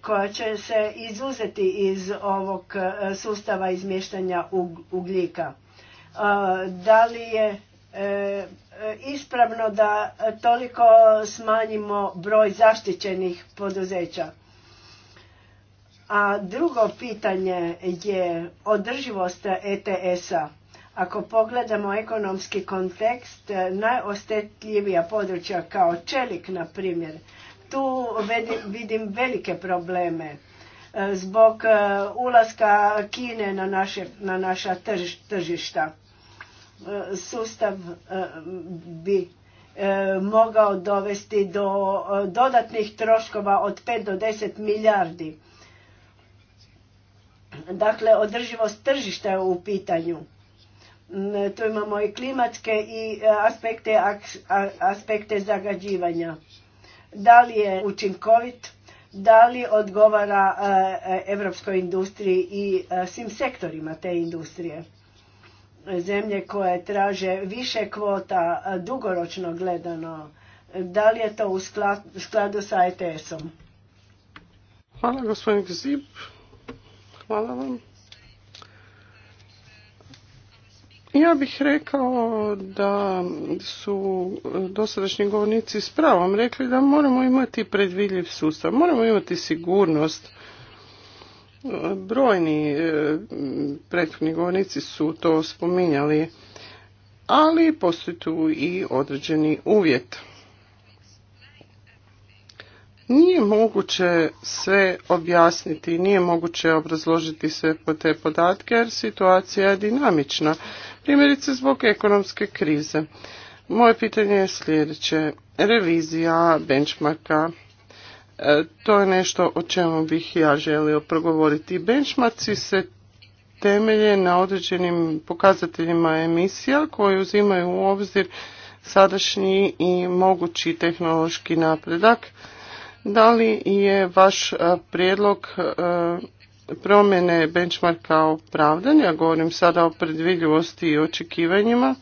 koja će se izuzeti iz ovog sustava izmještanja ugljika. Da li je E, ispravno da e, toliko smanjimo broj zaštićenih poduzeća. A drugo pitanje je održivost ETS-a. Ako pogledamo ekonomski kontekst, e, najosjetljivija područja kao čelik, na primjer, tu vidim velike probleme zbog ulaska Kine na, na naša tržišta. E, sustav e, bi e, mogao dovesti do dodatnih troškova od 5 do 10 milijardi. Dakle, održivost tržišta je u pitanju. Mm, tu imamo i klimatske i aspekte, aspekte zagađivanja. Da li je učinkovit, da li odgovara europskoj industriji i svim sektorima te industrije zemlje koje traže više kvota dugoročno gledano, da li je to u skladu sa ETS-om? Hvala gospodin Hvala vam. Ja bih rekao da su dosadašnji govornici s pravom rekli da moramo imati predvidljiv sustav, moramo imati sigurnost Brojni e, prethodni govornici su to spominjali, ali postoji tu i određeni uvjet. Nije moguće sve objasniti, nije moguće obrazložiti sve po te podatke jer situacija je dinamična, primjerice zbog ekonomske krize. Moje pitanje je sljedeće. Revizija benchmarka E, to je nešto o čemu bih ja želio progovoriti. Benchmarci se temelje na određenim pokazateljima emisija koje uzimaju u obzir sadašnji i mogući tehnološki napredak. Da li je vaš e, prijedlog e, promjene benchmarka opravdan? Ja govorim sada o predvidljivosti i očekivanjima.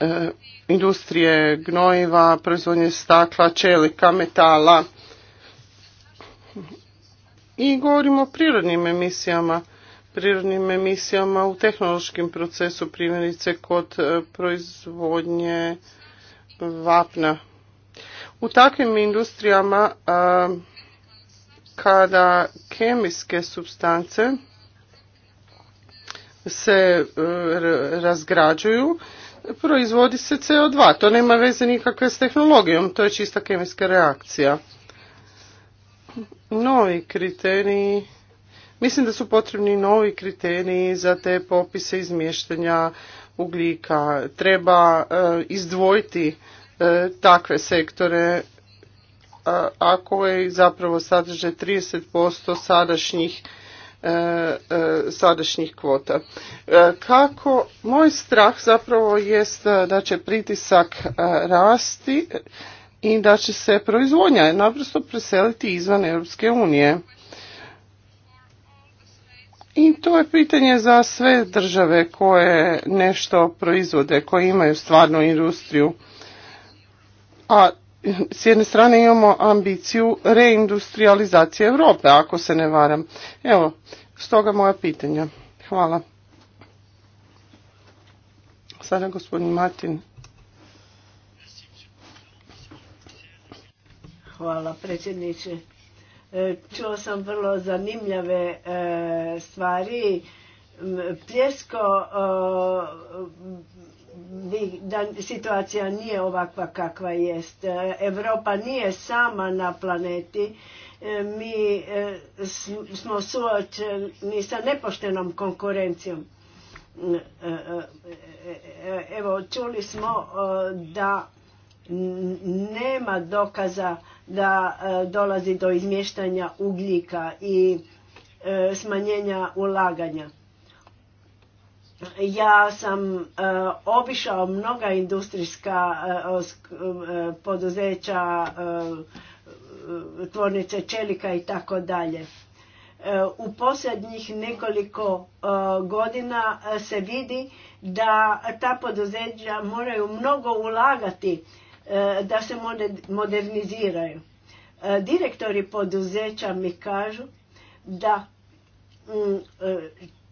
E, industrije gnojiva, proizvodnje stakla, čelika, metala. I govorimo o prirodnim emisijama, prirodnim emisijama u tehnološkim procesu, primjerice kod e, proizvodnje vapna. U takvim industrijama e, kada kemijske substance se razgrađuju, proizvodi se CO2. To nema veze nikakve s tehnologijom, to je čista kemijska reakcija. Novi kriteriji, mislim da su potrebni novi kriteriji za te popise izmještanja ugljika. Treba eh, izdvojiti eh, takve sektore eh, ako je zapravo sadrže 30% sadašnjih E, e, sadašnjih kvota. E, kako, moj strah zapravo jest da će pritisak rasti i da će se proizvodnja naprosto preseliti izvan Europske unije. I to je pitanje za sve države koje nešto proizvode, koje imaju stvarnu industriju. A s jedne strane imamo ambiciju reindustrializacije Europe, ako se ne varam. Evo, stoga moja pitanja. Hvala. Sada gospodin Martin. Hvala predsjedniče. E, čuo sam vrlo zanimljave e, stvari. Pljesko da situacija nije ovakva kakva jest. Europa nije sama na planeti. E, Mi e, smo suočeni sa nepoštenom konkurencijom. E, evo, čuli smo da nema dokaza da dolazi do izmještanja ugljika i smanjenja ulaganja ja sam e, obišao mnoga industrijska e, e, poduzeća tvornice čelika i tako dalje u posljednjih nekoliko godina se vidi da ta poduzeća moraju mnogo ulagati da se moderniziraju direktori poduzeća mi kažu da mm,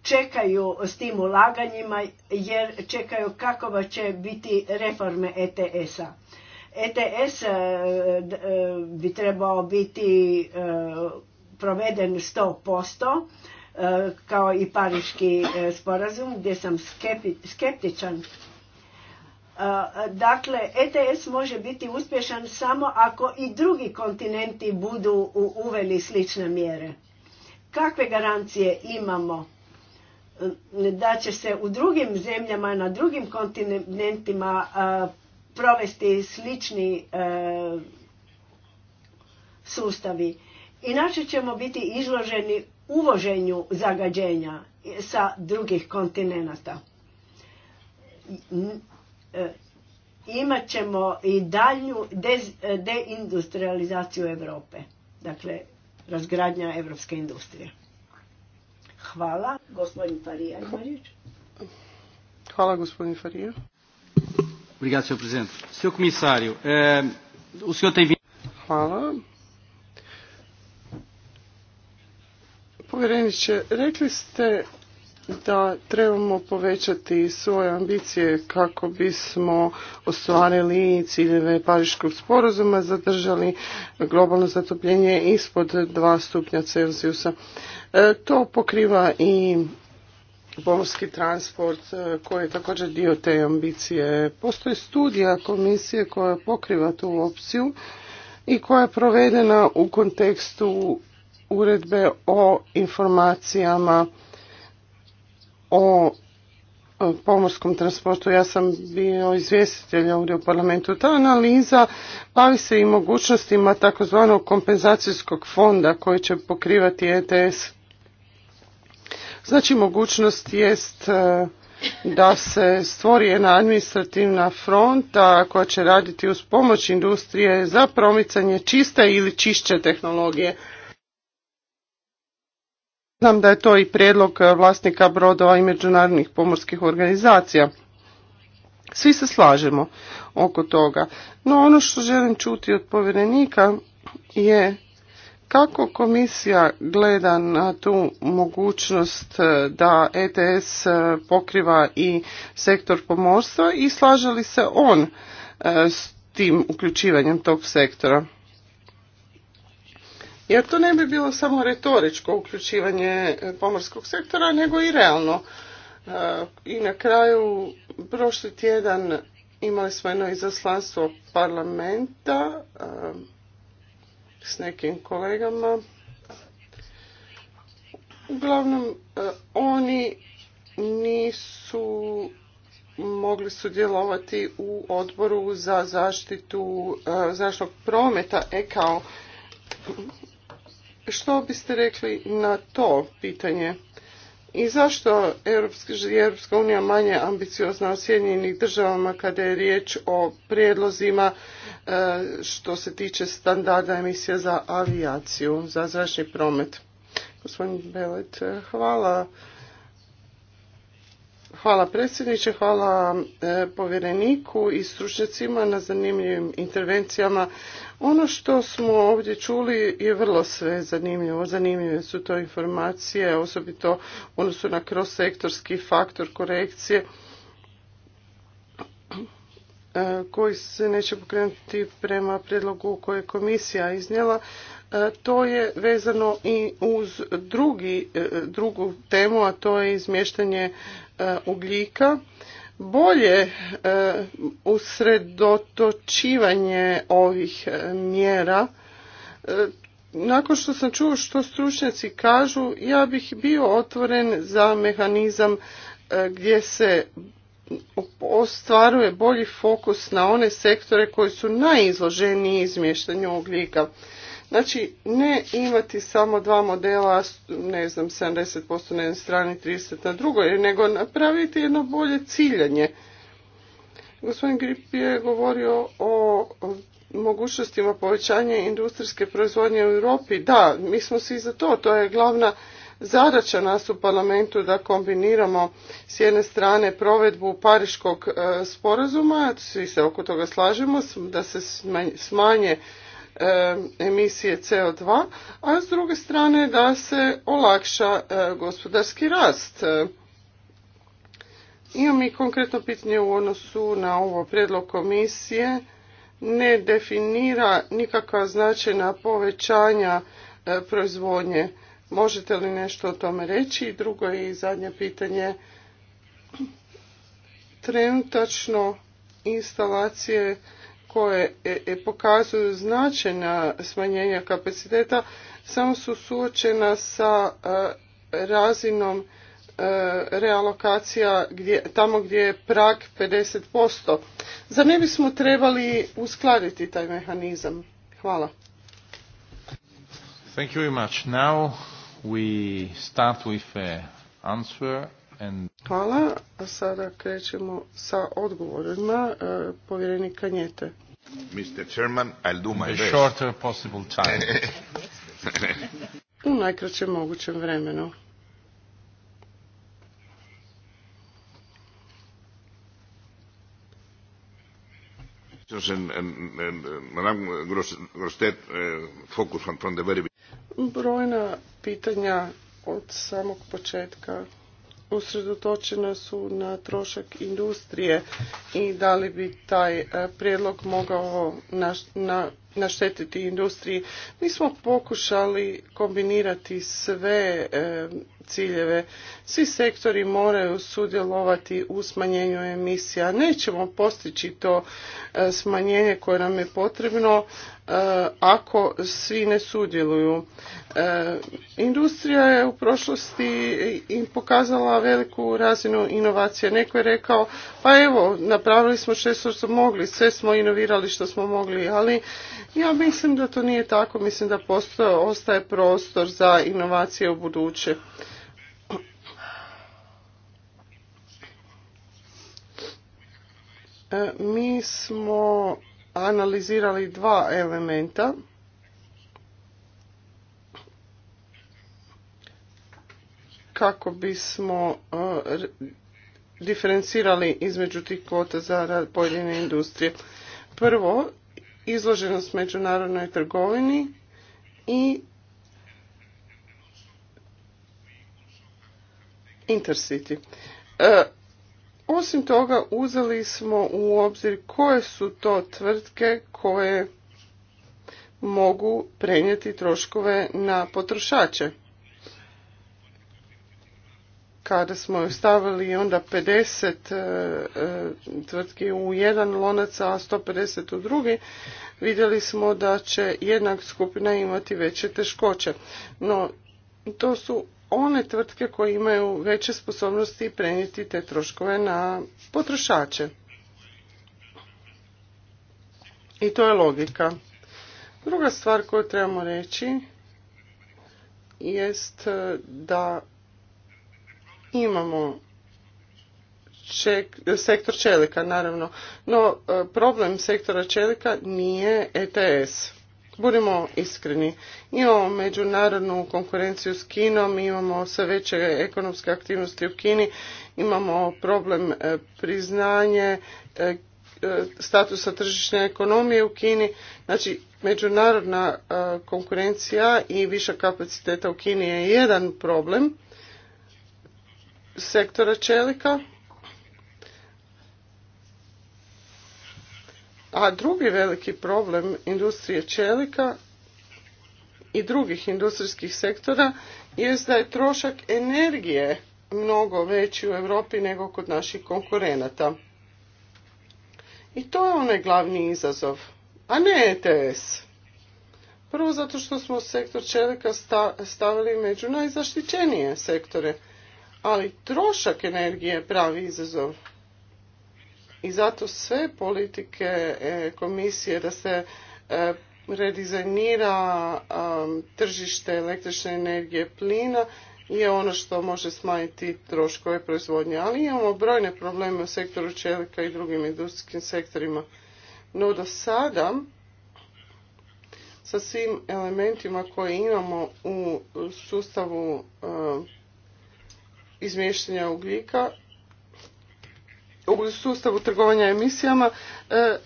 čekaju s tim ulaganjima jer čekaju kakova će biti reforme ETS-a. ETS e, e, bi trebao biti e, proveden 100% kao i pariški sporazum gdje sam skeptičan. Dakle, ETS može biti uspješan samo ako i drugi kontinenti budu uveli slične mjere. Kakve garancije imamo da će se u drugim zemljama, na drugim kontinentima provesti slični e, sustavi. Inače ćemo biti izloženi uvoženju zagađenja sa drugih kontinenata. E, imat ćemo i dalju e, deindustrializaciju Europe, dakle razgradnja evropske industrije. Hvala. Gospodin Farija Imarić. Hvala, gospodin Farija. Obrigado, senhor presidente. Senhor comissário, eh, o senhor tem vindo... Hvala. Povjereniče, rekli ste da trebamo povećati svoje ambicije kako bismo ostvarili ciljeve Pariškog sporazuma, zadržali globalno zatopljenje ispod 2 stupnja Celzijusa. E, to pokriva i pomorski transport e, koji je također dio te ambicije. Postoji studija komisije koja pokriva tu opciju i koja je provedena u kontekstu uredbe o informacijama o pomorskom transportu. Ja sam bio izvjestitelj ovdje u parlamentu. Ta analiza bavi se i mogućnostima takozvanog kompenzacijskog fonda koji će pokrivati ETS. Znači mogućnost jest e, da se stvori jedna administrativna fronta koja će raditi uz pomoć industrije za promicanje čiste ili čišće tehnologije. Znam da je to i prijedlog e, vlasnika brodova i međunarodnih pomorskih organizacija. Svi se slažemo oko toga. No ono što želim čuti od povjerenika je kako komisija gleda na tu mogućnost e, da ETS e, pokriva i sektor pomorstva i slaže li se on s tim uključivanjem tog sektora? Jer to ne bi bilo samo retoričko uključivanje e, pomorskog sektora, nego i realno. E, I na kraju, prošli tjedan imali smo jedno izaslanstvo parlamenta e, s nekim kolegama. Uglavnom, oni nisu mogli sudjelovati u odboru za zaštitu zračnog prometa EKAO što biste rekli na to pitanje? I zašto Europska unija manje ambiciozna u Sjedinjenih državama kada je riječ o prijedlozima e, što se tiče standarda emisija za avijaciju, za zračni promet? Gospodin Belet, hvala. Hvala predsjedniče, hvala e, povjereniku i stručnjacima na zanimljivim intervencijama ono što smo ovdje čuli je vrlo sve zanimljivo. Zanimljive su to informacije, osobito odnosu na kroz-sektorski faktor korekcije e, koji se neće pokrenuti prema predlogu koje je komisija iznijela. E, to je vezano i uz e, drugu temu, a to je izmještanje ugljika bolje e, usredotočivanje ovih e, mjera e, nakon što sam čuo što stručnjaci kažu ja bih bio otvoren za mehanizam gdje se ostvaruje bolji fokus na one sektore koji su najizloženiji izmještanju ugljika Znači, ne imati samo dva modela, ne znam, 70% na jednoj strani, 30% na drugoj, nego napraviti jedno bolje ciljanje. Gospodin Grip je govorio o mogućnostima povećanja industrijske proizvodnje u Europi. Da, mi smo svi za to. To je glavna zadaća nas u parlamentu da kombiniramo s jedne strane provedbu pariškog e, sporazuma, svi se oko toga slažemo, da se smanje E, emisije CO2, a s druge strane da se olakša e, gospodarski rast. Imam i konkretno pitanje u odnosu na ovo prijedlog komisije. Ne definira nikakva značajna povećanja e, proizvodnje. Možete li nešto o tome reći? drugo je i zadnje pitanje. Trenutačno instalacije koje e, e, pokazuju značajna smanjenja kapaciteta samo su suočena sa e, razinom realokacija tamo gdje je prag 50%. Za ne bismo trebali uskladiti taj mehanizam? Hvala. Thank you very much. Now we uh, Hvala. A sada krećemo sa odgovorima e, povjerenika Njete. Mr. Chairman, I'll do my best. time. [LAUGHS] U najkraćem mogućem vremenu. E, Brojna pitanja od samog početka usredotočena su na trošak industrije i da li bi taj e, prijedlog mogao na, na naštetiti industriji. Mi smo pokušali kombinirati sve e, ciljeve. Svi sektori moraju sudjelovati u smanjenju emisija. Nećemo postići to e, smanjenje koje nam je potrebno e, ako svi ne sudjeluju. Industrija je u prošlosti im pokazala veliku razinu inovacije. Neko je rekao, pa evo, napravili smo što smo mogli, sve smo inovirali što smo mogli, ali ja mislim da to nije tako, mislim da postoje, ostaje prostor za inovacije u buduće. E, mi smo analizirali dva elementa. kako bismo e, diferencirali između tih kvota za pojedine industrije. Prvo, izloženost međunarodnoj trgovini i Intercity. E, osim toga uzeli smo u obzir koje su to tvrtke koje mogu prenijeti troškove na potrošače kada smo stavili onda 50 e, e, tvrtki u jedan lonac, a 150 u drugi, vidjeli smo da će jedna skupina imati veće teškoće. No, to su one tvrtke koje imaju veće sposobnosti prenijeti te troškove na potrošače. I to je logika. Druga stvar koju trebamo reći jest e, da imamo sektor čelika, naravno. No, e, problem sektora čelika nije ETS. Budimo iskreni. Imamo međunarodnu konkurenciju s Kinom, imamo sve veće ekonomske aktivnosti u Kini, imamo problem e, priznanje e, statusa tržišne ekonomije u Kini. Znači, međunarodna konkurencija i viša kapaciteta u Kini je jedan problem sektora čelika. A drugi veliki problem industrije čelika i drugih industrijskih sektora je da je trošak energije mnogo veći u Europi nego kod naših konkurenata. I to je onaj glavni izazov, a ne ETS. Prvo zato što smo sektor čelika stavili među najzaštićenije sektore. Ali trošak energije je pravi izazov. I zato sve politike e, komisije da se e, redizajnira tržište električne energije plina je ono što može smanjiti troškove proizvodnje. Ali imamo brojne probleme u sektoru čelika i drugim industrijskim sektorima. No do sada sa svim elementima koje imamo u sustavu izmještanja ugljika u sustavu trgovanja emisijama. E,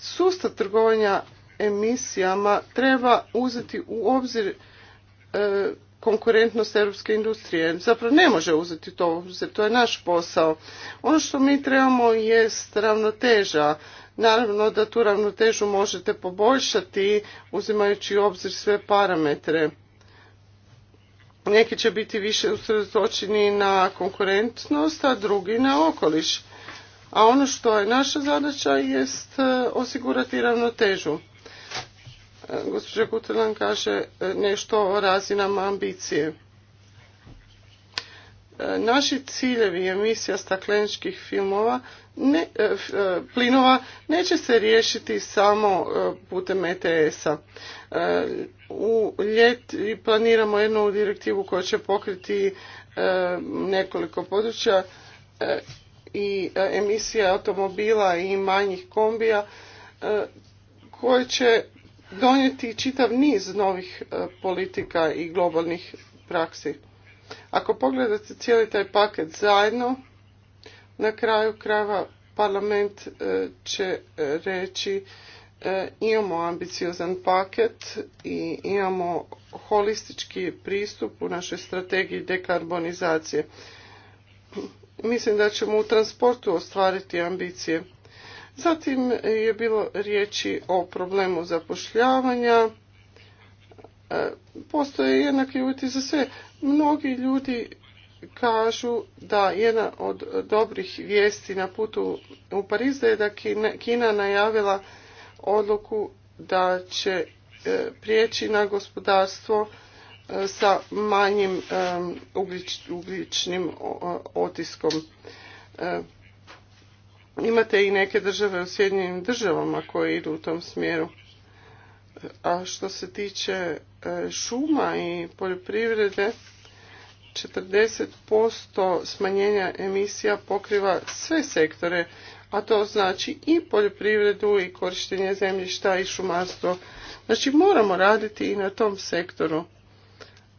sustav trgovanja emisijama treba uzeti u obzir e, konkurentnost europske industrije. Zapravo ne može uzeti to obzir, to je naš posao. Ono što mi trebamo jest ravnoteža. Naravno da tu ravnotežu možete poboljšati uzimajući u obzir sve parametre. Neki će biti više usredotočeni na konkurentnost, a drugi na okoliš. A ono što je naša zadaća jest e, osigurati ravnotežu. E, gospođa Kutelan kaže e, nešto o razinama ambicije. Naši ciljevi emisija stakleničkih filmova ne, e, e, plinova neće se riješiti samo e, putem ETS-a. U ljeti planiramo jednu direktivu koja će pokriti nekoliko područja i emisija automobila i manjih kombija koje će donijeti čitav niz novih politika i globalnih praksi. Ako pogledate cijeli taj paket zajedno, na kraju krajeva parlament e, će e, reći e, imamo ambiciozan paket i imamo holistički pristup u našoj strategiji dekarbonizacije. Mislim da ćemo u transportu ostvariti ambicije. Zatim je bilo riječi o problemu zapošljavanja. Postoje jednaki uvjeti za sve. Mnogi ljudi kažu da jedna od dobrih vijesti na putu u Parizu je da Kina najavila odluku da će e, prijeći na gospodarstvo e, sa manjim e, ugljičnim otiskom. Imate i neke države u Sjedinjenim državama koje idu u tom smjeru. A što se tiče šuma i poljoprivrede, 40% smanjenja emisija pokriva sve sektore, a to znači i poljoprivredu i korištenje zemljišta i šumarstvo. Znači moramo raditi i na tom sektoru.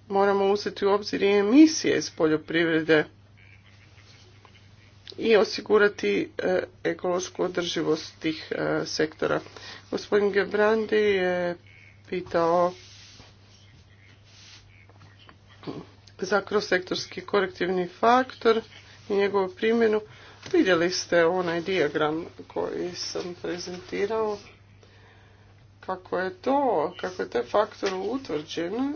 Moramo uzeti u obzir i emisije iz poljoprivrede i osigurati e, ekološku održivost tih e, sektora. Gospodin Gebrandi je pitao za krosektorski korektivni faktor i njegovu primjenu. Vidjeli ste onaj dijagram koji sam prezentirao. Kako je to, kako je taj faktor utvrđen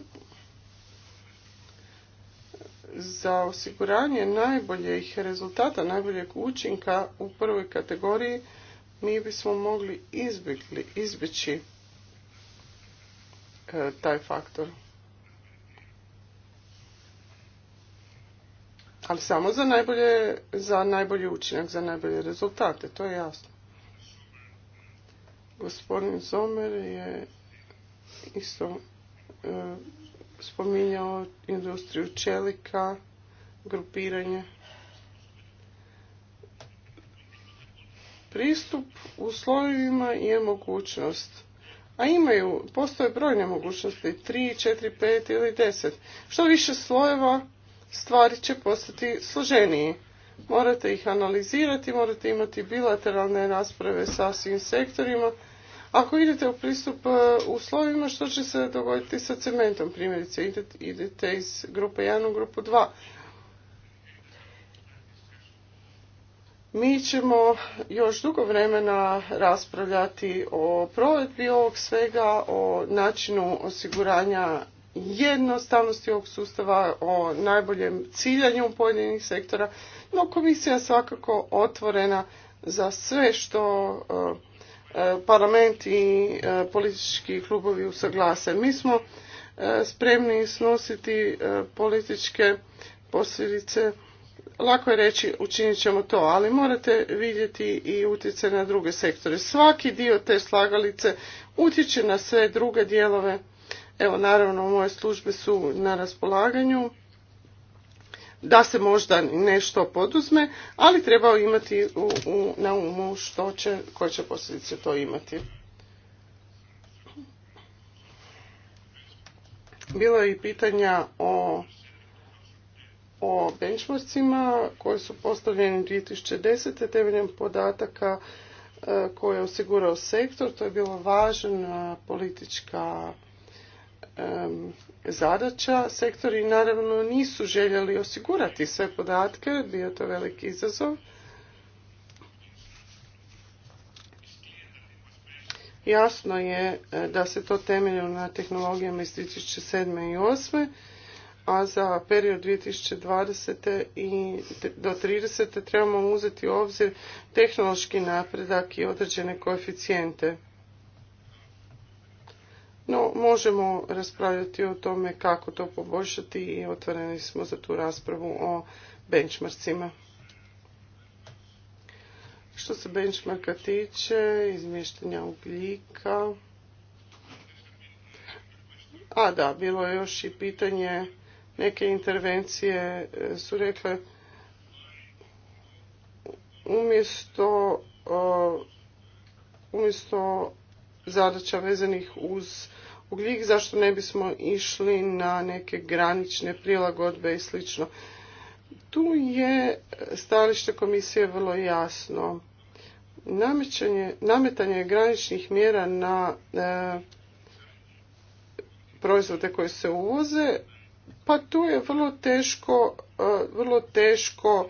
za osiguranje najboljih rezultata, najboljeg učinka u prvoj kategoriji, mi bismo mogli izbjegli, izbjeći e, taj faktor. ali samo za najbolje, za najbolji učinak, za najbolje rezultate, to je jasno. Gospodin Zomer je isto e, spominjao industriju čelika, grupiranje. Pristup u slojevima je mogućnost. A imaju, postoje brojne mogućnosti, 3, 4, 5 ili 10. Što više slojeva, stvari će postati složeniji. Morate ih analizirati, morate imati bilateralne rasprave sa svim sektorima. Ako idete u pristup e, u slovima, što će se dogoditi sa cementom? Primjerice, idete iz grupe 1 u grupu 2. Mi ćemo još dugo vremena raspravljati o provedbi ovog svega, o načinu osiguranja jednostavnosti ovog sustava, o najboljem ciljanju pojedinih sektora, no komisija svakako otvorena za sve što e, e, parlament i e, politički klubovi usaglase. Mi smo spremni snositi političke posljedice. Lako je reći učinit ćemo to, ali morate vidjeti i utjecaj na druge sektore. Svaki dio te slagalice utječe na sve druge dijelove Evo, naravno, moje službe su na raspolaganju da se možda nešto poduzme, ali trebao imati u, u, na umu što će, koje će posljedice to imati. Bilo je i pitanja o, o benchmarkcima koji su postavljeni 2010. temeljem podataka e, koje je osigurao sektor. To je bila važna politička zadaća, sektori naravno nisu željeli osigurati sve podatke, bio to veliki izazov. Jasno je e, da se to temeljilo na tehnologijama iz 2007. i 2008. A za period 2020. i do 30. trebamo uzeti u obzir tehnološki napredak i određene koeficijente. No, možemo raspravljati o tome kako to poboljšati i otvoreni smo za tu raspravu o benchmarkcima. Što se benchmarka tiče, izmještenja ugljika. A da, bilo je još i pitanje, neke intervencije e, su rekle umjesto umjesto zadaća vezanih uz ugljik, zašto ne bismo išli na neke granične prilagodbe i slično. Tu je stalište komisije vrlo jasno. Nametanje graničnih mjera na e, proizvode koje se uvoze, pa tu je vrlo teško, e, vrlo teško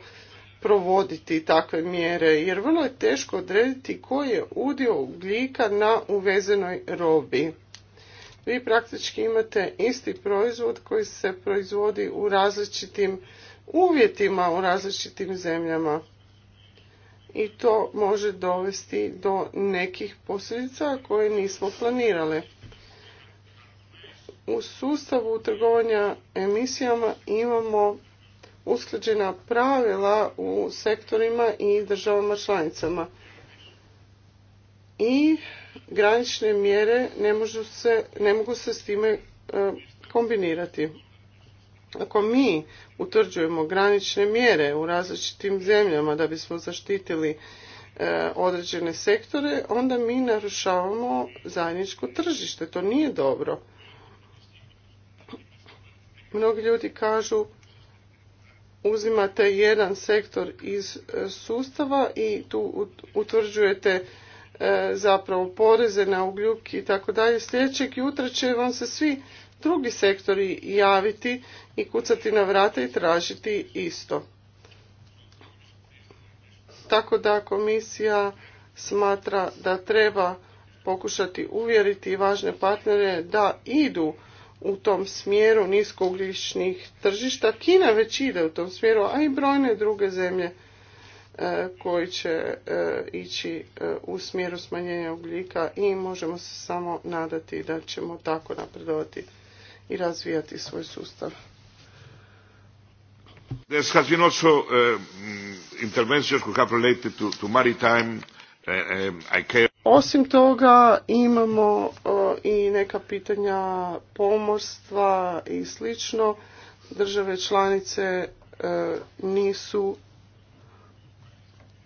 provoditi takve mjere jer vrlo je teško odrediti koji je udio ugljika na uvezenoj robi. Vi praktički imate isti proizvod koji se proizvodi u različitim uvjetima u različitim zemljama. I to može dovesti do nekih posljedica koje nismo planirale. U sustavu trgovanja emisijama imamo usklađena pravila u sektorima i državama članicama. I granične mjere ne, mogu se s time e, kombinirati. Ako mi utvrđujemo granične mjere u različitim zemljama da bismo zaštitili e, određene sektore, onda mi narušavamo zajedničko tržište. To nije dobro. Mnogi ljudi kažu uzimate jedan sektor iz e, sustava i tu utvrđujete e, zapravo poreze na ugljuk i tako dalje. Sljedećeg jutra će vam se svi drugi sektori javiti i kucati na vrata i tražiti isto. Tako da komisija smatra da treba pokušati uvjeriti važne partnere da idu u tom smjeru niskougljičnih tržišta. Kina već ide u tom smjeru, a i brojne druge zemlje e, koji će e, ići e, u smjeru smanjenja ugljika i možemo se samo nadati da ćemo tako napredovati i razvijati svoj sustav. There has been also uh, interventions to, maritime. Osim toga imamo e, i neka pitanja pomorstva i slično. Države članice e, nisu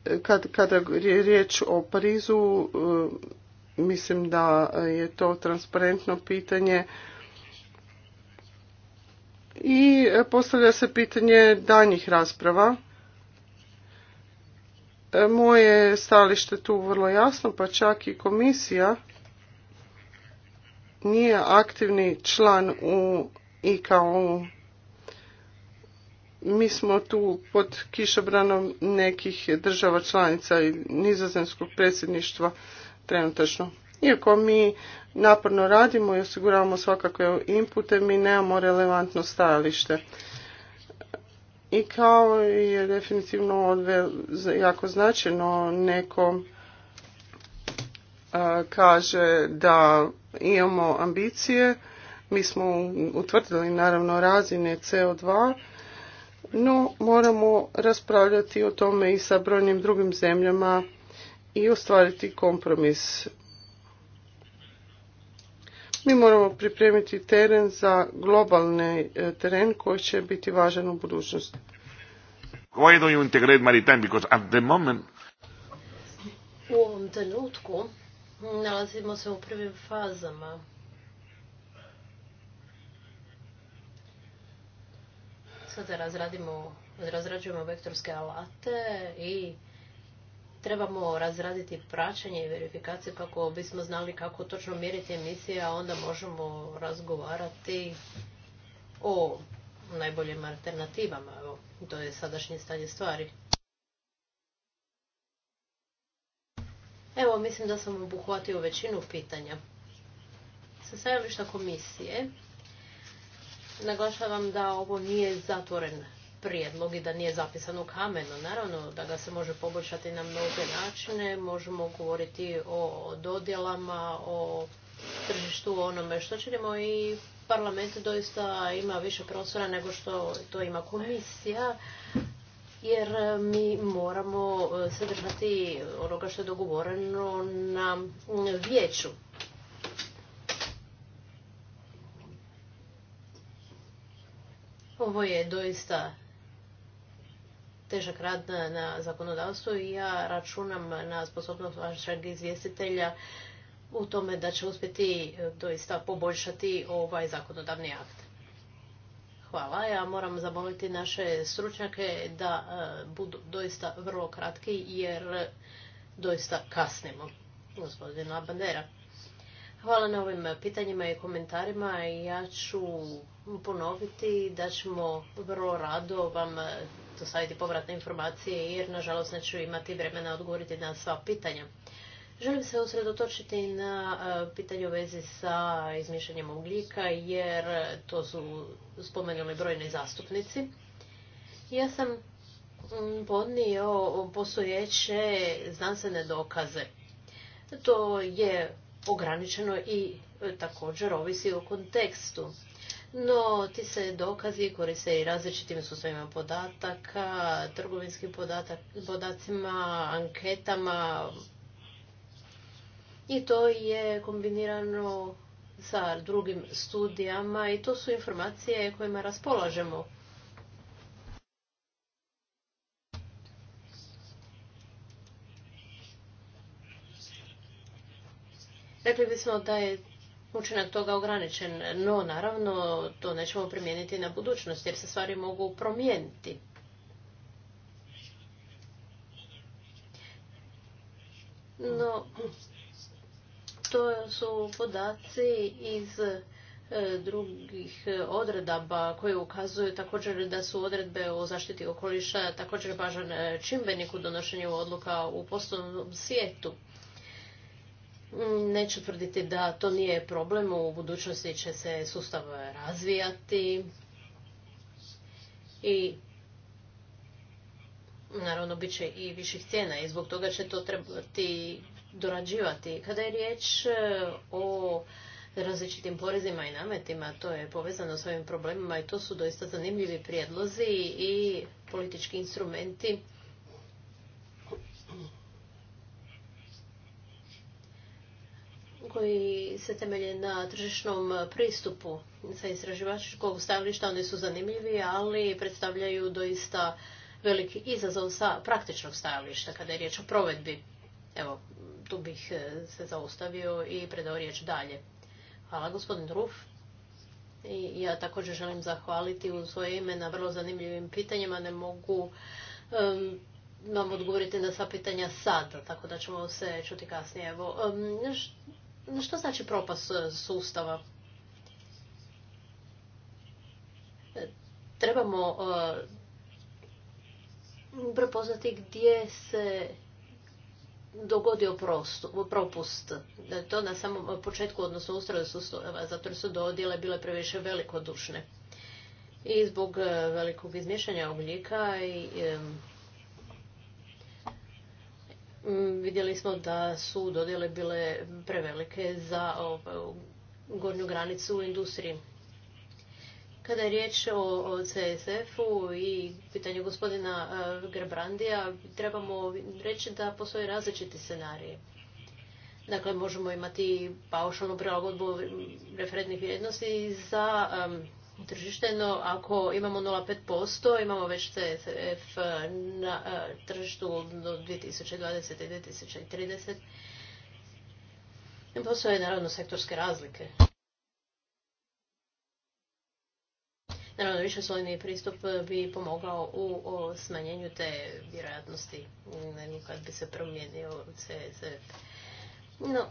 e, kad, kada je riječ o Parizu, mislim da je to transparentno pitanje. I postavlja se pitanje danjih rasprava. Moje stalište tu vrlo jasno, pa čak i komisija nije aktivni član u IKO. Mi smo tu pod kišobranom nekih država članica i nizozemskog predsjedništva trenutačno. Iako mi naporno radimo i osiguravamo svakakve impute, mi nemamo relevantno stajalište i kao je definitivno jako značajno neko kaže da imamo ambicije, mi smo utvrdili naravno razine CO2, no moramo raspravljati o tome i sa brojnim drugim zemljama i ostvariti kompromis. Mi moramo pripremiti teren za globalni e, teren koji će biti važan u budućnosti. Why moment... U ovom trenutku nalazimo se u prvim fazama. Sada razrađujemo vektorske alate i trebamo razraditi praćenje i verifikaciju kako bismo znali kako točno mjeriti emisije, a onda možemo razgovarati o najboljim alternativama. Evo, to je sadašnje stanje stvari. Evo, mislim da sam obuhvatio većinu pitanja. Sa stajališta komisije naglašavam da ovo nije zatvoren prijedlog i da nije zapisano u kamenu. Naravno da ga se može poboljšati na mnoge načine, možemo govoriti o dodjelama, o tržištu, o onome što činimo i parlament doista ima više prostora nego što to ima komisija, jer mi moramo eh, se držati onoga što je dogovoreno na mm, vijeću. Ovo je doista težak rad na zakonodavstvu i ja računam na sposobnost vašeg izvjestitelja u tome da će uspjeti e, doista poboljšati ovaj zakonodavni akt. Hvala. Ja moram zamoliti naše stručnjake da e, budu doista vrlo kratki jer doista kasnimo. Gospodina Bandera. Hvala na ovim pitanjima i komentarima. i Ja ću ponoviti da ćemo vrlo rado vam dostaviti povratne informacije jer nažalost neću imati vremena odgovoriti na sva pitanja. Želim se usredotočiti na e, pitanje u vezi sa izmišljanjem ugljika jer to su spomenuli brojni zastupnici. Ja sam podnio postojeće znanstvene dokaze. To je ograničeno i e, također ovisi o kontekstu. No, ti se dokazi koriste i različitim sustavima podataka, trgovinskim podacima, anketama. I to je kombinirano sa drugim studijama i to su informacije kojima raspolažemo. Rekli bismo da je učinak toga ograničen. No, naravno, to nećemo primijeniti na budućnost, jer se stvari mogu promijeniti. No, to su podaci iz e, drugih odredaba koje ukazuju također da su odredbe o zaštiti okoliša također važan e, čimbenik u donošenju odluka u poslovnom svijetu. Neću tvrditi da to nije problem, u budućnosti će se sustav razvijati i naravno bit će i viših cijena i zbog toga će to trebati dorađivati. Kada je riječ e, o različitim porezima i nametima, to je povezano s ovim problemima i to su doista zanimljivi prijedlozi i politički instrumenti koji se temelje na tržišnom pristupu sa istraživačkog stajališta. Oni su zanimljivi, ali predstavljaju doista veliki izazov sa praktičnog stajališta kada je riječ o provedbi. Evo, tu bih e, se zaustavio i predao riječ dalje. Hvala, gospodin Ruf. I ja također želim zahvaliti u svoje ime na vrlo zanimljivim pitanjima. Ne mogu nam vam odgovoriti na sva pitanja sad, tako da ćemo se čuti kasnije. Evo, što znači propast e, sustava? E, trebamo e, prepoznati gdje se dogodio propust. To na samom početku, odnosno ustroje sustava, zato jer su dodjele bile previše velikodušne. I zbog velikog izmješanja ugljika i Mm, vidjeli smo da su dodjele bile prevelike za ovaj, gornju granicu u industriji. Kada je riječ o CSF-u i pitanju gospodina eh, Gerbrandija, trebamo reći da postoje različiti scenariji. Dakle, možemo imati paušalnu prilagodbu referentnih vrijednosti za tržište, no ako imamo 0,5%, imamo već CSF na e, tržištu do 2020. i 2030. Postoje naravno sektorske razlike. Naravno, više slojni pristup bi pomogao u smanjenju te vjerojatnosti kad bi se promijenio CSF. No,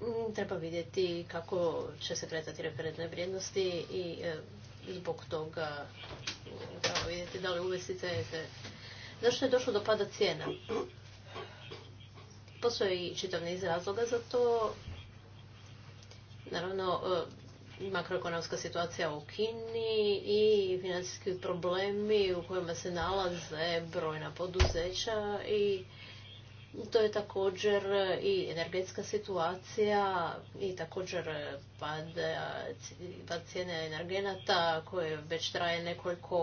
Mm, treba vidjeti kako će se kretati referentne vrijednosti i e, zbog toga mm, treba vidjeti da li uvesti Zašto je došlo do pada cijena? Postoje i čitav niz razloga za to. Naravno, e, makroekonomska situacija u Kini i financijski problemi u kojima se nalaze brojna poduzeća i to je također e, i energetska situacija i također e, e, pad, cijene energenata koje već traje nekoliko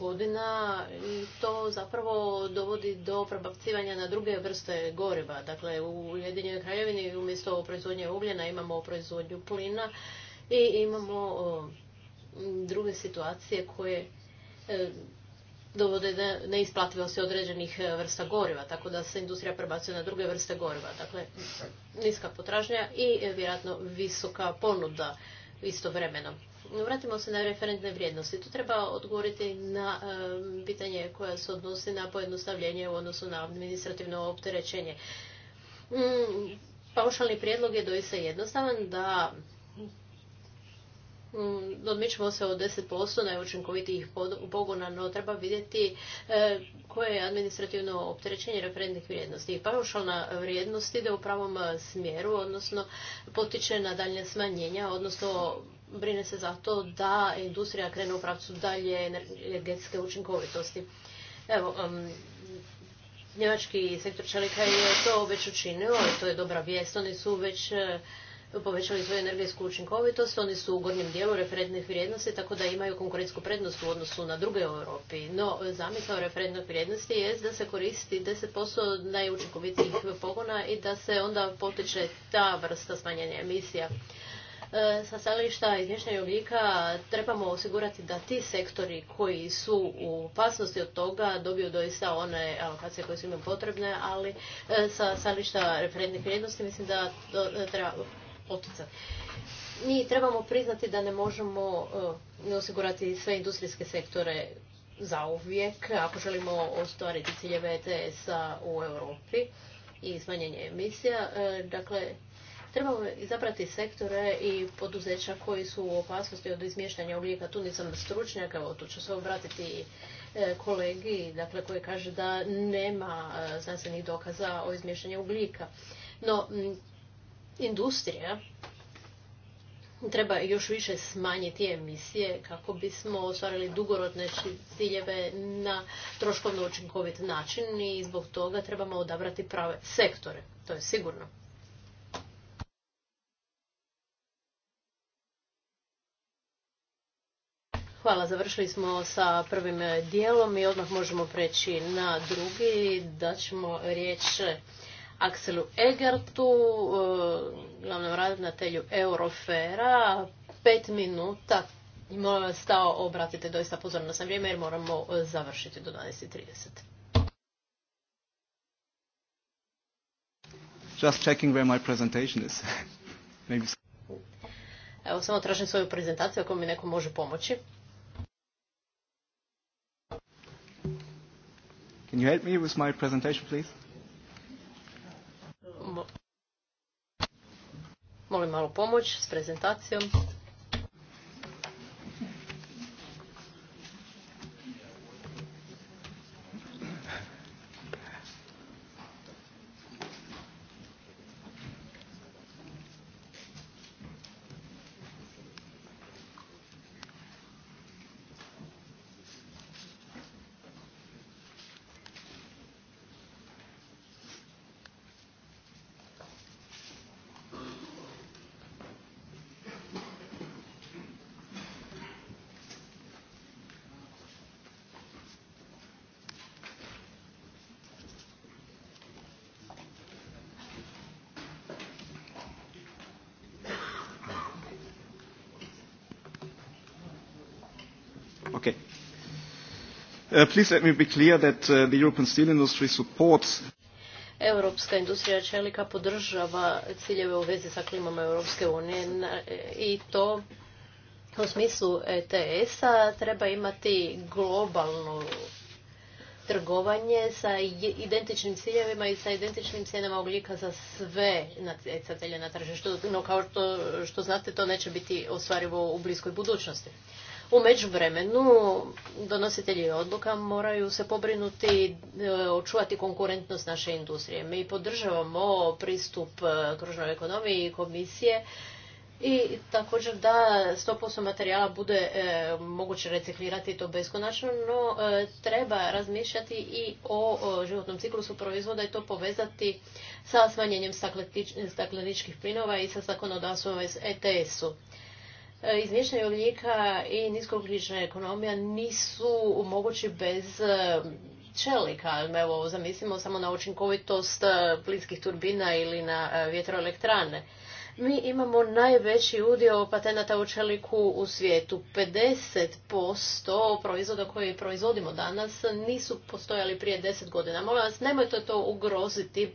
godina i to zapravo dovodi do prebacivanja na druge vrste goriva. Dakle, u Ujedinjenoj kraljevini umjesto proizvodnje ugljena imamo proizvodnju plina i imamo druge situacije koje dovode do neisplativosti određenih e, vrsta goriva, tako da se industrija prebacuje na druge vrste goriva. Dakle, niska potražnja i e, vjerojatno visoka ponuda istovremeno. Vratimo se na referentne vrijednosti. Tu treba odgovoriti na e, pitanje koje se odnosi na pojednostavljenje u odnosu na administrativno opterećenje. Mm, paušalni prijedlog je doista jednostavan da Mm, odmičemo se od 10% najučinkovitijih pogona, no treba vidjeti e, koje je administrativno opterećenje referentnih vrijednosti. Paušalna vrijednost ide u pravom e, smjeru, odnosno potiče na dalje smanjenja, odnosno brine se za to da industrija krene u pravcu dalje energetske učinkovitosti. Evo, njemački sektor čelika je to već učinio, to je dobra vijest, oni su već e, povećali svoju energetsku učinkovitost, oni su u gornjem dijelu referentnih vrijednosti, tako da imaju konkurentsku prednost u odnosu na druge u Europi. No, zamisao referentnih vrijednosti je da se koristi 10% najučinkovitijih pogona i da se onda potiče ta vrsta smanjenja emisija. E, sa stajališta izmještanja ugljika trebamo osigurati da ti sektori koji su u opasnosti od toga dobiju doista one alokacije koje su im potrebne, ali e, sa stajališta referentnih vrijednosti mislim da treba poticati. Mi trebamo priznati da ne možemo eh, osigurati sve industrijske sektore za uvijek ako želimo ostvariti ciljeve ets u Europi i smanjenje emisija. Eh, dakle, trebamo izabrati sektore i poduzeća koji su u opasnosti od izmještanja ugljika. Tu nisam stručnjak, evo tu ću se obratiti eh, kolegi dakle, koji kaže da nema znanstvenih dokaza o izmještanju ugljika. No, industrija treba još više smanjiti emisije kako bismo ostvarili dugorodne ciljeve na troškovno učinkovit način i zbog toga trebamo odabrati prave sektore. To je sigurno. Hvala, završili smo sa prvim dijelom i odmah možemo preći na drugi. Daćemo riječ Akselu Egertu, eh, glavnom telju Eurofera, pet minuta i molim vas stao obratite doista pozornost na vrijeme jer moramo eh, završiti do 12.30. Just checking where my presentation is. [LAUGHS] Maybe... Evo, samo tražim svoju prezentaciju ako mi neko može pomoći. Can you help me with my presentation, please? Molim malu pomoć s prezentacijom. please Europska industrija čelika podržava ciljeve u vezi sa klimama Europske unije i to u smislu ETS-a treba imati globalno trgovanje sa identičnim ciljevima i sa identičnim cijenama ugljika za sve natjecatelje na tržištu. No, kao što, što znate, to neće biti ostvarivo u bliskoj budućnosti. U međuvremenu donositelji odluka moraju se pobrinuti e, očuvati konkurentnost naše industrije. Mi podržavamo pristup e, kružnoj ekonomiji i komisije i također da 100% materijala bude e, moguće reciklirati to beskonačno, no treba razmišljati i o, životnom ciklusu proizvoda i to povezati sa smanjenjem stakleničkih plinova i sa zakonodavstvom ETS-u. E, izmiještanje ugljika i niskokljična ekonomija nisu mogući bez e, čelika. Evo, zamislimo samo na učinkovitost e, plinskih turbina ili na vjetroelektrane. Mi imamo najveći udio patenata u čeliku u svijetu. 50% proizvoda koje proizvodimo danas nisu postojali prije 10 godina. Molim vas, nemojte to ugroziti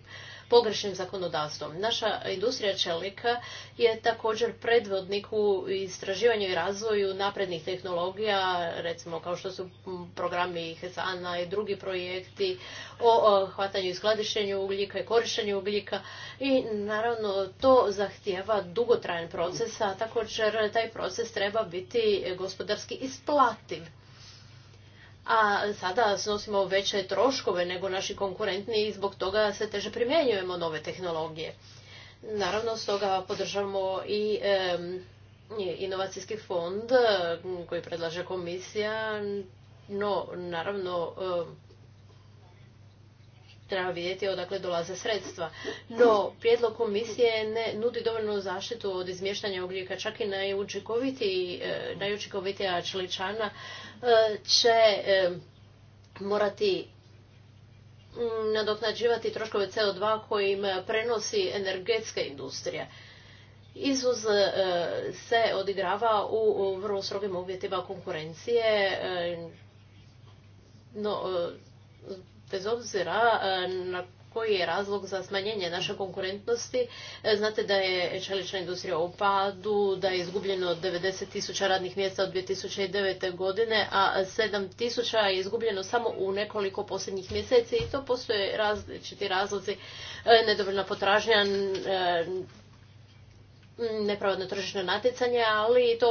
pogrešnim zakonodavstvom. Naša industrija čelika je također predvodnik u istraživanju i razvoju naprednih tehnologija, recimo kao što su programi HESANA i drugi projekti o hvatanju i skladištenju ugljika i korištenju ugljika i naravno to zahtjeva dugotrajan proces, a također taj proces treba biti gospodarski isplativ a sada snosimo veće troškove nego naši konkurentni i zbog toga se teže primjenjujemo nove tehnologije. Naravno, stoga podržamo i inovacijski fond koji predlaže komisija, no naravno treba vidjeti odakle dolaze sredstva. No, prijedlog komisije ne nudi dovoljnu zaštitu od izmještanja ugljika. Čak i e, najučinkovitija čeličana e, će e, morati mm, nadoknađivati troškove CO2 koje prenosi energetska industrija. Izvoz se odigrava u vrlo strogim uvjetima konkurencije, no bez obzira e, na koji je razlog za smanjenje naše konkurentnosti. E, znate da je čelična industrija u padu, da je izgubljeno 90 tisuća radnih mjesta od 2009. godine, a 7 tisuća je izgubljeno samo u nekoliko posljednjih mjeseci i to postoje različiti razlozi e, nedovoljna potražnja, nepravodno tržišno natjecanje, ali to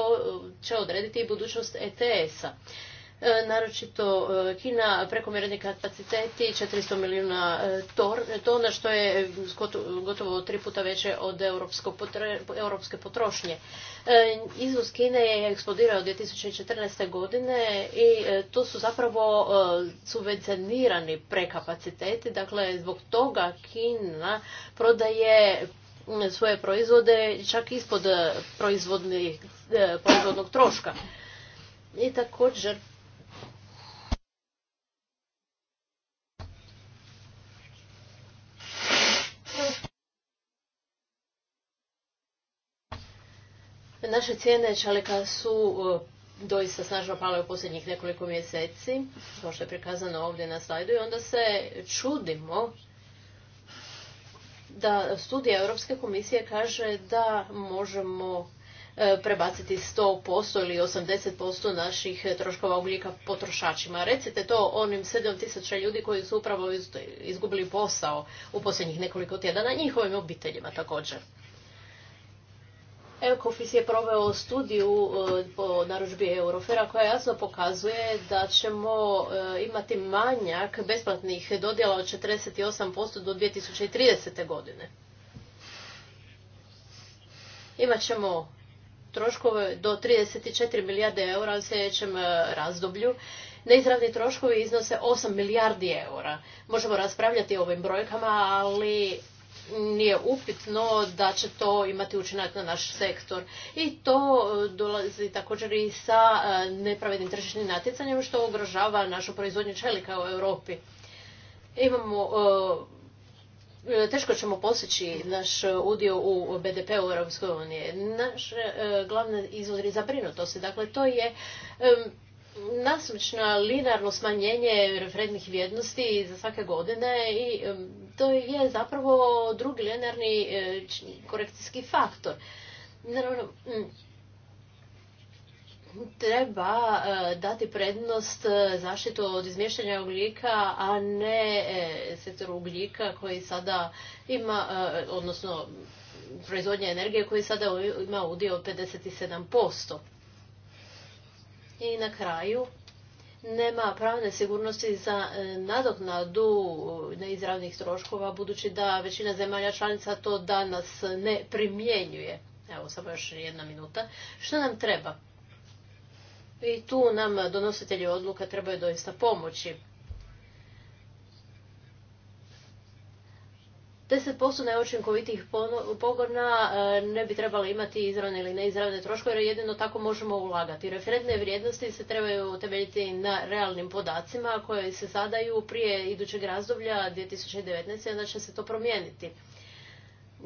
će odrediti i budućnost ETS-a. E, naročito e, Kina prekomjerni kapaciteti 400 milijuna e, tona što je gotovo tri puta veće od europske potrošnje. Izvoz Kine je eksplodirao 2014. godine i to su zapravo subvencionirani prekapaciteti, dakle zbog toga Kina prodaje svoje proizvode čak ispod proizvodnog troška. I također Naše cijene čelika su e, doista snažno pale u posljednjih nekoliko mjeseci, kao što je prikazano ovdje na slajdu, i onda se čudimo da studija Europske komisije kaže da možemo E, prebaciti 100% ili 80% naših troškova ugljika potrošačima. Recite to onim 7000 ljudi koji su upravo izgubili posao u posljednjih nekoliko tjedana, njihovim obiteljima također. Ekofis je proveo studiju e, po narudžbi Eurofera koja jasno pokazuje da ćemo e, imati manjak besplatnih dodjela od 48% do 2030. godine. Imat ćemo troškove do 34 milijarde eura u sljedećem e, razdoblju. Neizravni troškovi iznose 8 milijardi eura. Možemo raspravljati o ovim brojkama, ali nije upitno da će to imati učinak na naš sektor. I to e, dolazi također i sa e, nepravednim tržišnim natjecanjem što ugrožava našu proizvodnju čelika u Europi. Imamo teško ćemo posjeći naš udio u BDP u Europskoj Naš e, glavni izvor je zabrinutosti. Dakle, to je e, nasmično linearno smanjenje referentnih vrijednosti za svake godine i e, to je zapravo drugi linearni korekcijski faktor. Naravno, treba e, dati prednost e, zaštitu od izmještanja ugljika, a ne e, sektoru ugljika koji sada ima, odnosno proizvodnje energije koji sada ima udio od 57%. I na kraju, nema pravne sigurnosti za nadoknadu neizravnih troškova, budući da većina zemalja članica to danas ne primjenjuje. Evo, samo još jedna minuta. Što nam treba? I tu nam donositelji odluka trebaju doista pomoći. 10% neočinkovitih pogona e, ne bi trebali imati izravne ili neizravne troškove jer jedino tako možemo ulagati. Referentne vrijednosti se trebaju temeljiti na realnim podacima koje se zadaju prije idućeg razdoblja 2019. onda će se to promijeniti.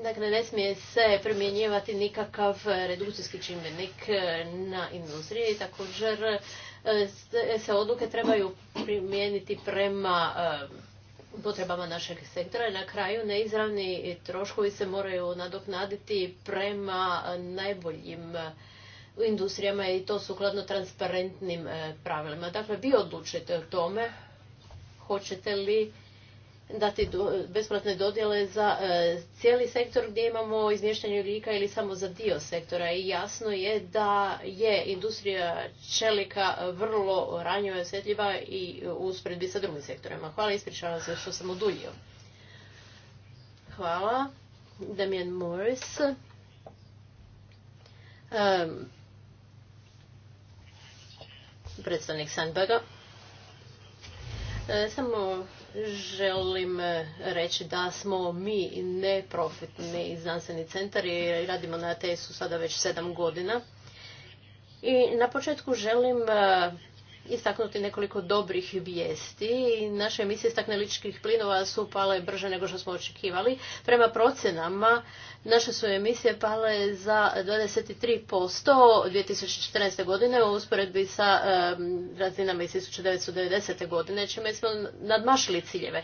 Dakle, ne smije se primjenjivati nikakav redukcijski čimbenik e, na industriji. i također e, se odluke trebaju primijeniti prema e, potrebama našeg sektora. Na kraju neizravni troškovi se moraju nadoknaditi prema najboljim industrijama i to sukladno transparentnim pravilima. Dakle, vi odlučite o tome hoćete li dati besplatne dodjele za e, cijeli sektor gdje imamo izmještanje ugljika ili samo za dio sektora i jasno je da je industrija čelika vrlo ranjiva i osjetljiva i usporedbi sa drugim sektorima. Hvala, ispričavam se što sam oduljio. Hvala. Damien Morris. Um, predstavnik Sandbaga. E, samo želim e, reći da smo mi neprofitni znanstveni centar i radimo na ATS-u sada već sedam godina. I na početku želim e, istaknuti nekoliko dobrih vijesti. Naše emisije stakleničkih plinova su pale brže nego što smo očekivali. Prema procenama naše su emisije pale za 23% 2014. godine u usporedbi sa razinama iz 1990. godine, čime smo nadmašili ciljeve.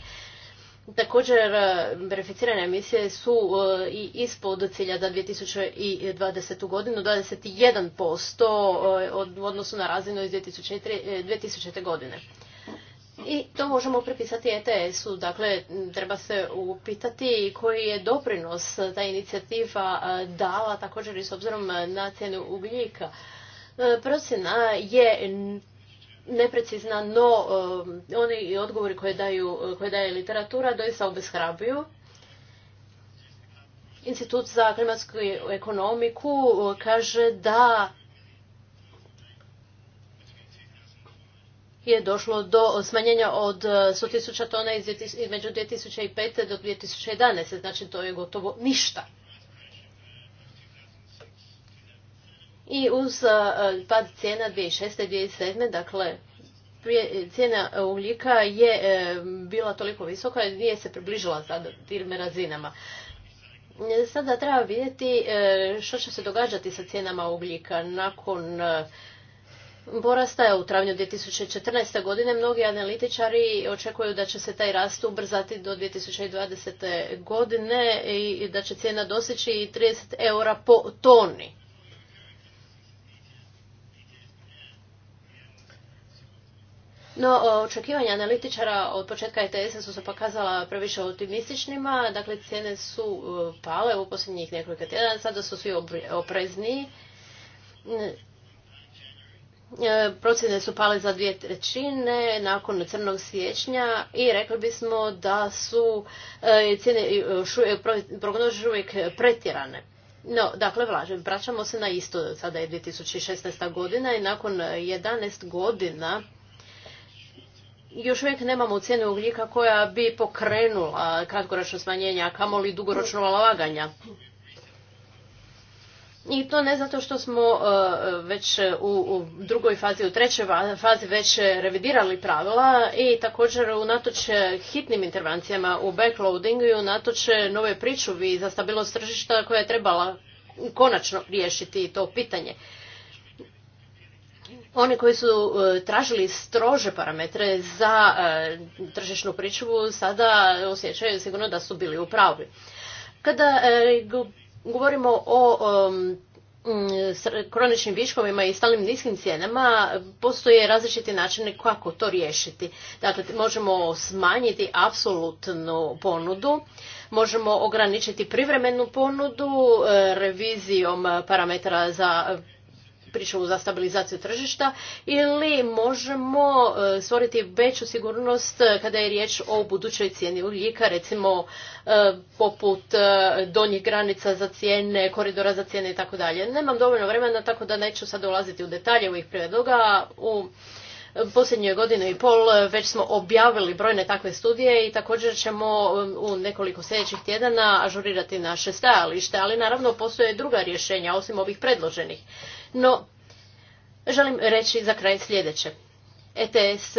Također, e, verificirane emisije su e, i ispod cilja za 2020. godinu 21% e, u odnosu na razinu iz 2000. godine. I to možemo prepisati ETS-u. Dakle, treba se upitati koji je doprinos ta inicijativa dala također i s obzirom na cijenu ugljika. Procjena je neprecizna, no eh, oni odgovori koje, daju, eh, koje daje literatura doista obeshrabruju. Institut za klimatsku ekonomiku eh, kaže da je došlo do smanjenja od 100.000 tona između 2005. do 2011. Znači to je gotovo ništa. I uz e, pad cijena 2006. i 2007. dakle cijena ugljika je e, bila toliko visoka i nije se približila sada tim razinama. E, sada treba vidjeti što će se događati sa cijenama ugljika nakon porasta u travnju 2014. godine. Mnogi analitičari očekuju da će se taj rast ubrzati do 2020. godine i da će cijena doseći 30 eura po toni. No, očekivanja analitičara od početka ETS-a su se pokazala previše optimističnima, dakle cijene su e, pale u posljednjih nekoliko tjedana, sada su svi oprezni. E, procjene su pale za dvije trećine nakon crnog siječnja i rekli bismo da su e, cijene prognoze uvijek pretjerane. No, dakle, vlažem, vraćamo se na isto, sada je 2016. godina i nakon 11 godina još uvijek nemamo cijenu ugljika koja bi pokrenula kratkoročno smanjenje, a kamoli dugoročno ulaganja. I to ne zato što smo e, već u drugoj fazi, u trećoj fazi već revidirali pravila i također unatoč hitnim intervencijama u backloadingu i unatoč nove pričuvi za stabilnost tržišta koja je trebala konačno riješiti to pitanje. Oni koji su e, tražili strože parametre za e, tržišnu pričuvu sada osjećaju sigurno da su bili u pravi. Kada e, govorimo o kroničnim viškovima i stalnim niskim cijenama postoje različiti načini kako to riješiti. Dakle, možemo smanjiti apsolutnu ponudu, možemo ograničiti privremenu ponudu revizijom parametara za pričuvu za stabilizaciju tržišta ili možemo e, stvoriti veću sigurnost e, kada je riječ o budućoj cijeni ugljika, recimo e, poput donjih granica za cijene, koridora za cijene i tako dalje. Nemam dovoljno vremena tako da neću sad ulaziti u detalje ovih prijedloga. U posljednjoj godini i pol već smo objavili brojne takve studije i također ćemo u nekoliko sljedećih tjedana ažurirati naše stajalište, ali naravno postoje druga rješenja osim ovih predloženih. No, želim reći za kraj sljedeće. ETS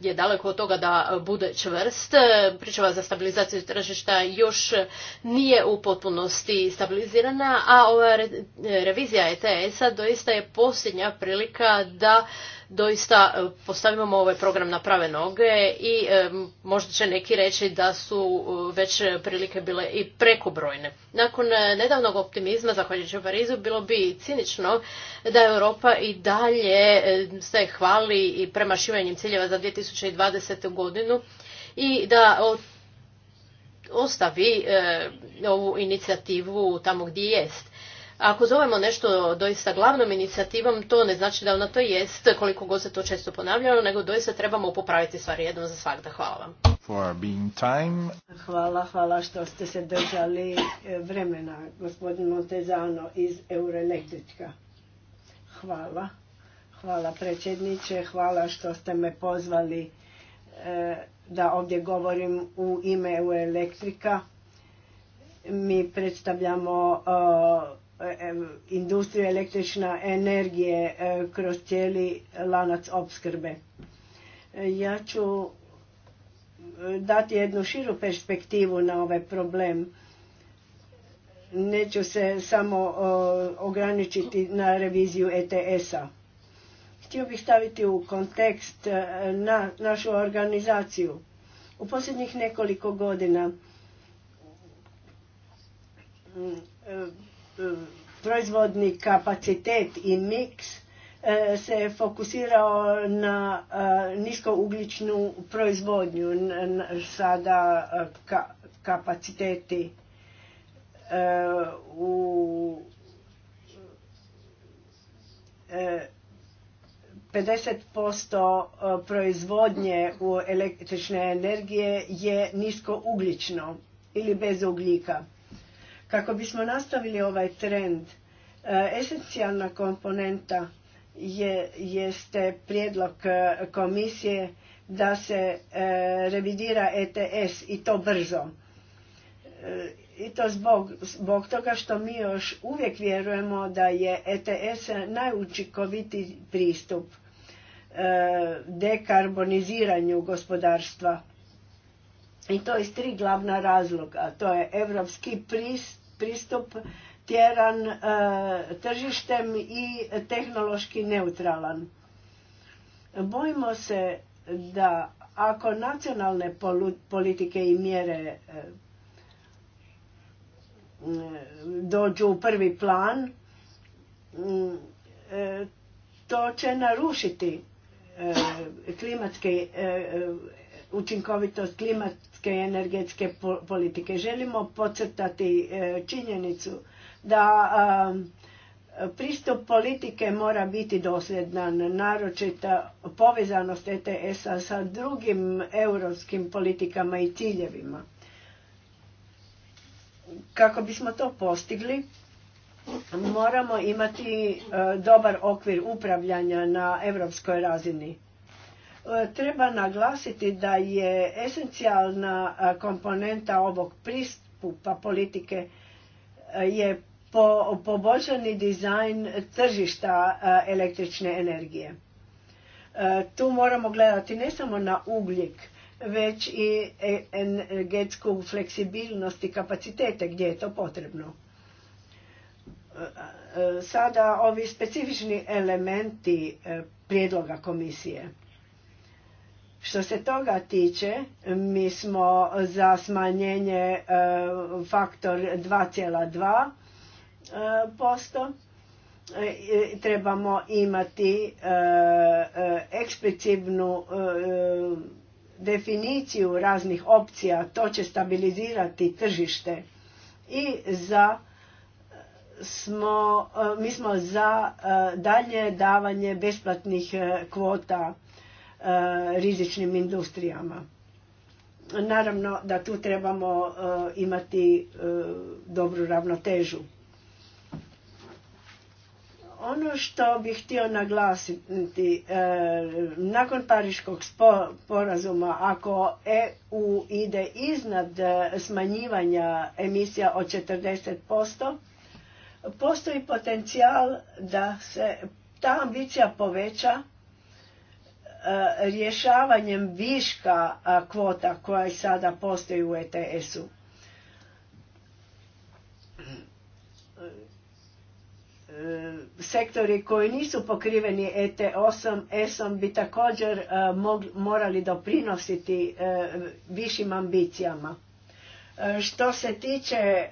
je daleko od toga da bude čvrst. Pričava za stabilizaciju tržišta još nije u potpunosti stabilizirana, a ova revizija ETS-a doista je posljednja prilika da doista e, postavimo ovaj program na prave noge i e, možda će neki reći da su e, već prilike bile i prekobrojne. Nakon nedavnog optimizma, zahvaljujući u Parizu, bilo bi cinično da Europa i dalje se hvali i premašivanjem ciljeva za 2020. godinu i da ostavi ovu inicijativu tamo gdje jest. Ako zovemo nešto doista glavnom inicijativom, to ne znači da ona to jest, koliko god se to često ponavljalo, nego doista trebamo popraviti stvari jednom za svakda. Hvala vam. Hvala, hvala što ste se držali e, vremena, gospodin Montezano iz Euroelektrička. Hvala. Hvala predsjedniče, hvala što ste me pozvali e, da ovdje govorim u ime Euroelektrika. Mi predstavljamo e, industrija električna energije e, kroz cijeli lanac opskrbe. E, ja ću e, dati jednu širu perspektivu na ovaj problem. Neću se samo ograničiti na reviziju ETS-a. Htio bih staviti u kontekst na našu organizaciju. U posljednjih nekoliko godina proizvodni kapacitet i miks e, se fokusirao na e, niskougličnu proizvodnju. Sada e, kapaciteti u posto proizvodnje u električne energije je niskouglično ili bez ugljika. Kako bismo nastavili ovaj trend, e, esencijalna komponenta je, jeste prijedlog e, komisije da se e, revidira ETS i to brzo i to zbog, toga što mi još uvijek vjerujemo da je ETS najučinkovitiji pristup dekarboniziranju gospodarstva. I to iz tri glavna razloga. To je evropski pristup, pristup tjeran e, tržištem i tehnološki neutralan. Bojimo se da ako nacionalne politike i mjere e, dođu u prvi plan, e, to će narušiti klimatske učinkovitost klimat, klimatske energetske politike. Želimo podcrtati e, činjenicu da e, pristup politike mora biti dosljedan, naročito povezanost ETS-a sa drugim europskim politikama i ciljevima. Kako bismo to postigli, moramo imati e, dobar okvir upravljanja na europskoj razini E, treba naglasiti da je esencijalna e, komponenta ovog pristupa politike e, je poboljšani dizajn tržišta električne energije. Tu moramo gledati ne samo na ugljik, već i energetsku fleksibilnost i kapacitete gdje je to potrebno. Sada ovi specifični elementi prijedloga komisije. Što se toga tiče, mi smo za smanjenje e, faktor 2,2 e, posto. E, trebamo imati eksplicitnu definiciju raznih opcija, to će stabilizirati tržište. I za mi smo za dalje davanje besplatnih kvota Eh, rizičnim industrijama. Naravno da tu trebamo eh, imati eh, dobru ravnotežu. Ono što bih htio naglasiti, nakon Pariškog sporazuma, ako EU ide iznad smanjivanja emisija od 40%, postoji potencijal da se ta ambicija poveća E, rješavanjem viška kvota koja i sada postoji u ETS-u. E, sektori koji nisu pokriveni ETS-om bi također e, morali doprinositi višim ambicijama. Što se tiče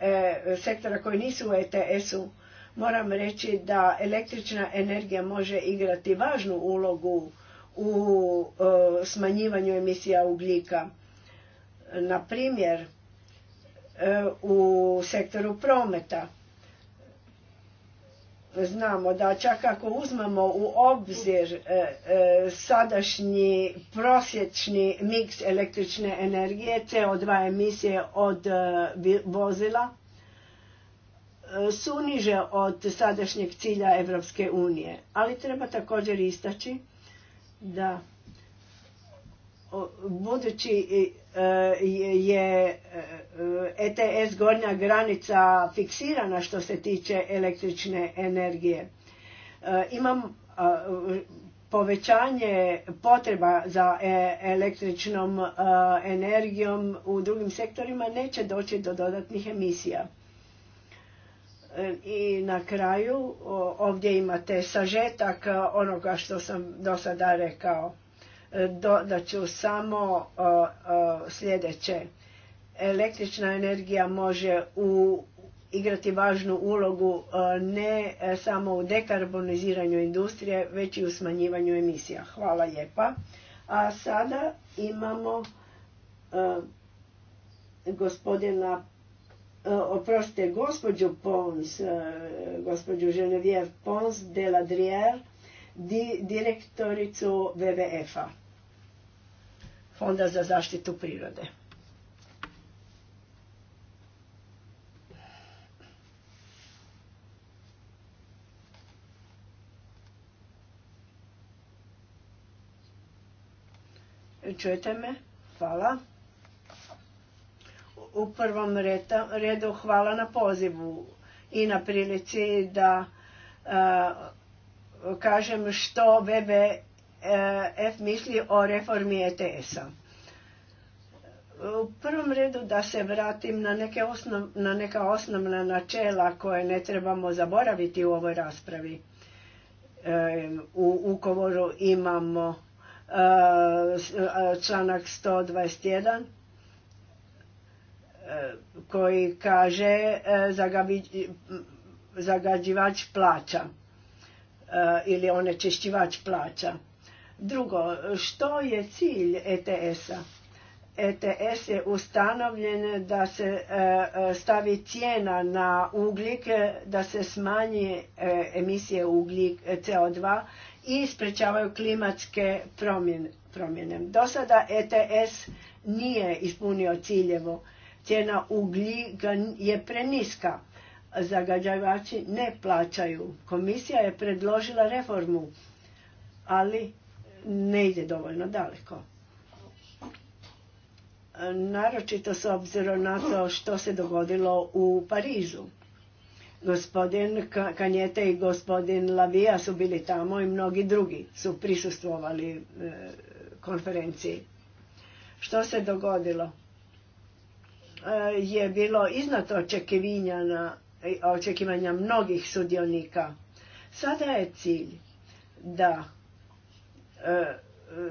sektora koji nisu u ETS-u, moram reći da električna energija može igrati važnu ulogu u e, smanjivanju emisija ugljika. Na primjer, e, u sektoru prometa znamo da čak ako uzmemo u obzir e, sadašnji prosječni miks električne energije, CO2 emisije od vozila, su niže od sadašnjeg cilja Europske unije. Ali treba također istaći da budući e, je ETS e gornja granica fiksirana što se tiče električne energije. E, imam povećanje potreba za električnom energijom u drugim sektorima neće doći do dodatnih emisija. E, I na kraju ovdje imate sažetak e, onoga što sam do sada rekao. E, da ću samo sljedeće. Električna energija može u igrati važnu ulogu ne samo u dekarboniziranju industrije, već i u smanjivanju emisija. Hvala lijepa. A sada imamo gospodina E, oprostite, gospođu Pons, e, gospođu Genevieve Pons de la di, direktoricu WWF-a, Fonda za zaštitu prirode. Čujete me? Hvala. U prvom redu hvala na pozivu i na prilici da e, kažem što BBF e misli o reformi ETS-a. U prvom redu da se vratim na, neke neka osnovna načela koje ne trebamo zaboraviti u ovoj raspravi. E, u ukovoru imamo članak 121 koji kaže e, zagađivač plaća e, ili onečišćivač plaća. Drugo, što je cilj ETS-a? ETS je ustanovljen da se e, stavi cijena na ugljik, da se smanji emisije ugljik CO2 i sprečavaju klimatske promjene. Do sada ETS nije ispunio ciljevo Cijena ugljika je preniska. zagađivači ne plaćaju. Komisija je predložila reformu, ali ne ide dovoljno daleko. Naročito s obzirom na to što se dogodilo u Parizu. Gospodin Kanjete i gospodin Lavija su bili tamo i mnogi drugi su prisustvovali e, konferenciji. Što se dogodilo? E, je bilo iznad očekivanja, e, očekivanja mnogih sudionika. Sada je cilj da e,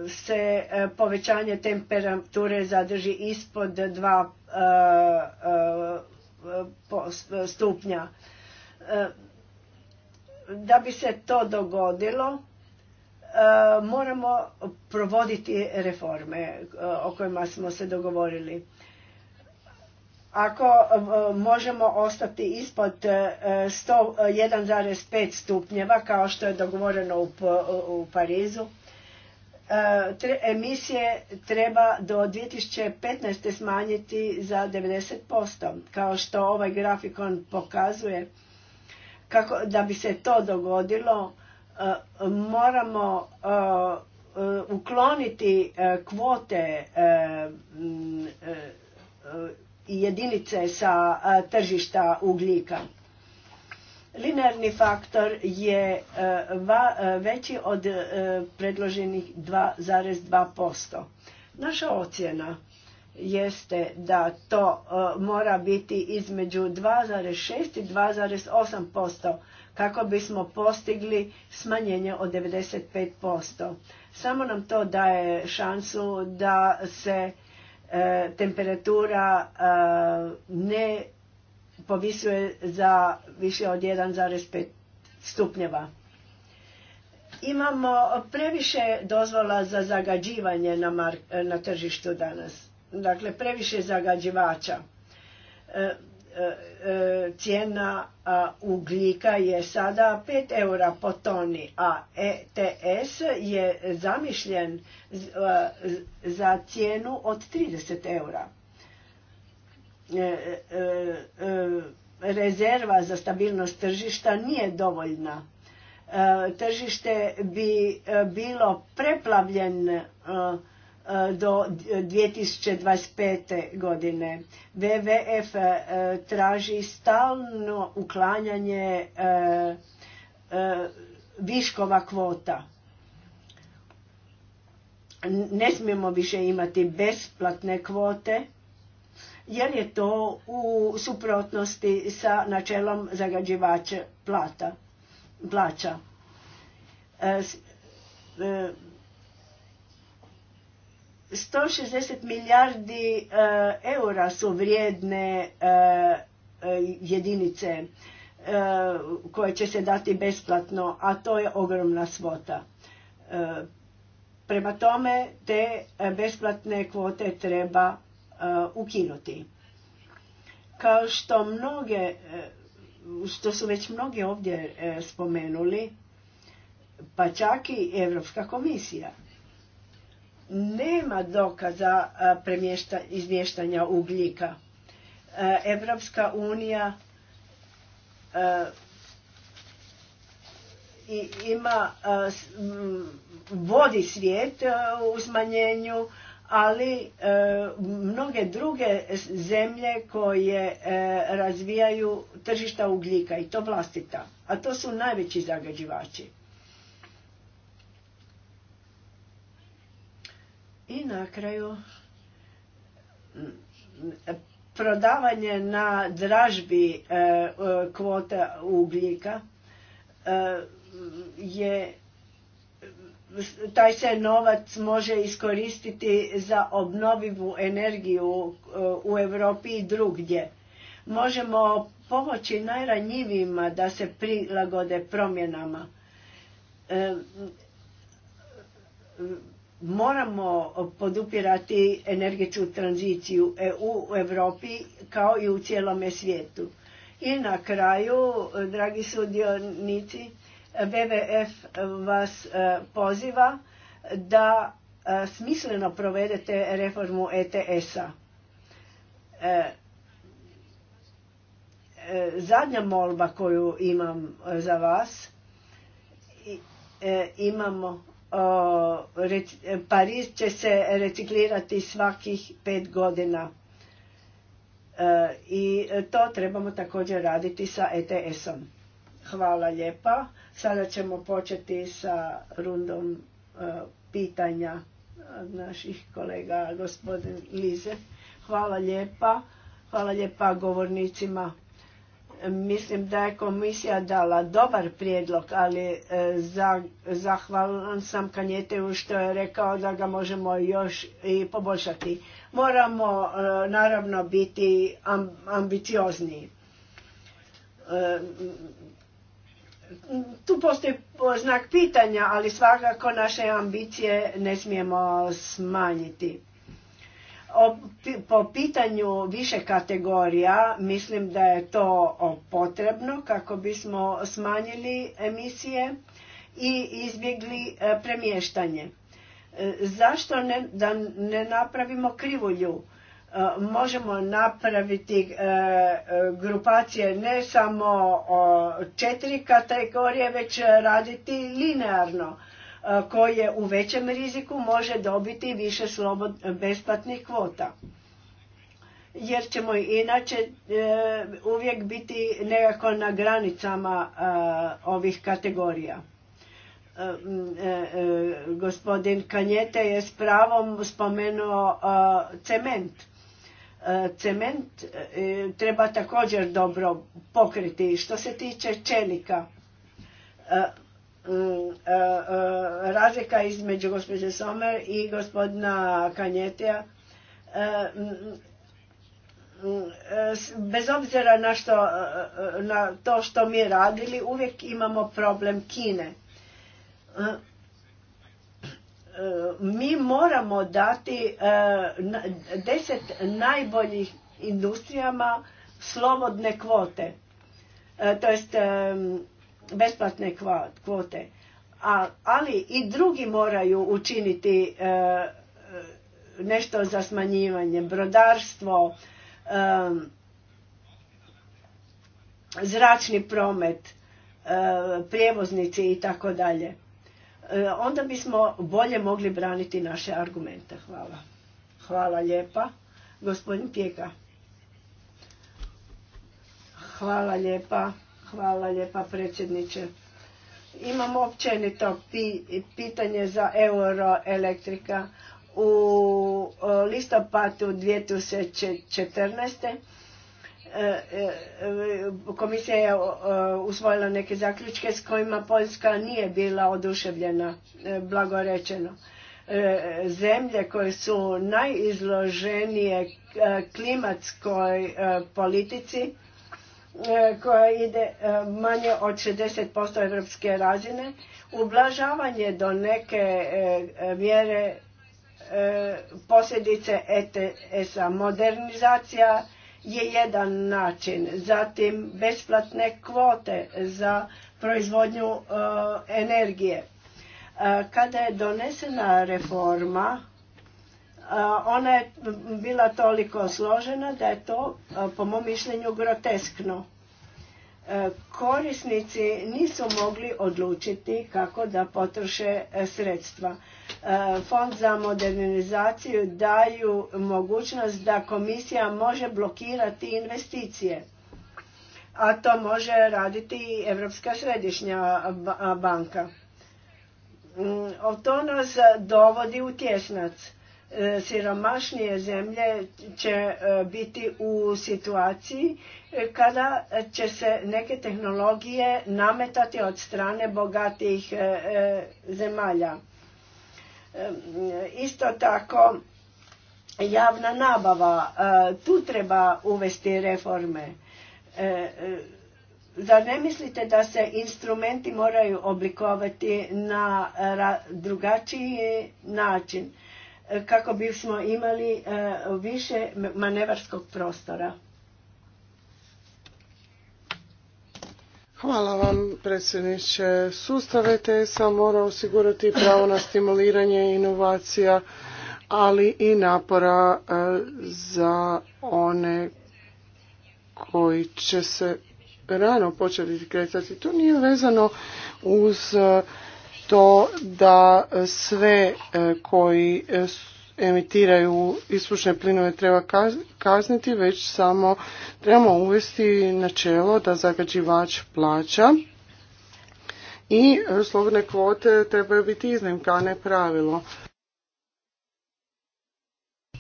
se povećanje temperature zadrži ispod dva stupnja. Da bi se to dogodilo, moramo provoditi reforme o kojima smo se dogovorili ako e, možemo ostati ispod 1,5 e, e, stupnjeva kao što je dogovoreno u, Parizu, emisije treba do 2015. smanjiti za 90%, kao što ovaj grafikon pokazuje. Kako, da bi se to dogodilo, moramo ukloniti kvote jedinice sa tržišta ugljika. Linearni faktor je e, e, veći od e, predloženih 2,2%. Naša ocjena jeste da to mora biti između 2,6 i 2,8% kako bismo postigli smanjenje od 95%. Samo nam to daje šansu da se E, temperatura e, ne povisuje za više od 1,5 stupnjeva. Imamo previše dozvola za zagađivanje na, tržištu danas. Dakle, previše zagađivača. E, E, e, cijena ugljika je sada 5 eura po toni, a ETS je zamišljen za cijenu od 30 eura. E, rezerva za stabilnost tržišta nije dovoljna. Tržište bi bilo preplavljen do 2025. godine. WWF e, traži stalno uklanjanje e, e, viškova kvota. Ne smijemo više imati besplatne kvote jer je to u suprotnosti sa načelom zagađivača plata, plaća. 160 milijardi eh, eura su vrijedne eh, eh, jedinice koje će se dati besplatno, a to je ogromna svota. Prema tome te besplatne kvote treba ukinuti. Kao što mnoge, što su već mnogi ovdje spomenuli, pa čak i Europska komisija – nema dokaza e, izmještanja ugljika. E, Evropska unija e, ima vodi svijet u smanjenju, ali mnoge druge zemlje koje razvijaju tržišta ugljika i to vlastita, a to su najveći zagađivači. I na kraju prodavanje na dražbi e, e, kvota ugljika e, je taj se novac može iskoristiti za obnovivu energiju u Europi i drugdje. Možemo pomoći najranjivijima da se prilagode promjenama moramo podupirati energetsku tranziciju EU u Europi kao i u cijelome svijetu. I na kraju, dragi sudionici, WWF vas e, poziva da e, smisleno provedete reformu ETS-a. E, zadnja molba koju imam za vas, imamo Pariz će se reciklirati svakih pet godina. E, I to trebamo također raditi sa ETS-om. Hvala lijepa. Sada ćemo početi sa rundom e, pitanja naših kolega, gospodin Lize. Hvala lijepa. Hvala lijepa govornicima. Mislim da je komisija dala dobar prijedlog, ali e, zahvalan sam Kanjeteju što je rekao da ga možemo još i poboljšati. Moramo e, naravno biti ambiciozniji. E, tu postoji znak pitanja, ali svakako naše ambicije ne smijemo smanjiti po pitanju više kategorija mislim da je to potrebno kako bismo smanjili emisije i izbjegli e, premještanje. E, zašto ne, da ne napravimo krivulju? E, možemo napraviti grupacije ne samo četiri kategorije, već raditi linearno E, koji je u većem riziku može dobiti više slobod, e, besplatnih kvota. Jer ćemo inače e, uvijek biti nekako na granicama ovih kategorija. Gospodin Kanjete je s pravom spomenuo cement cement treba također dobro pokriti. Što se tiče čelika, Mm, e, e, razlika između gospođe Somer i gospodina Kanjetija e, mm, mm, bez obzira na, što, na to što mi radili uvijek imamo problem Kine mi moramo dati deset najboljih industrijama slobodne kvote to jest besplatne kvote. A, ali i drugi moraju učiniti e, e, nešto za smanjivanje. Brodarstvo, e, zračni promet, prijevoznici i tako dalje. Onda bismo bolje mogli braniti naše argumente. Hvala. Hvala lijepa. Gospodin Pjeka. Hvala lijepa. Hvala lijepa predsjedniče. Imamo općenito pitanje za euroelektrika. U e, listopadu 2014 e, e, komisija je usvojila neke zaključke s kojima Poljska nije bila oduševljena, blagorečeno. Zemlje koje su najizloženije klimatskoj politici E, koja ide e, manje od 60% europske razine, ublažavanje do neke e, mjere posljedice ETS-a. Modernizacija je jedan način, zatim besplatne kvote za proizvodnju energije. Kada je donesena reforma ona je bila toliko složena da je to, po mom mišljenju, groteskno. E, korisnici nisu mogli odlučiti kako da potroše e, sredstva. E, Fond za modernizaciju daju mogućnost da komisija može blokirati investicije. A to može raditi i Evropska središnja banka. Mm, to nas dovodi u tjesnac E, siromašnije zemlje će e, biti u situaciji e, kada će se neke tehnologije nametati od strane bogatijih zemalja. Isto tako javna nabava, tu treba uvesti reforme. Zar ne mislite da se instrumenti moraju oblikovati na drugačiji način? kako bismo imali e, više manevarskog prostora. Hvala vam, predsjedniče. Sustav ets mora osigurati pravo na stimuliranje inovacija, ali i napora e, za one koji će se rano početi kretati. To nije vezano uz e, to da sve e, koji e, emitiraju ispušne plinove treba kazniti, već samo trebamo uvesti načelo da zagađivač plaća i e, slobodne kvote trebaju biti iznimka, a ne pravilo.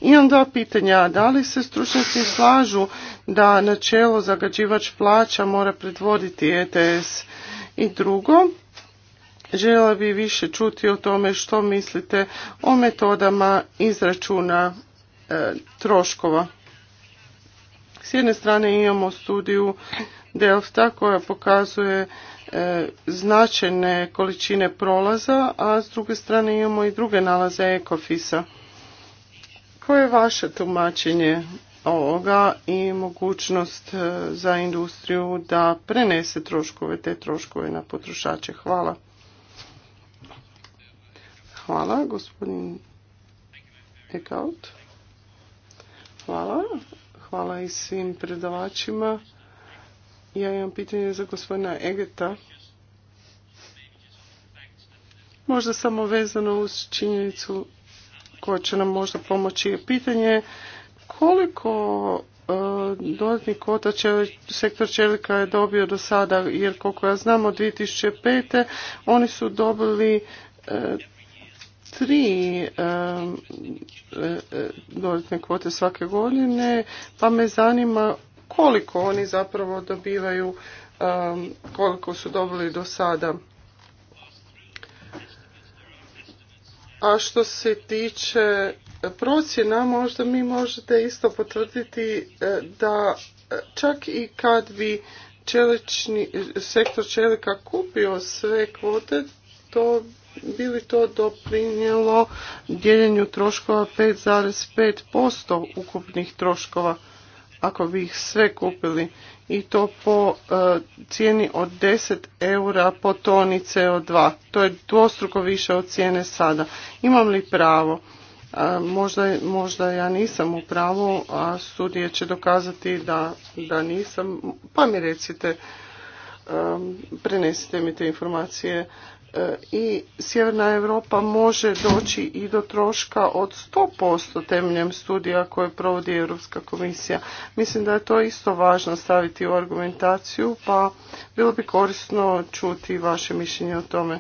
Imam dva pitanja. Da li se stručnjaci slažu da načelo zagađivač plaća mora predvoditi ETS? I drugo, Žela bi više čuti o tome što mislite o metodama izračuna e, troškova. S jedne strane imamo studiju Delfta koja pokazuje e, značajne količine prolaza, a s druge strane imamo i druge nalaze Ekofisa. Koje je vaše tumačenje ovoga i mogućnost e, za industriju da prenese troškove, te troškove na potrošače? Hvala. Hvala, gospodin Ekaut. Hvala. Hvala i svim predavačima. Ja imam pitanje za gospodina Egeta. Možda samo vezano uz činjenicu koja će nam možda pomoći je pitanje koliko e, dodatnih kvota sektor čelika je dobio do sada, jer koliko ja znam od 2005. oni su dobili e, tri e, e, dodatne kvote svake godine, pa me zanima koliko oni zapravo dobivaju, koliko su dobili do sada. A što se tiče procjena, možda mi možete isto potvrditi e, da čak i kad bi čelični, sektor čelika kupio sve kvote, to bi li to doprinjelo dijeljenju troškova 5,5% ukupnih troškova ako bi ih sve kupili i to po e, cijeni od 10 eura po toni CO2. To je dvostruko više od cijene sada. Imam li pravo? E, možda, ja nisam u pravu, a studije će dokazati da, da nisam. Pa mi recite, e, prenesite mi te informacije E, i Sjeverna Europa može doći i do troška od 100% temeljem studija koje provodi Europska komisija. Mislim da je to isto važno staviti u argumentaciju, pa bilo bi korisno čuti vaše mišljenje o tome.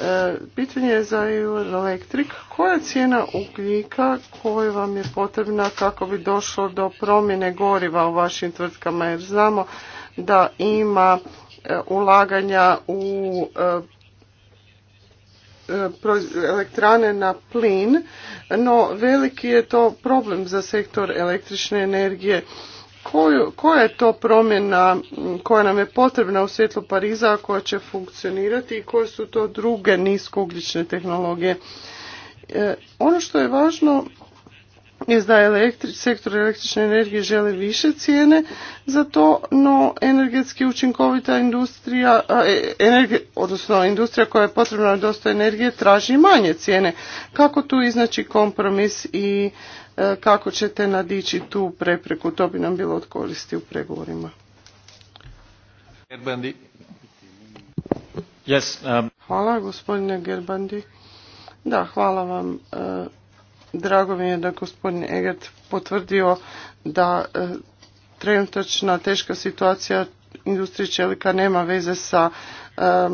E, pitanje je za Electric. Koja je cijena ugljika koja vam je potrebna kako bi došlo do promjene goriva u vašim tvrtkama? Jer znamo da ima e, ulaganja u E, elektrane na plin, no veliki je to problem za sektor električne energije. koja je to promjena koja nam je potrebna u svjetlu Pariza, koja će funkcionirati i koje su to druge niskougljične tehnologije? E, ono što je važno je da sektor električne energije želi više cijene za to, no energetski učinkovita industrija, e, odnosno industrija koja je potrebna dosta energije, traži manje cijene. Kako tu iznaći kompromis i e, kako ćete nadići tu prepreku, to bi nam bilo od koristi u pregovorima. Gerbandi. Yes, um, Hvala gospodine Gerbandi. Da, hvala vam e, Drago mi je da gospodin Egert potvrdio da e, trenutačna teška situacija industrije čelika nema veze sa, e,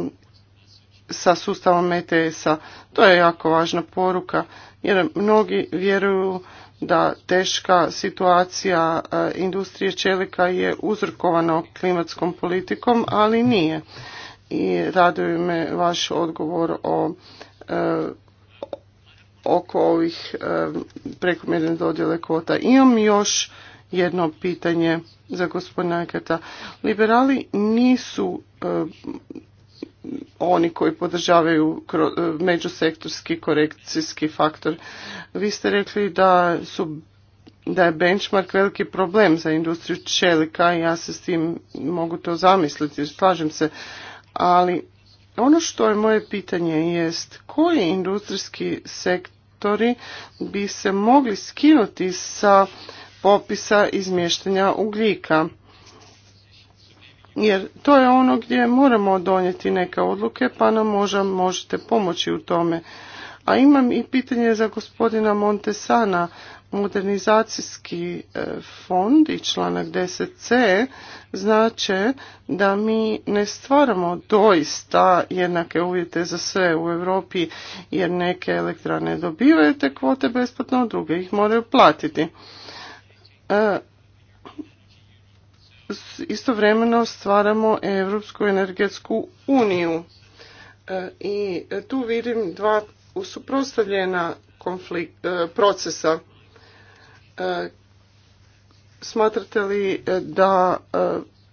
sa sustavom ETS-a. To je jako važna poruka jer mnogi vjeruju da teška situacija e, industrije čelika je uzrokovana klimatskom politikom, ali nije. I raduje me vaš odgovor o oko ovih e, prekomjerne dodjele kvota. Imam još jedno pitanje za gospodina Eketa. Liberali nisu e, oni koji podržavaju e, međusektorski korekcijski faktor. Vi ste rekli da su da je benchmark veliki problem za industriju čelika i ja se s tim mogu to zamisliti, slažem se. Ali ono što je moje pitanje jest koji industrijski sekt, faktori bi se mogli skinuti sa popisa izmještenja ugljika. Jer to je ono gdje moramo donijeti neke odluke pa nam možda možete pomoći u tome. A imam i pitanje za gospodina Montesana Modernizacijski e, fond i članak 10c znače da mi ne stvaramo doista jednake uvjete za sve u Europi jer neke elektrane dobivaju te kvote besplatno, druge ih moraju platiti. E, istovremeno stvaramo Europsku energetsku uniju e, i tu vidim dva usuprotstavljena procesa E, smatrate li e, da e,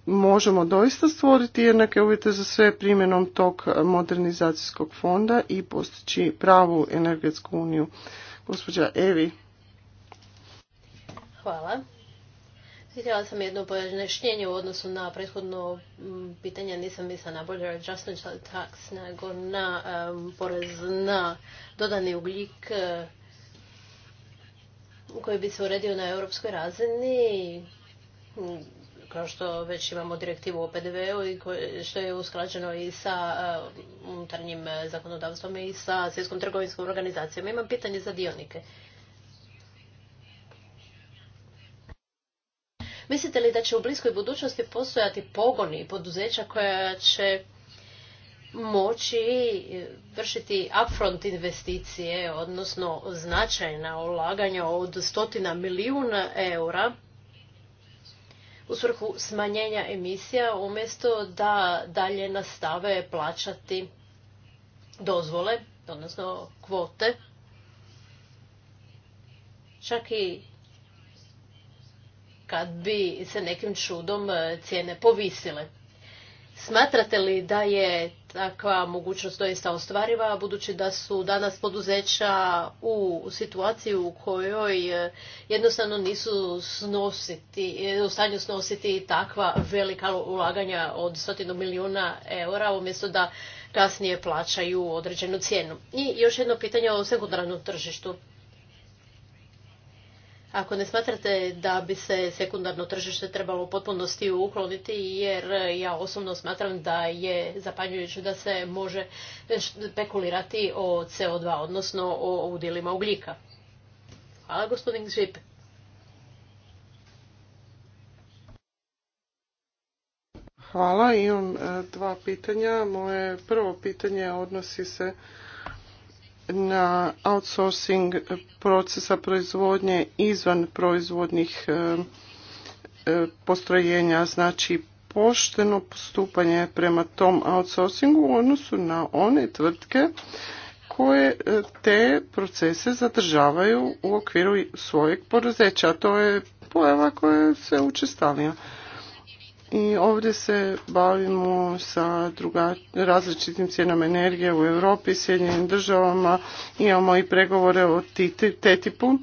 možemo doista stvoriti jednake uvjete za sve primjenom tog modernizacijskog fonda i postići pravu energetsku uniju. Gospođa Evi. Hvala. Htjela sam jedno pojašnjenje u odnosu na prethodno mm, pitanje, nisam mislila na bolje adjustment tax, nego na porez na dodani ugljik, koji bi se uredio na europskoj razini, kao što već imamo direktivu o PDV-u i što je usklađeno i sa e, unutarnjim zakonodavstvom i sa svjetskom trgovinskom organizacijom. Imam pitanje za dionike. Mislite li da će u bliskoj budućnosti postojati pogoni i poduzeća koja će moći e, vršiti upfront investicije, odnosno značajna ulaganja od stotina milijuna eura u svrhu smanjenja emisija, umjesto da dalje nastave plaćati dozvole, odnosno kvote. Čak i kad bi se nekim čudom e, cijene povisile. Smatrate li da je takva mogućnost doista ostvariva, budući da su danas poduzeća u situaciji u kojoj e, jednostavno nisu snositi, u stanju snositi takva velika ulaganja od stotinu milijuna eura, umjesto da kasnije plaćaju određenu cijenu. I još jedno pitanje o sekundarnom tržištu. Ako ne smatrate da bi se sekundarno tržište trebalo u potpunosti ukloniti, jer ja osobno smatram da je zapanjujuće da se može spekulirati o CO2, odnosno o udjelima ugljika. Hvala, gospodin Žip. Hvala, imam e, dva pitanja. Moje prvo pitanje odnosi se na outsourcing procesa proizvodnje izvan proizvodnih e, e, postrojenja, znači pošteno postupanje prema tom outsourcingu u odnosu na one tvrtke koje e, te procese zadržavaju u okviru svojeg poduzeća. To je pojava koja se učestavlja i ovdje se bavimo sa druga, različitim cijenama energije u Europi, Sjedinjenim državama, imamo i pregovore o TTIP-u.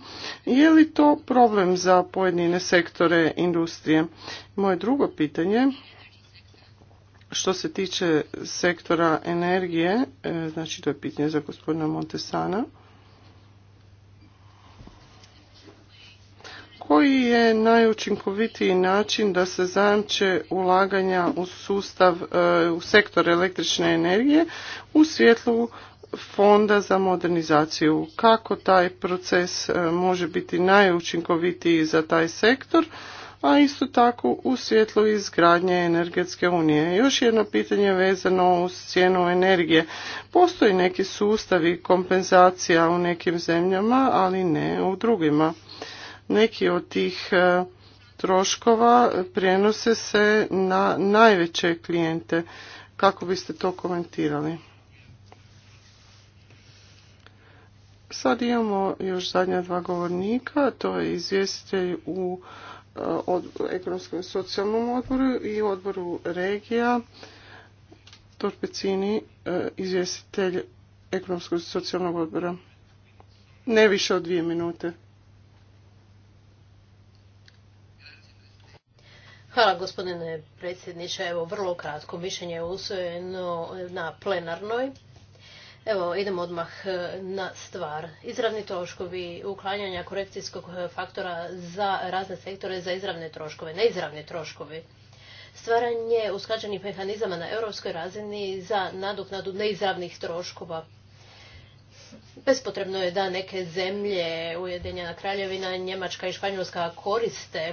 Je li to problem za pojedine sektore industrije? Moje drugo pitanje što se tiče sektora energije, e, znači to je pitanje za gospodina Montesana, koji je najučinkovitiji način da se zamče ulaganja u sustav, e, u sektor električne energije u svjetlu fonda za modernizaciju. Kako taj proces e, može biti najučinkovitiji za taj sektor, a isto tako u svjetlu izgradnje energetske unije. Još jedno pitanje vezano uz cijenu energije. Postoji neki sustavi kompenzacija u nekim zemljama, ali ne u drugima. Neki od tih e, troškova prenose se na najveće klijente. Kako biste to komentirali? Sad imamo još zadnja dva govornika, to je izvjestitelj u e, ekonomskom i socijalnom odboru i odboru regija. Torpecini, e, izvjestitelj ekonomskog i socijalnog odbora. Ne više od dvije minute. Hvala gospodine predsjedniče. Evo vrlo kratko mišljenje je usvojeno na plenarnoj. Evo, idemo odmah e, na stvar. Izravni troškovi uklanjanja korekcijskog faktora za razne sektore za izravne troškove, neizravne troškovi. Stvaranje usklađenih mehanizama na europskoj razini za nadoknadu neizravnih troškova. Bespotrebno je da neke zemlje, Ujedinjena kraljevina, Njemačka i Španjolska koriste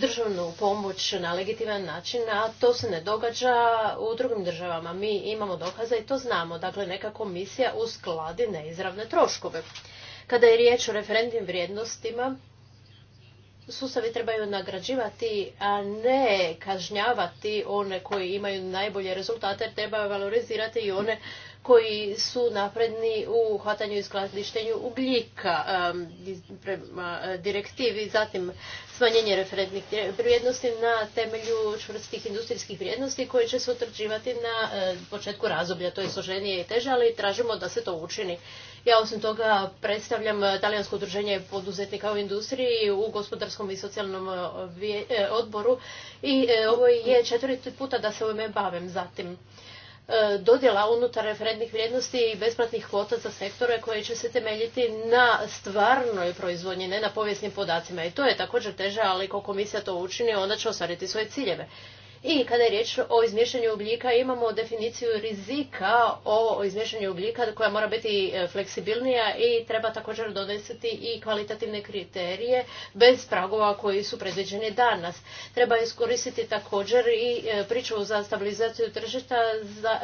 državnu pomoć na legitiman način, a to se ne događa u drugim državama. Mi imamo dokaze i to znamo. Dakle, neka komisija uskladi neizravne troškove. Kada je riječ o referendim vrijednostima, sustavi trebaju nagrađivati, a ne kažnjavati one koji imaju najbolje rezultate, treba valorizirati i one koji su napredni u hvatanju i skladištenju ugljika prema e, direktivi, zatim smanjenje referentnih vrijednosti na temelju čvrstih industrijskih vrijednosti koje će se utvrđivati na e, početku razoblja. To je složenije i teže, ali tražimo da se to učini. Ja osim toga predstavljam Talijansko udruženje poduzetnika u industriji u gospodarskom i socijalnom e, odboru i ovo je četvrti puta da se ovime bavim zatim. E, dodjela unutar referentnih vrijednosti i besplatnih kvota za sektore koje će se temeljiti na stvarnoj proizvodnji, ne na povijesnim podacima. I to je također teže, ali ako komisija to učini, onda će ostvariti svoje ciljeve. I kada je riječ o izmješanju ugljika, imamo definiciju rizika o izmješanju ugljika koja mora biti e, fleksibilnija i treba također donesiti i kvalitativne kriterije bez pragova koji su predviđeni danas. Treba iskoristiti također i e, priču za stabilizaciju tržišta za,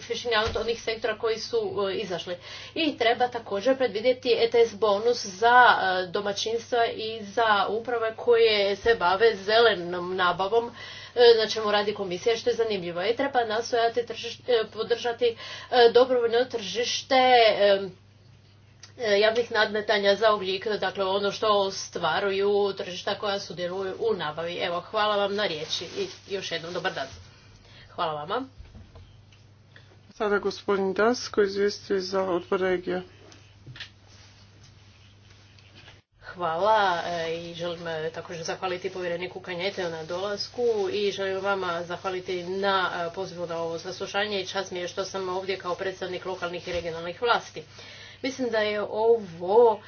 fishing out onih sektora koji su e, izašli. I treba također predvidjeti ETS bonus za e, domaćinstva i za uprave koje se bave zelenom nabavom e, na čemu radi komisija što je zanimljivo. I treba nastojati podržati dobrovoljno tržište javnih nadmetanja za ugljik, dakle ono što stvaruju tržišta koja sudjeluju u nabavi. Evo, hvala vam na riječi i još jednom dobar dan. Hvala vama. Sada gospodin Dasko izvijestuje za odbor regije. Hvala e, i želim e, također zahvaliti povjereniku Kanjete na dolasku i želim vama zahvaliti na e, pozivu na ovo saslušanje i čast mi je što sam ovdje kao predstavnik lokalnih i regionalnih vlasti. Mislim da je ovo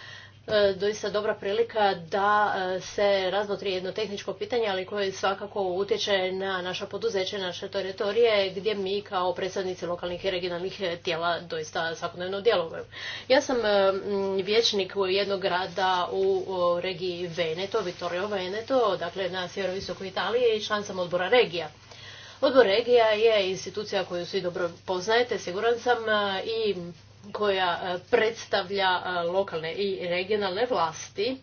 E, doista dobra prilika da e, se razmotri jedno tehničko pitanje, ali koje svakako utječe na naša poduzeća, naše teritorije, gdje mi kao predstavnici lokalnih i regionalnih tijela doista svakodnevno djelujemo. Ja sam e, vječnik jednog grada u regiji Veneto, Vittorio Veneto, dakle na sjeverovistoku Italije i član sam odbora regija. Odbor regija je institucija koju svi dobro poznajete, siguran sam, i koja e, predstavlja e, lokalne i regionalne vlasti,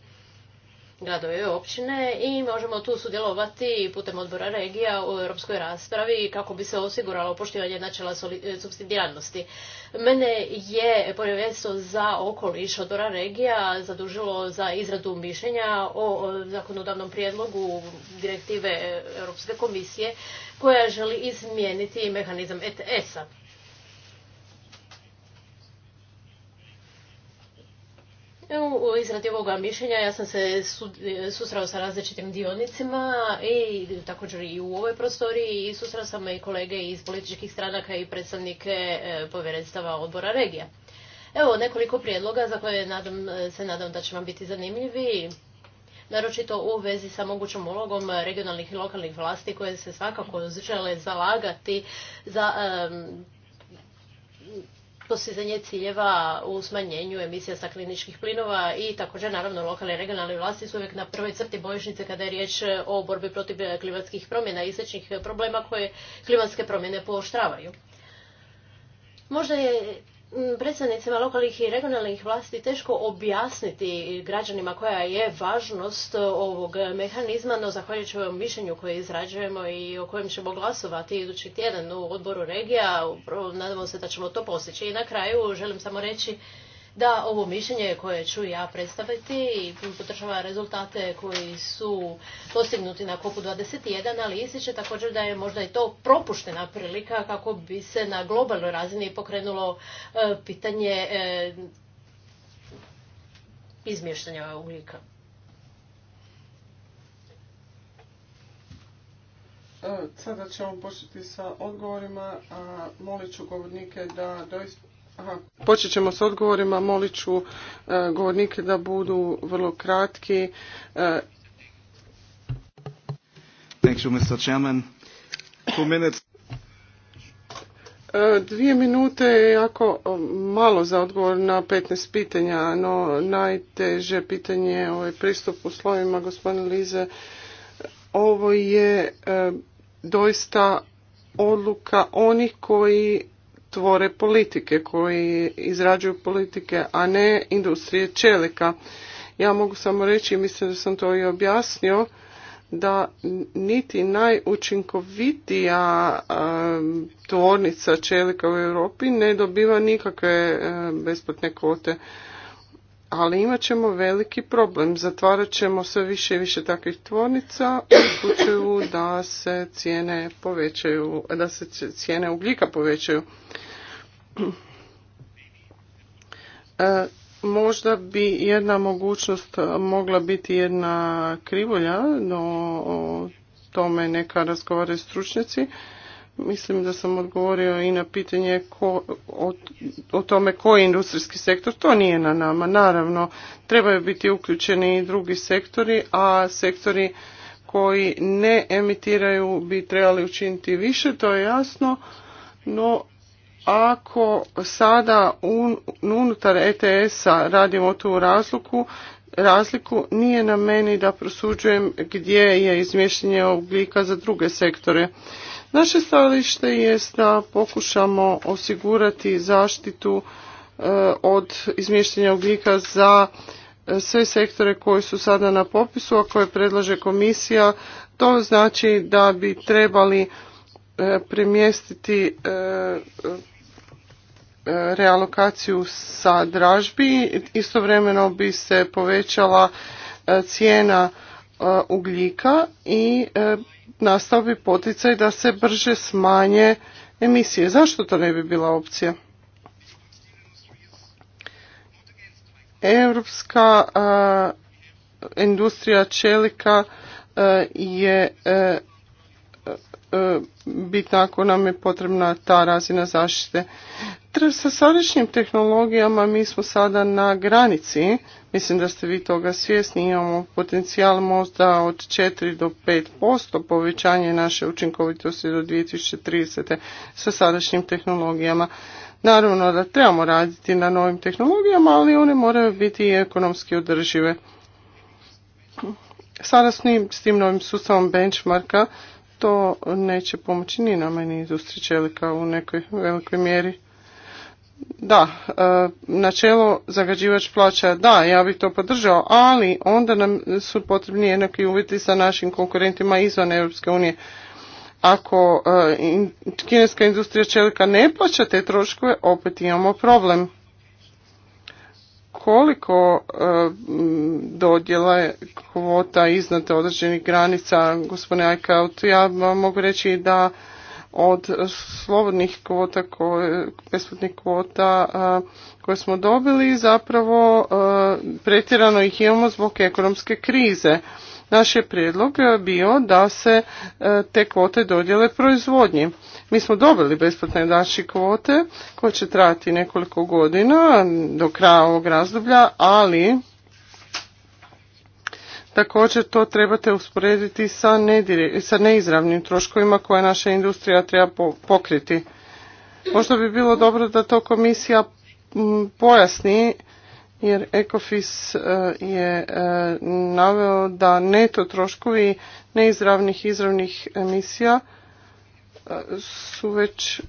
gradove i općine i možemo tu sudjelovati putem odbora regija u europskoj raspravi kako bi se osiguralo poštivanje načela e, supsidijarnosti. Mene je povjerenstvo za okoliš odbora regija zadužilo za izradu mišljenja o zakonodavnom prijedlogu direktive Europske komisije koja želi izmijeniti mehanizam ETS-a. U izradi ovoga mišljenja ja sam se susrao sa različitim dionicima i također i u ovoj prostoriji i susrao sam i kolege iz političkih stranaka i predstavnike e, povjerenstava odbora regija. Evo nekoliko prijedloga za koje e, se nadam da će vam biti zanimljivi, naročito u vezi sa mogućom ulogom regionalnih i lokalnih vlasti koje se svakako žele zalagati za postizanje ciljeva u smanjenju emisija stakleničkih plinova i također naravno lokalne i regionalne vlasti su uvijek na prvoj crti bojišnice kada je riječ o borbi protiv klimatskih promjena i sličnih problema koje klimatske promjene pooštravaju. Možda je predstavnicima lokalnih i regionalnih vlasti teško objasniti građanima koja je važnost e, ovog mehanizma, no zahvaljujući ovom mišljenju koje izrađujemo i o kojem ćemo glasovati idući tjedan u odboru regija, nadamo se da ćemo to postići. I na kraju želim samo reći da ovo mišljenje koje ću ja predstaviti podržava rezultate koji su postignuti na kopu 21, ali ističe također da je možda i to propuštena prilika kako bi se na globalnoj razini pokrenulo e, pitanje e, izmještanja ugljika. E, sada ćemo početi sa odgovorima, a molit ću govornike da doista Počet ćemo s odgovorima. Molit ću e, govornike da budu vrlo kratki. E, e, dvije minute je jako malo za odgovor na 15 pitanja, no najteže pitanje je ovaj pristup u slovima, gospodine Lize. Ovo je doista odluka onih koji tvore politike, koji izrađuju politike, a ne industrije čelika. Ja mogu samo reći, mislim da sam to i objasnio, da niti najučinkovitija tvornica čelika u Europi ne dobiva nikakve e, besplatne kvote ali imat ćemo veliki problem. Zatvarat ćemo sve više i više takvih tvornica u slučaju da se cijene povećaju, da se cijene ugljika povećaju. E, možda bi jedna mogućnost mogla biti jedna krivolja, no o tome neka razgovaraju stručnjaci. Mislim da sam odgovorio i na pitanje ko, o, o tome koji industrijski sektor. To nije na nama. Naravno, trebaju biti uključeni i drugi sektori, a sektori koji ne emitiraju bi trebali učiniti više, to je jasno. No, ako sada unutar ETS-a radimo tu razliku, razliku, nije na meni da prosuđujem gdje je izmještenje ugljika za druge sektore. Naše stajalište je da pokušamo osigurati zaštitu e, od izmještenja ugljika za e, sve sektore koji su sada na popisu, a koje predlaže komisija. To znači da bi trebali e, premjestiti realokaciju sa dražbi. Istovremeno bi se povećala cijena ugljika i nastao bi poticaj da se brže smanje emisije. Zašto to ne bi bila opcija? Europska industrija čelika je E, biti ako nam je potrebna ta razina zaštite. Sa sadašnjim tehnologijama mi smo sada na granici, mislim da ste vi toga svjesni, imamo potencijal možda od 4 do 5% povećanje naše učinkovitosti do 2030. sa sadašnjim tehnologijama. Naravno da trebamo raditi na novim tehnologijama, ali one moraju biti i ekonomski održive. Sada s tim novim sustavom benchmarka to neće pomoći ni nama ni industriji čelika u nekoj velikoj mjeri. Da, e, načelo zagađivač plaća, da, ja bih to podržao, ali onda nam su potrebni jednaki uvjeti sa našim konkurentima izvan Europske unije. Ako e, kineska industrija čelika ne plaća te troškove, opet imamo problem koliko e, dodjela kvota iznad određenih granica, gospodine Ajkaut, ja mogu reći da od slobodnih kvota, besplatnih kvota e, koje smo dobili, zapravo e, pretjerano ih imamo zbog ekonomske krize. Naš je prijedlog bio da se e, te kvote dodjele proizvodnji. Mi smo dobili besplatne naše kvote koje će trajati nekoliko godina do kraja ovog razdoblja, ali Također to trebate usporediti sa neizravnim troškovima koje naša industrija treba pokriti. Možda bi bilo dobro da to komisija pojasni jer ECOFIS e, je e, naveo da neto troškovi neizravnih izravnih emisija e, su već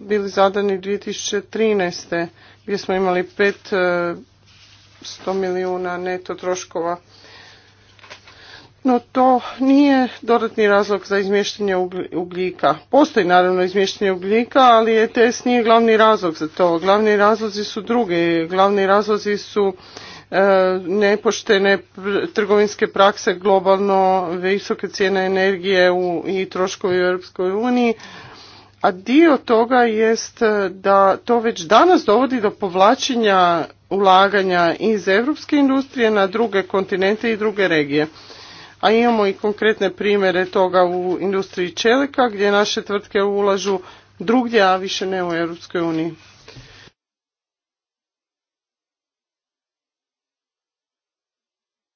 bili zadani 2013. gdje smo imali 500 milijuna neto troškova. No to nije dodatni razlog za izmještanje ugljika. Postoji naravno izmještanje ugljika, ali ETS nije glavni razlog za to. Glavni razlozi su drugi. Glavni razlozi su e, nepoštene trgovinske prakse globalno, visoke cijene energije i troškovi u Europskoj uniji. A dio toga jest e, da to već danas dovodi do povlačenja ulaganja iz europske industrije na druge kontinente i druge regije a imamo i konkretne primjere toga u industriji čelika gdje naše tvrtke ulažu drugdje, a više ne u EU. uniji.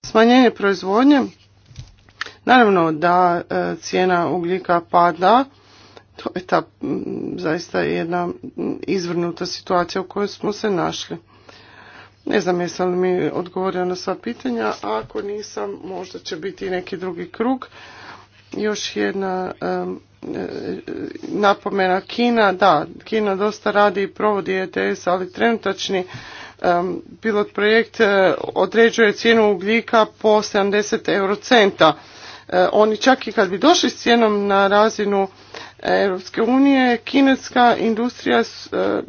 Smanjenje proizvodnje. Naravno da e, cijena ugljika pada, to je ta zaista jedna izvrnuta situacija u kojoj smo se našli. Ne znam jesam li mi odgovorio na sva pitanja, a ako nisam možda će biti i neki drugi krug. Još jedna e, napomena Kina, da, Kina dosta radi i provodi ETS, ali trenutačni pilot projekt e, određuje cijenu ugljika po 70 eurocenta. E, oni čak i kad bi došli s cijenom na razinu Europske unije, kineska industrija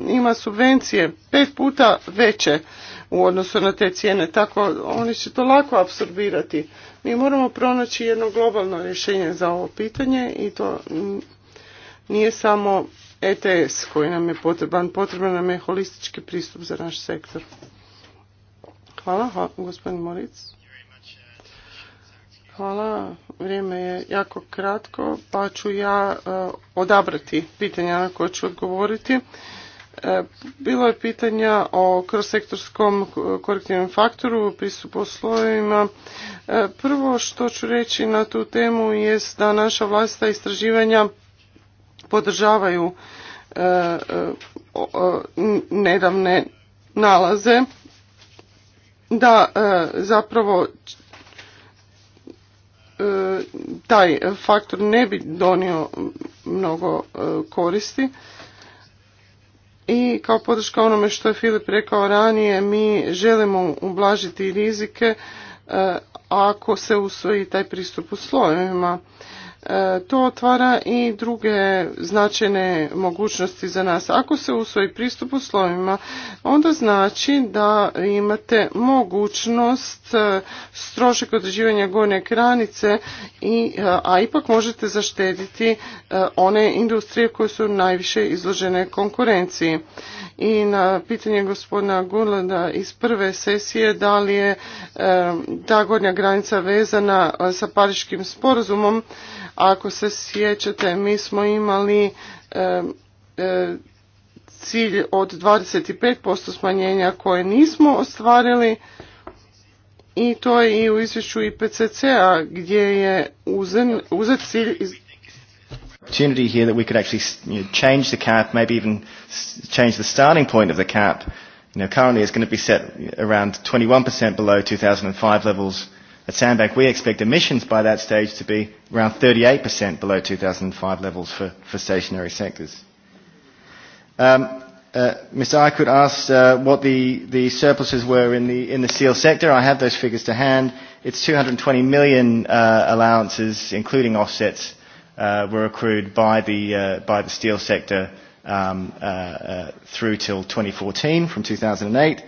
ima subvencije pet puta veće u odnosu na te cijene. Tako oni će to lako apsorbirati. Mi moramo pronaći jedno globalno rješenje za ovo pitanje i to nije samo ETS koji nam je potreban. Potreban nam je holistički pristup za naš sektor. Hvala, gospodin Hvala, vrijeme je jako kratko, pa ću ja e, odabrati pitanja na koje ću odgovoriti. E, bilo je pitanja o krosektorskom korektivnom faktoru, pristupu slojevima. E, prvo što ću reći na tu temu jest da naša vlasta istraživanja podržavaju e, nedavne nalaze da zapravo taj faktor ne bi donio mnogo koristi i kao podrška onome što je Filip rekao ranije, mi želimo ublažiti rizike e, ako se usvoji taj pristup u slojevima. E, to otvara i druge značajne mogućnosti za nas. Ako se usvoji pristup u slojevima, onda znači da imate mogućnost E, strošak određivanja gornje granice, i, e, a ipak možete zaštediti e, one industrije koje su najviše izložene konkurenciji. I na pitanje gospodina Gurlanda iz prve sesije da li je ta gornja granica vezana sa pariškim sporazumom, ako se sjećate mi smo imali cilj od 25% smanjenja koje nismo ostvarili i to je i u izvješću IPCC-a gdje je uzen, uzet cilj iz... opportunity here that we could actually you know, change the cap, maybe even change the starting point of the cap. You know, currently it's going to be set around 21% below 2005 levels. At Sandbank, we expect emissions by that stage to be around 38% below 2005 levels for, for stationary sectors. Um, Uh, Mr. Aykut asked uh, what the, the surpluses were in the, in the steel sector. I have those figures to hand. It's 220 million uh, allowances, including offsets, uh, were accrued by the, uh, by the steel sector um, uh, uh, through till 2014 from 2008.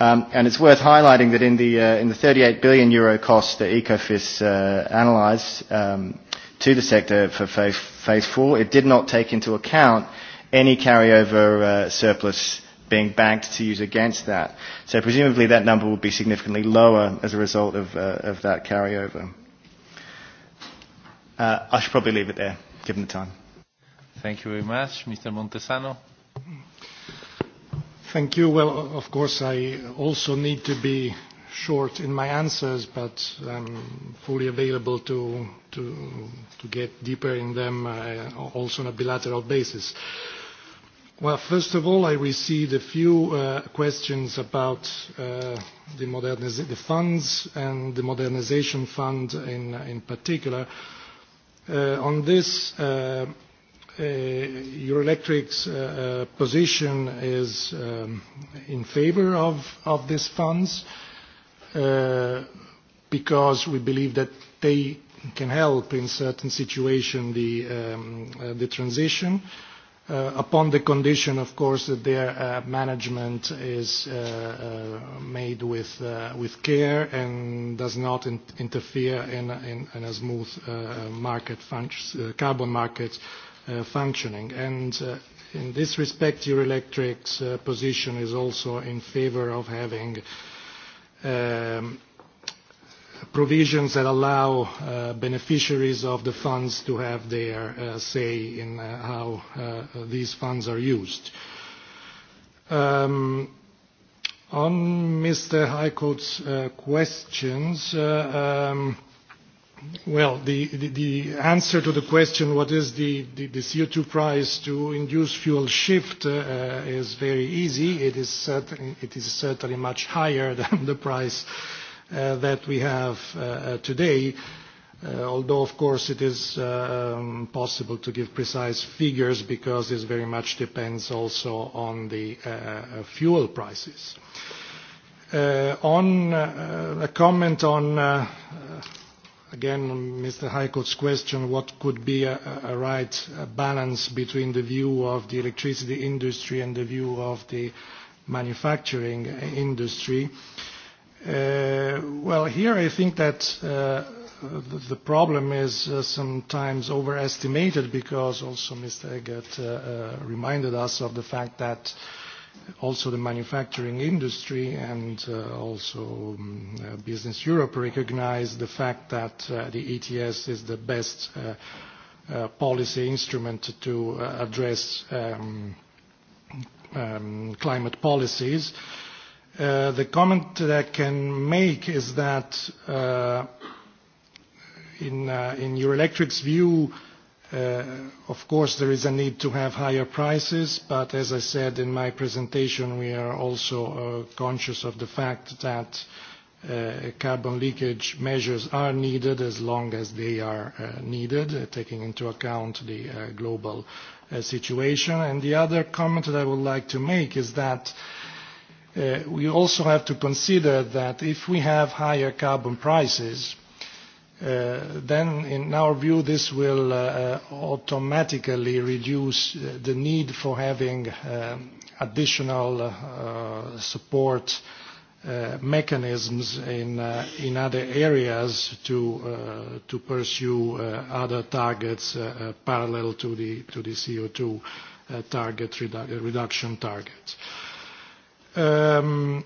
Um, and it's worth highlighting that in the, uh, in the 38 billion euro cost that ECOFIS uh, analysed um, to the sector for phase, phase four, it did not take into account any carryover uh, surplus being banked to use against that. So presumably that number will be significantly lower as a result of, uh, of that carryover. Uh, I should probably leave it there, given the time. Thank you very much. Mr. Montesano. Thank you. Well, of course, I also need to be short in my answers, but I'm fully available to, to, to get deeper in them uh, also on a bilateral basis. Uh, Well, first of all, I received a few uh, questions about uh, the, moderniz the funds and the modernization fund in, in particular. Uh, on this, uh, uh, Euroelectric's uh, position is um, in favor of, of these funds because we believe that they can help in certain situations the, um, the transition. Uh, upon the condition, of course, that their uh, management is uh, made with, with care and does not interfere in, in, a smooth market carbon market functioning. And in this respect, Eurelectric's position is also in favor of having um, provisions that allow uh, beneficiaries of the funds to have their uh, say in uh, how uh, these funds are used. Um, on Mr. Highcourt's uh, questions, uh, um, well, the, the, the answer to the question, what is the, the, the CO2 price to induce fuel shift, is very easy. It is, certain, it is certainly much higher [LAUGHS] than the price Uh, that we have uh, uh, today although of course it is um, possible to give precise figures because this very much depends also on the fuel prices on a comment on again Mr Heiko's question what could be a right balance between the view of the electricity industry and the view of the manufacturing industry Uh, well, here I think that uh, the, the problem is uh, sometimes overestimated because also Mr. Eggert uh, reminded us of the fact that also the manufacturing industry and uh, also um, uh, Business Europe recognize the fact that uh, the ETS is the best policy instrument to address um, um, climate policies Uh, the comment that I can make is that uh, uh, in, Euroelectrics in view, of course, there is a need to have higher prices, but as I said in my presentation, we are also conscious of the fact that carbon leakage measures are needed as long as they are needed, taking into account the global situation. And the other comment that I would like to make is that Uh, we also have to consider that if we have higher carbon prices, uh, then in our view this will uh, automatically reduce the need for having additional support mechanisms in, other areas to, pursue other targets parallel to the, CO2 target reduction targets. Um,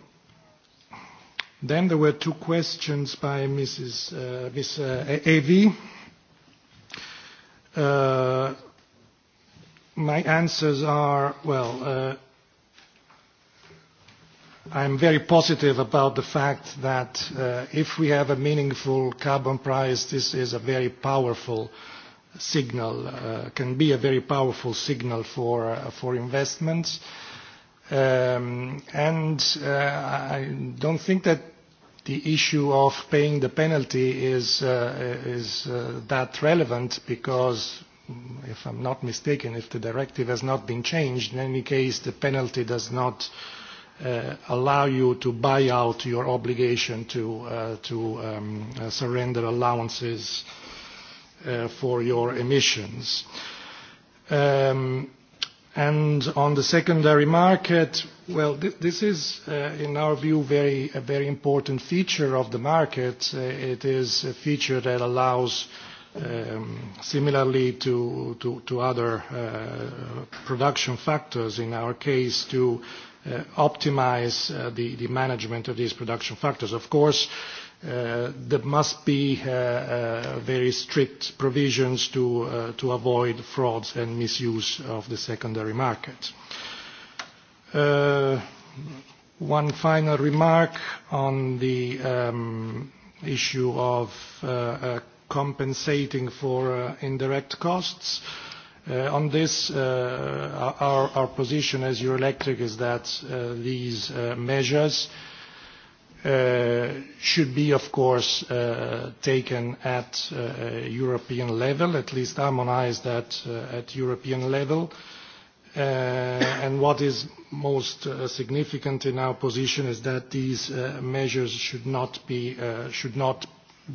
then there were two questions by Mrs. Uh, Ms. Uh, A.V. Uh, my answers are, well, uh, I'm very positive about the fact that uh, if we have a meaningful carbon price, this is a very powerful signal, can be a very powerful signal for, for investments. Um, and uh, I don't think that the issue of paying the penalty is, uh, is uh, that relevant because, if I'm not mistaken, if the directive has not been changed, in any case, the penalty does not uh, allow you to buy out your obligation to, uh, to um, uh, surrender allowances uh, for your emissions. Um, And on the secondary market, well, this is, uh, in our view, very, a very important feature of the market. Uh, it is a feature that allows, um, similarly to, other uh, production factors, in our case, to optimize the management of these production factors. Of course, Uh, there must be uh, uh, very strict provisions to, uh, to avoid frauds and misuse of the secondary market. Uh, one final remark on the um, issue of compensating for indirect costs. On this, our, our position as Euroelectric is that these measures Uh, should be of course uh, taken at uh, European level, at least harmonized at, uh, at European level. Uh, and what is most significant in our position is that these measures should not be, should not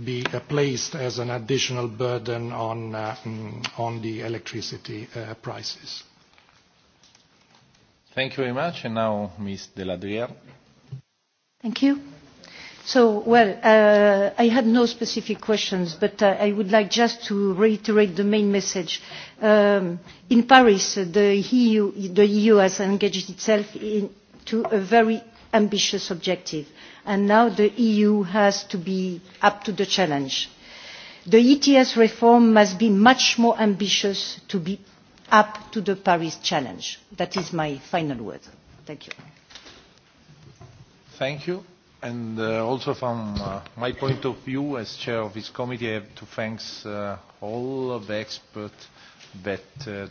be placed as an additional burden on, mm, on the electricity prices. Thank you very much. And now Ms. Deladrière. Thank you. So, well, uh, I had no specific questions, but uh, I would like just to reiterate the main message. Um, in Paris, the EU, the e has engaged itself to a very ambitious objective, and now the EU has to be up to the challenge. The ETS reform must be much more ambitious to be up to the Paris challenge. That is my final word. Thank you. Thank you and uh, also from uh, my point of view as chair of this committee, I have to thank uh, all of the experts that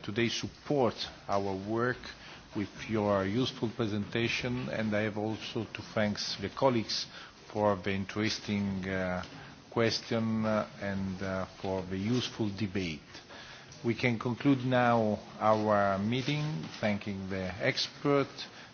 today support our work with your useful presentation, and I have also to thank the colleagues for the interesting uh, question and uh, for the useful debate. We can conclude now our meeting, thanking the experts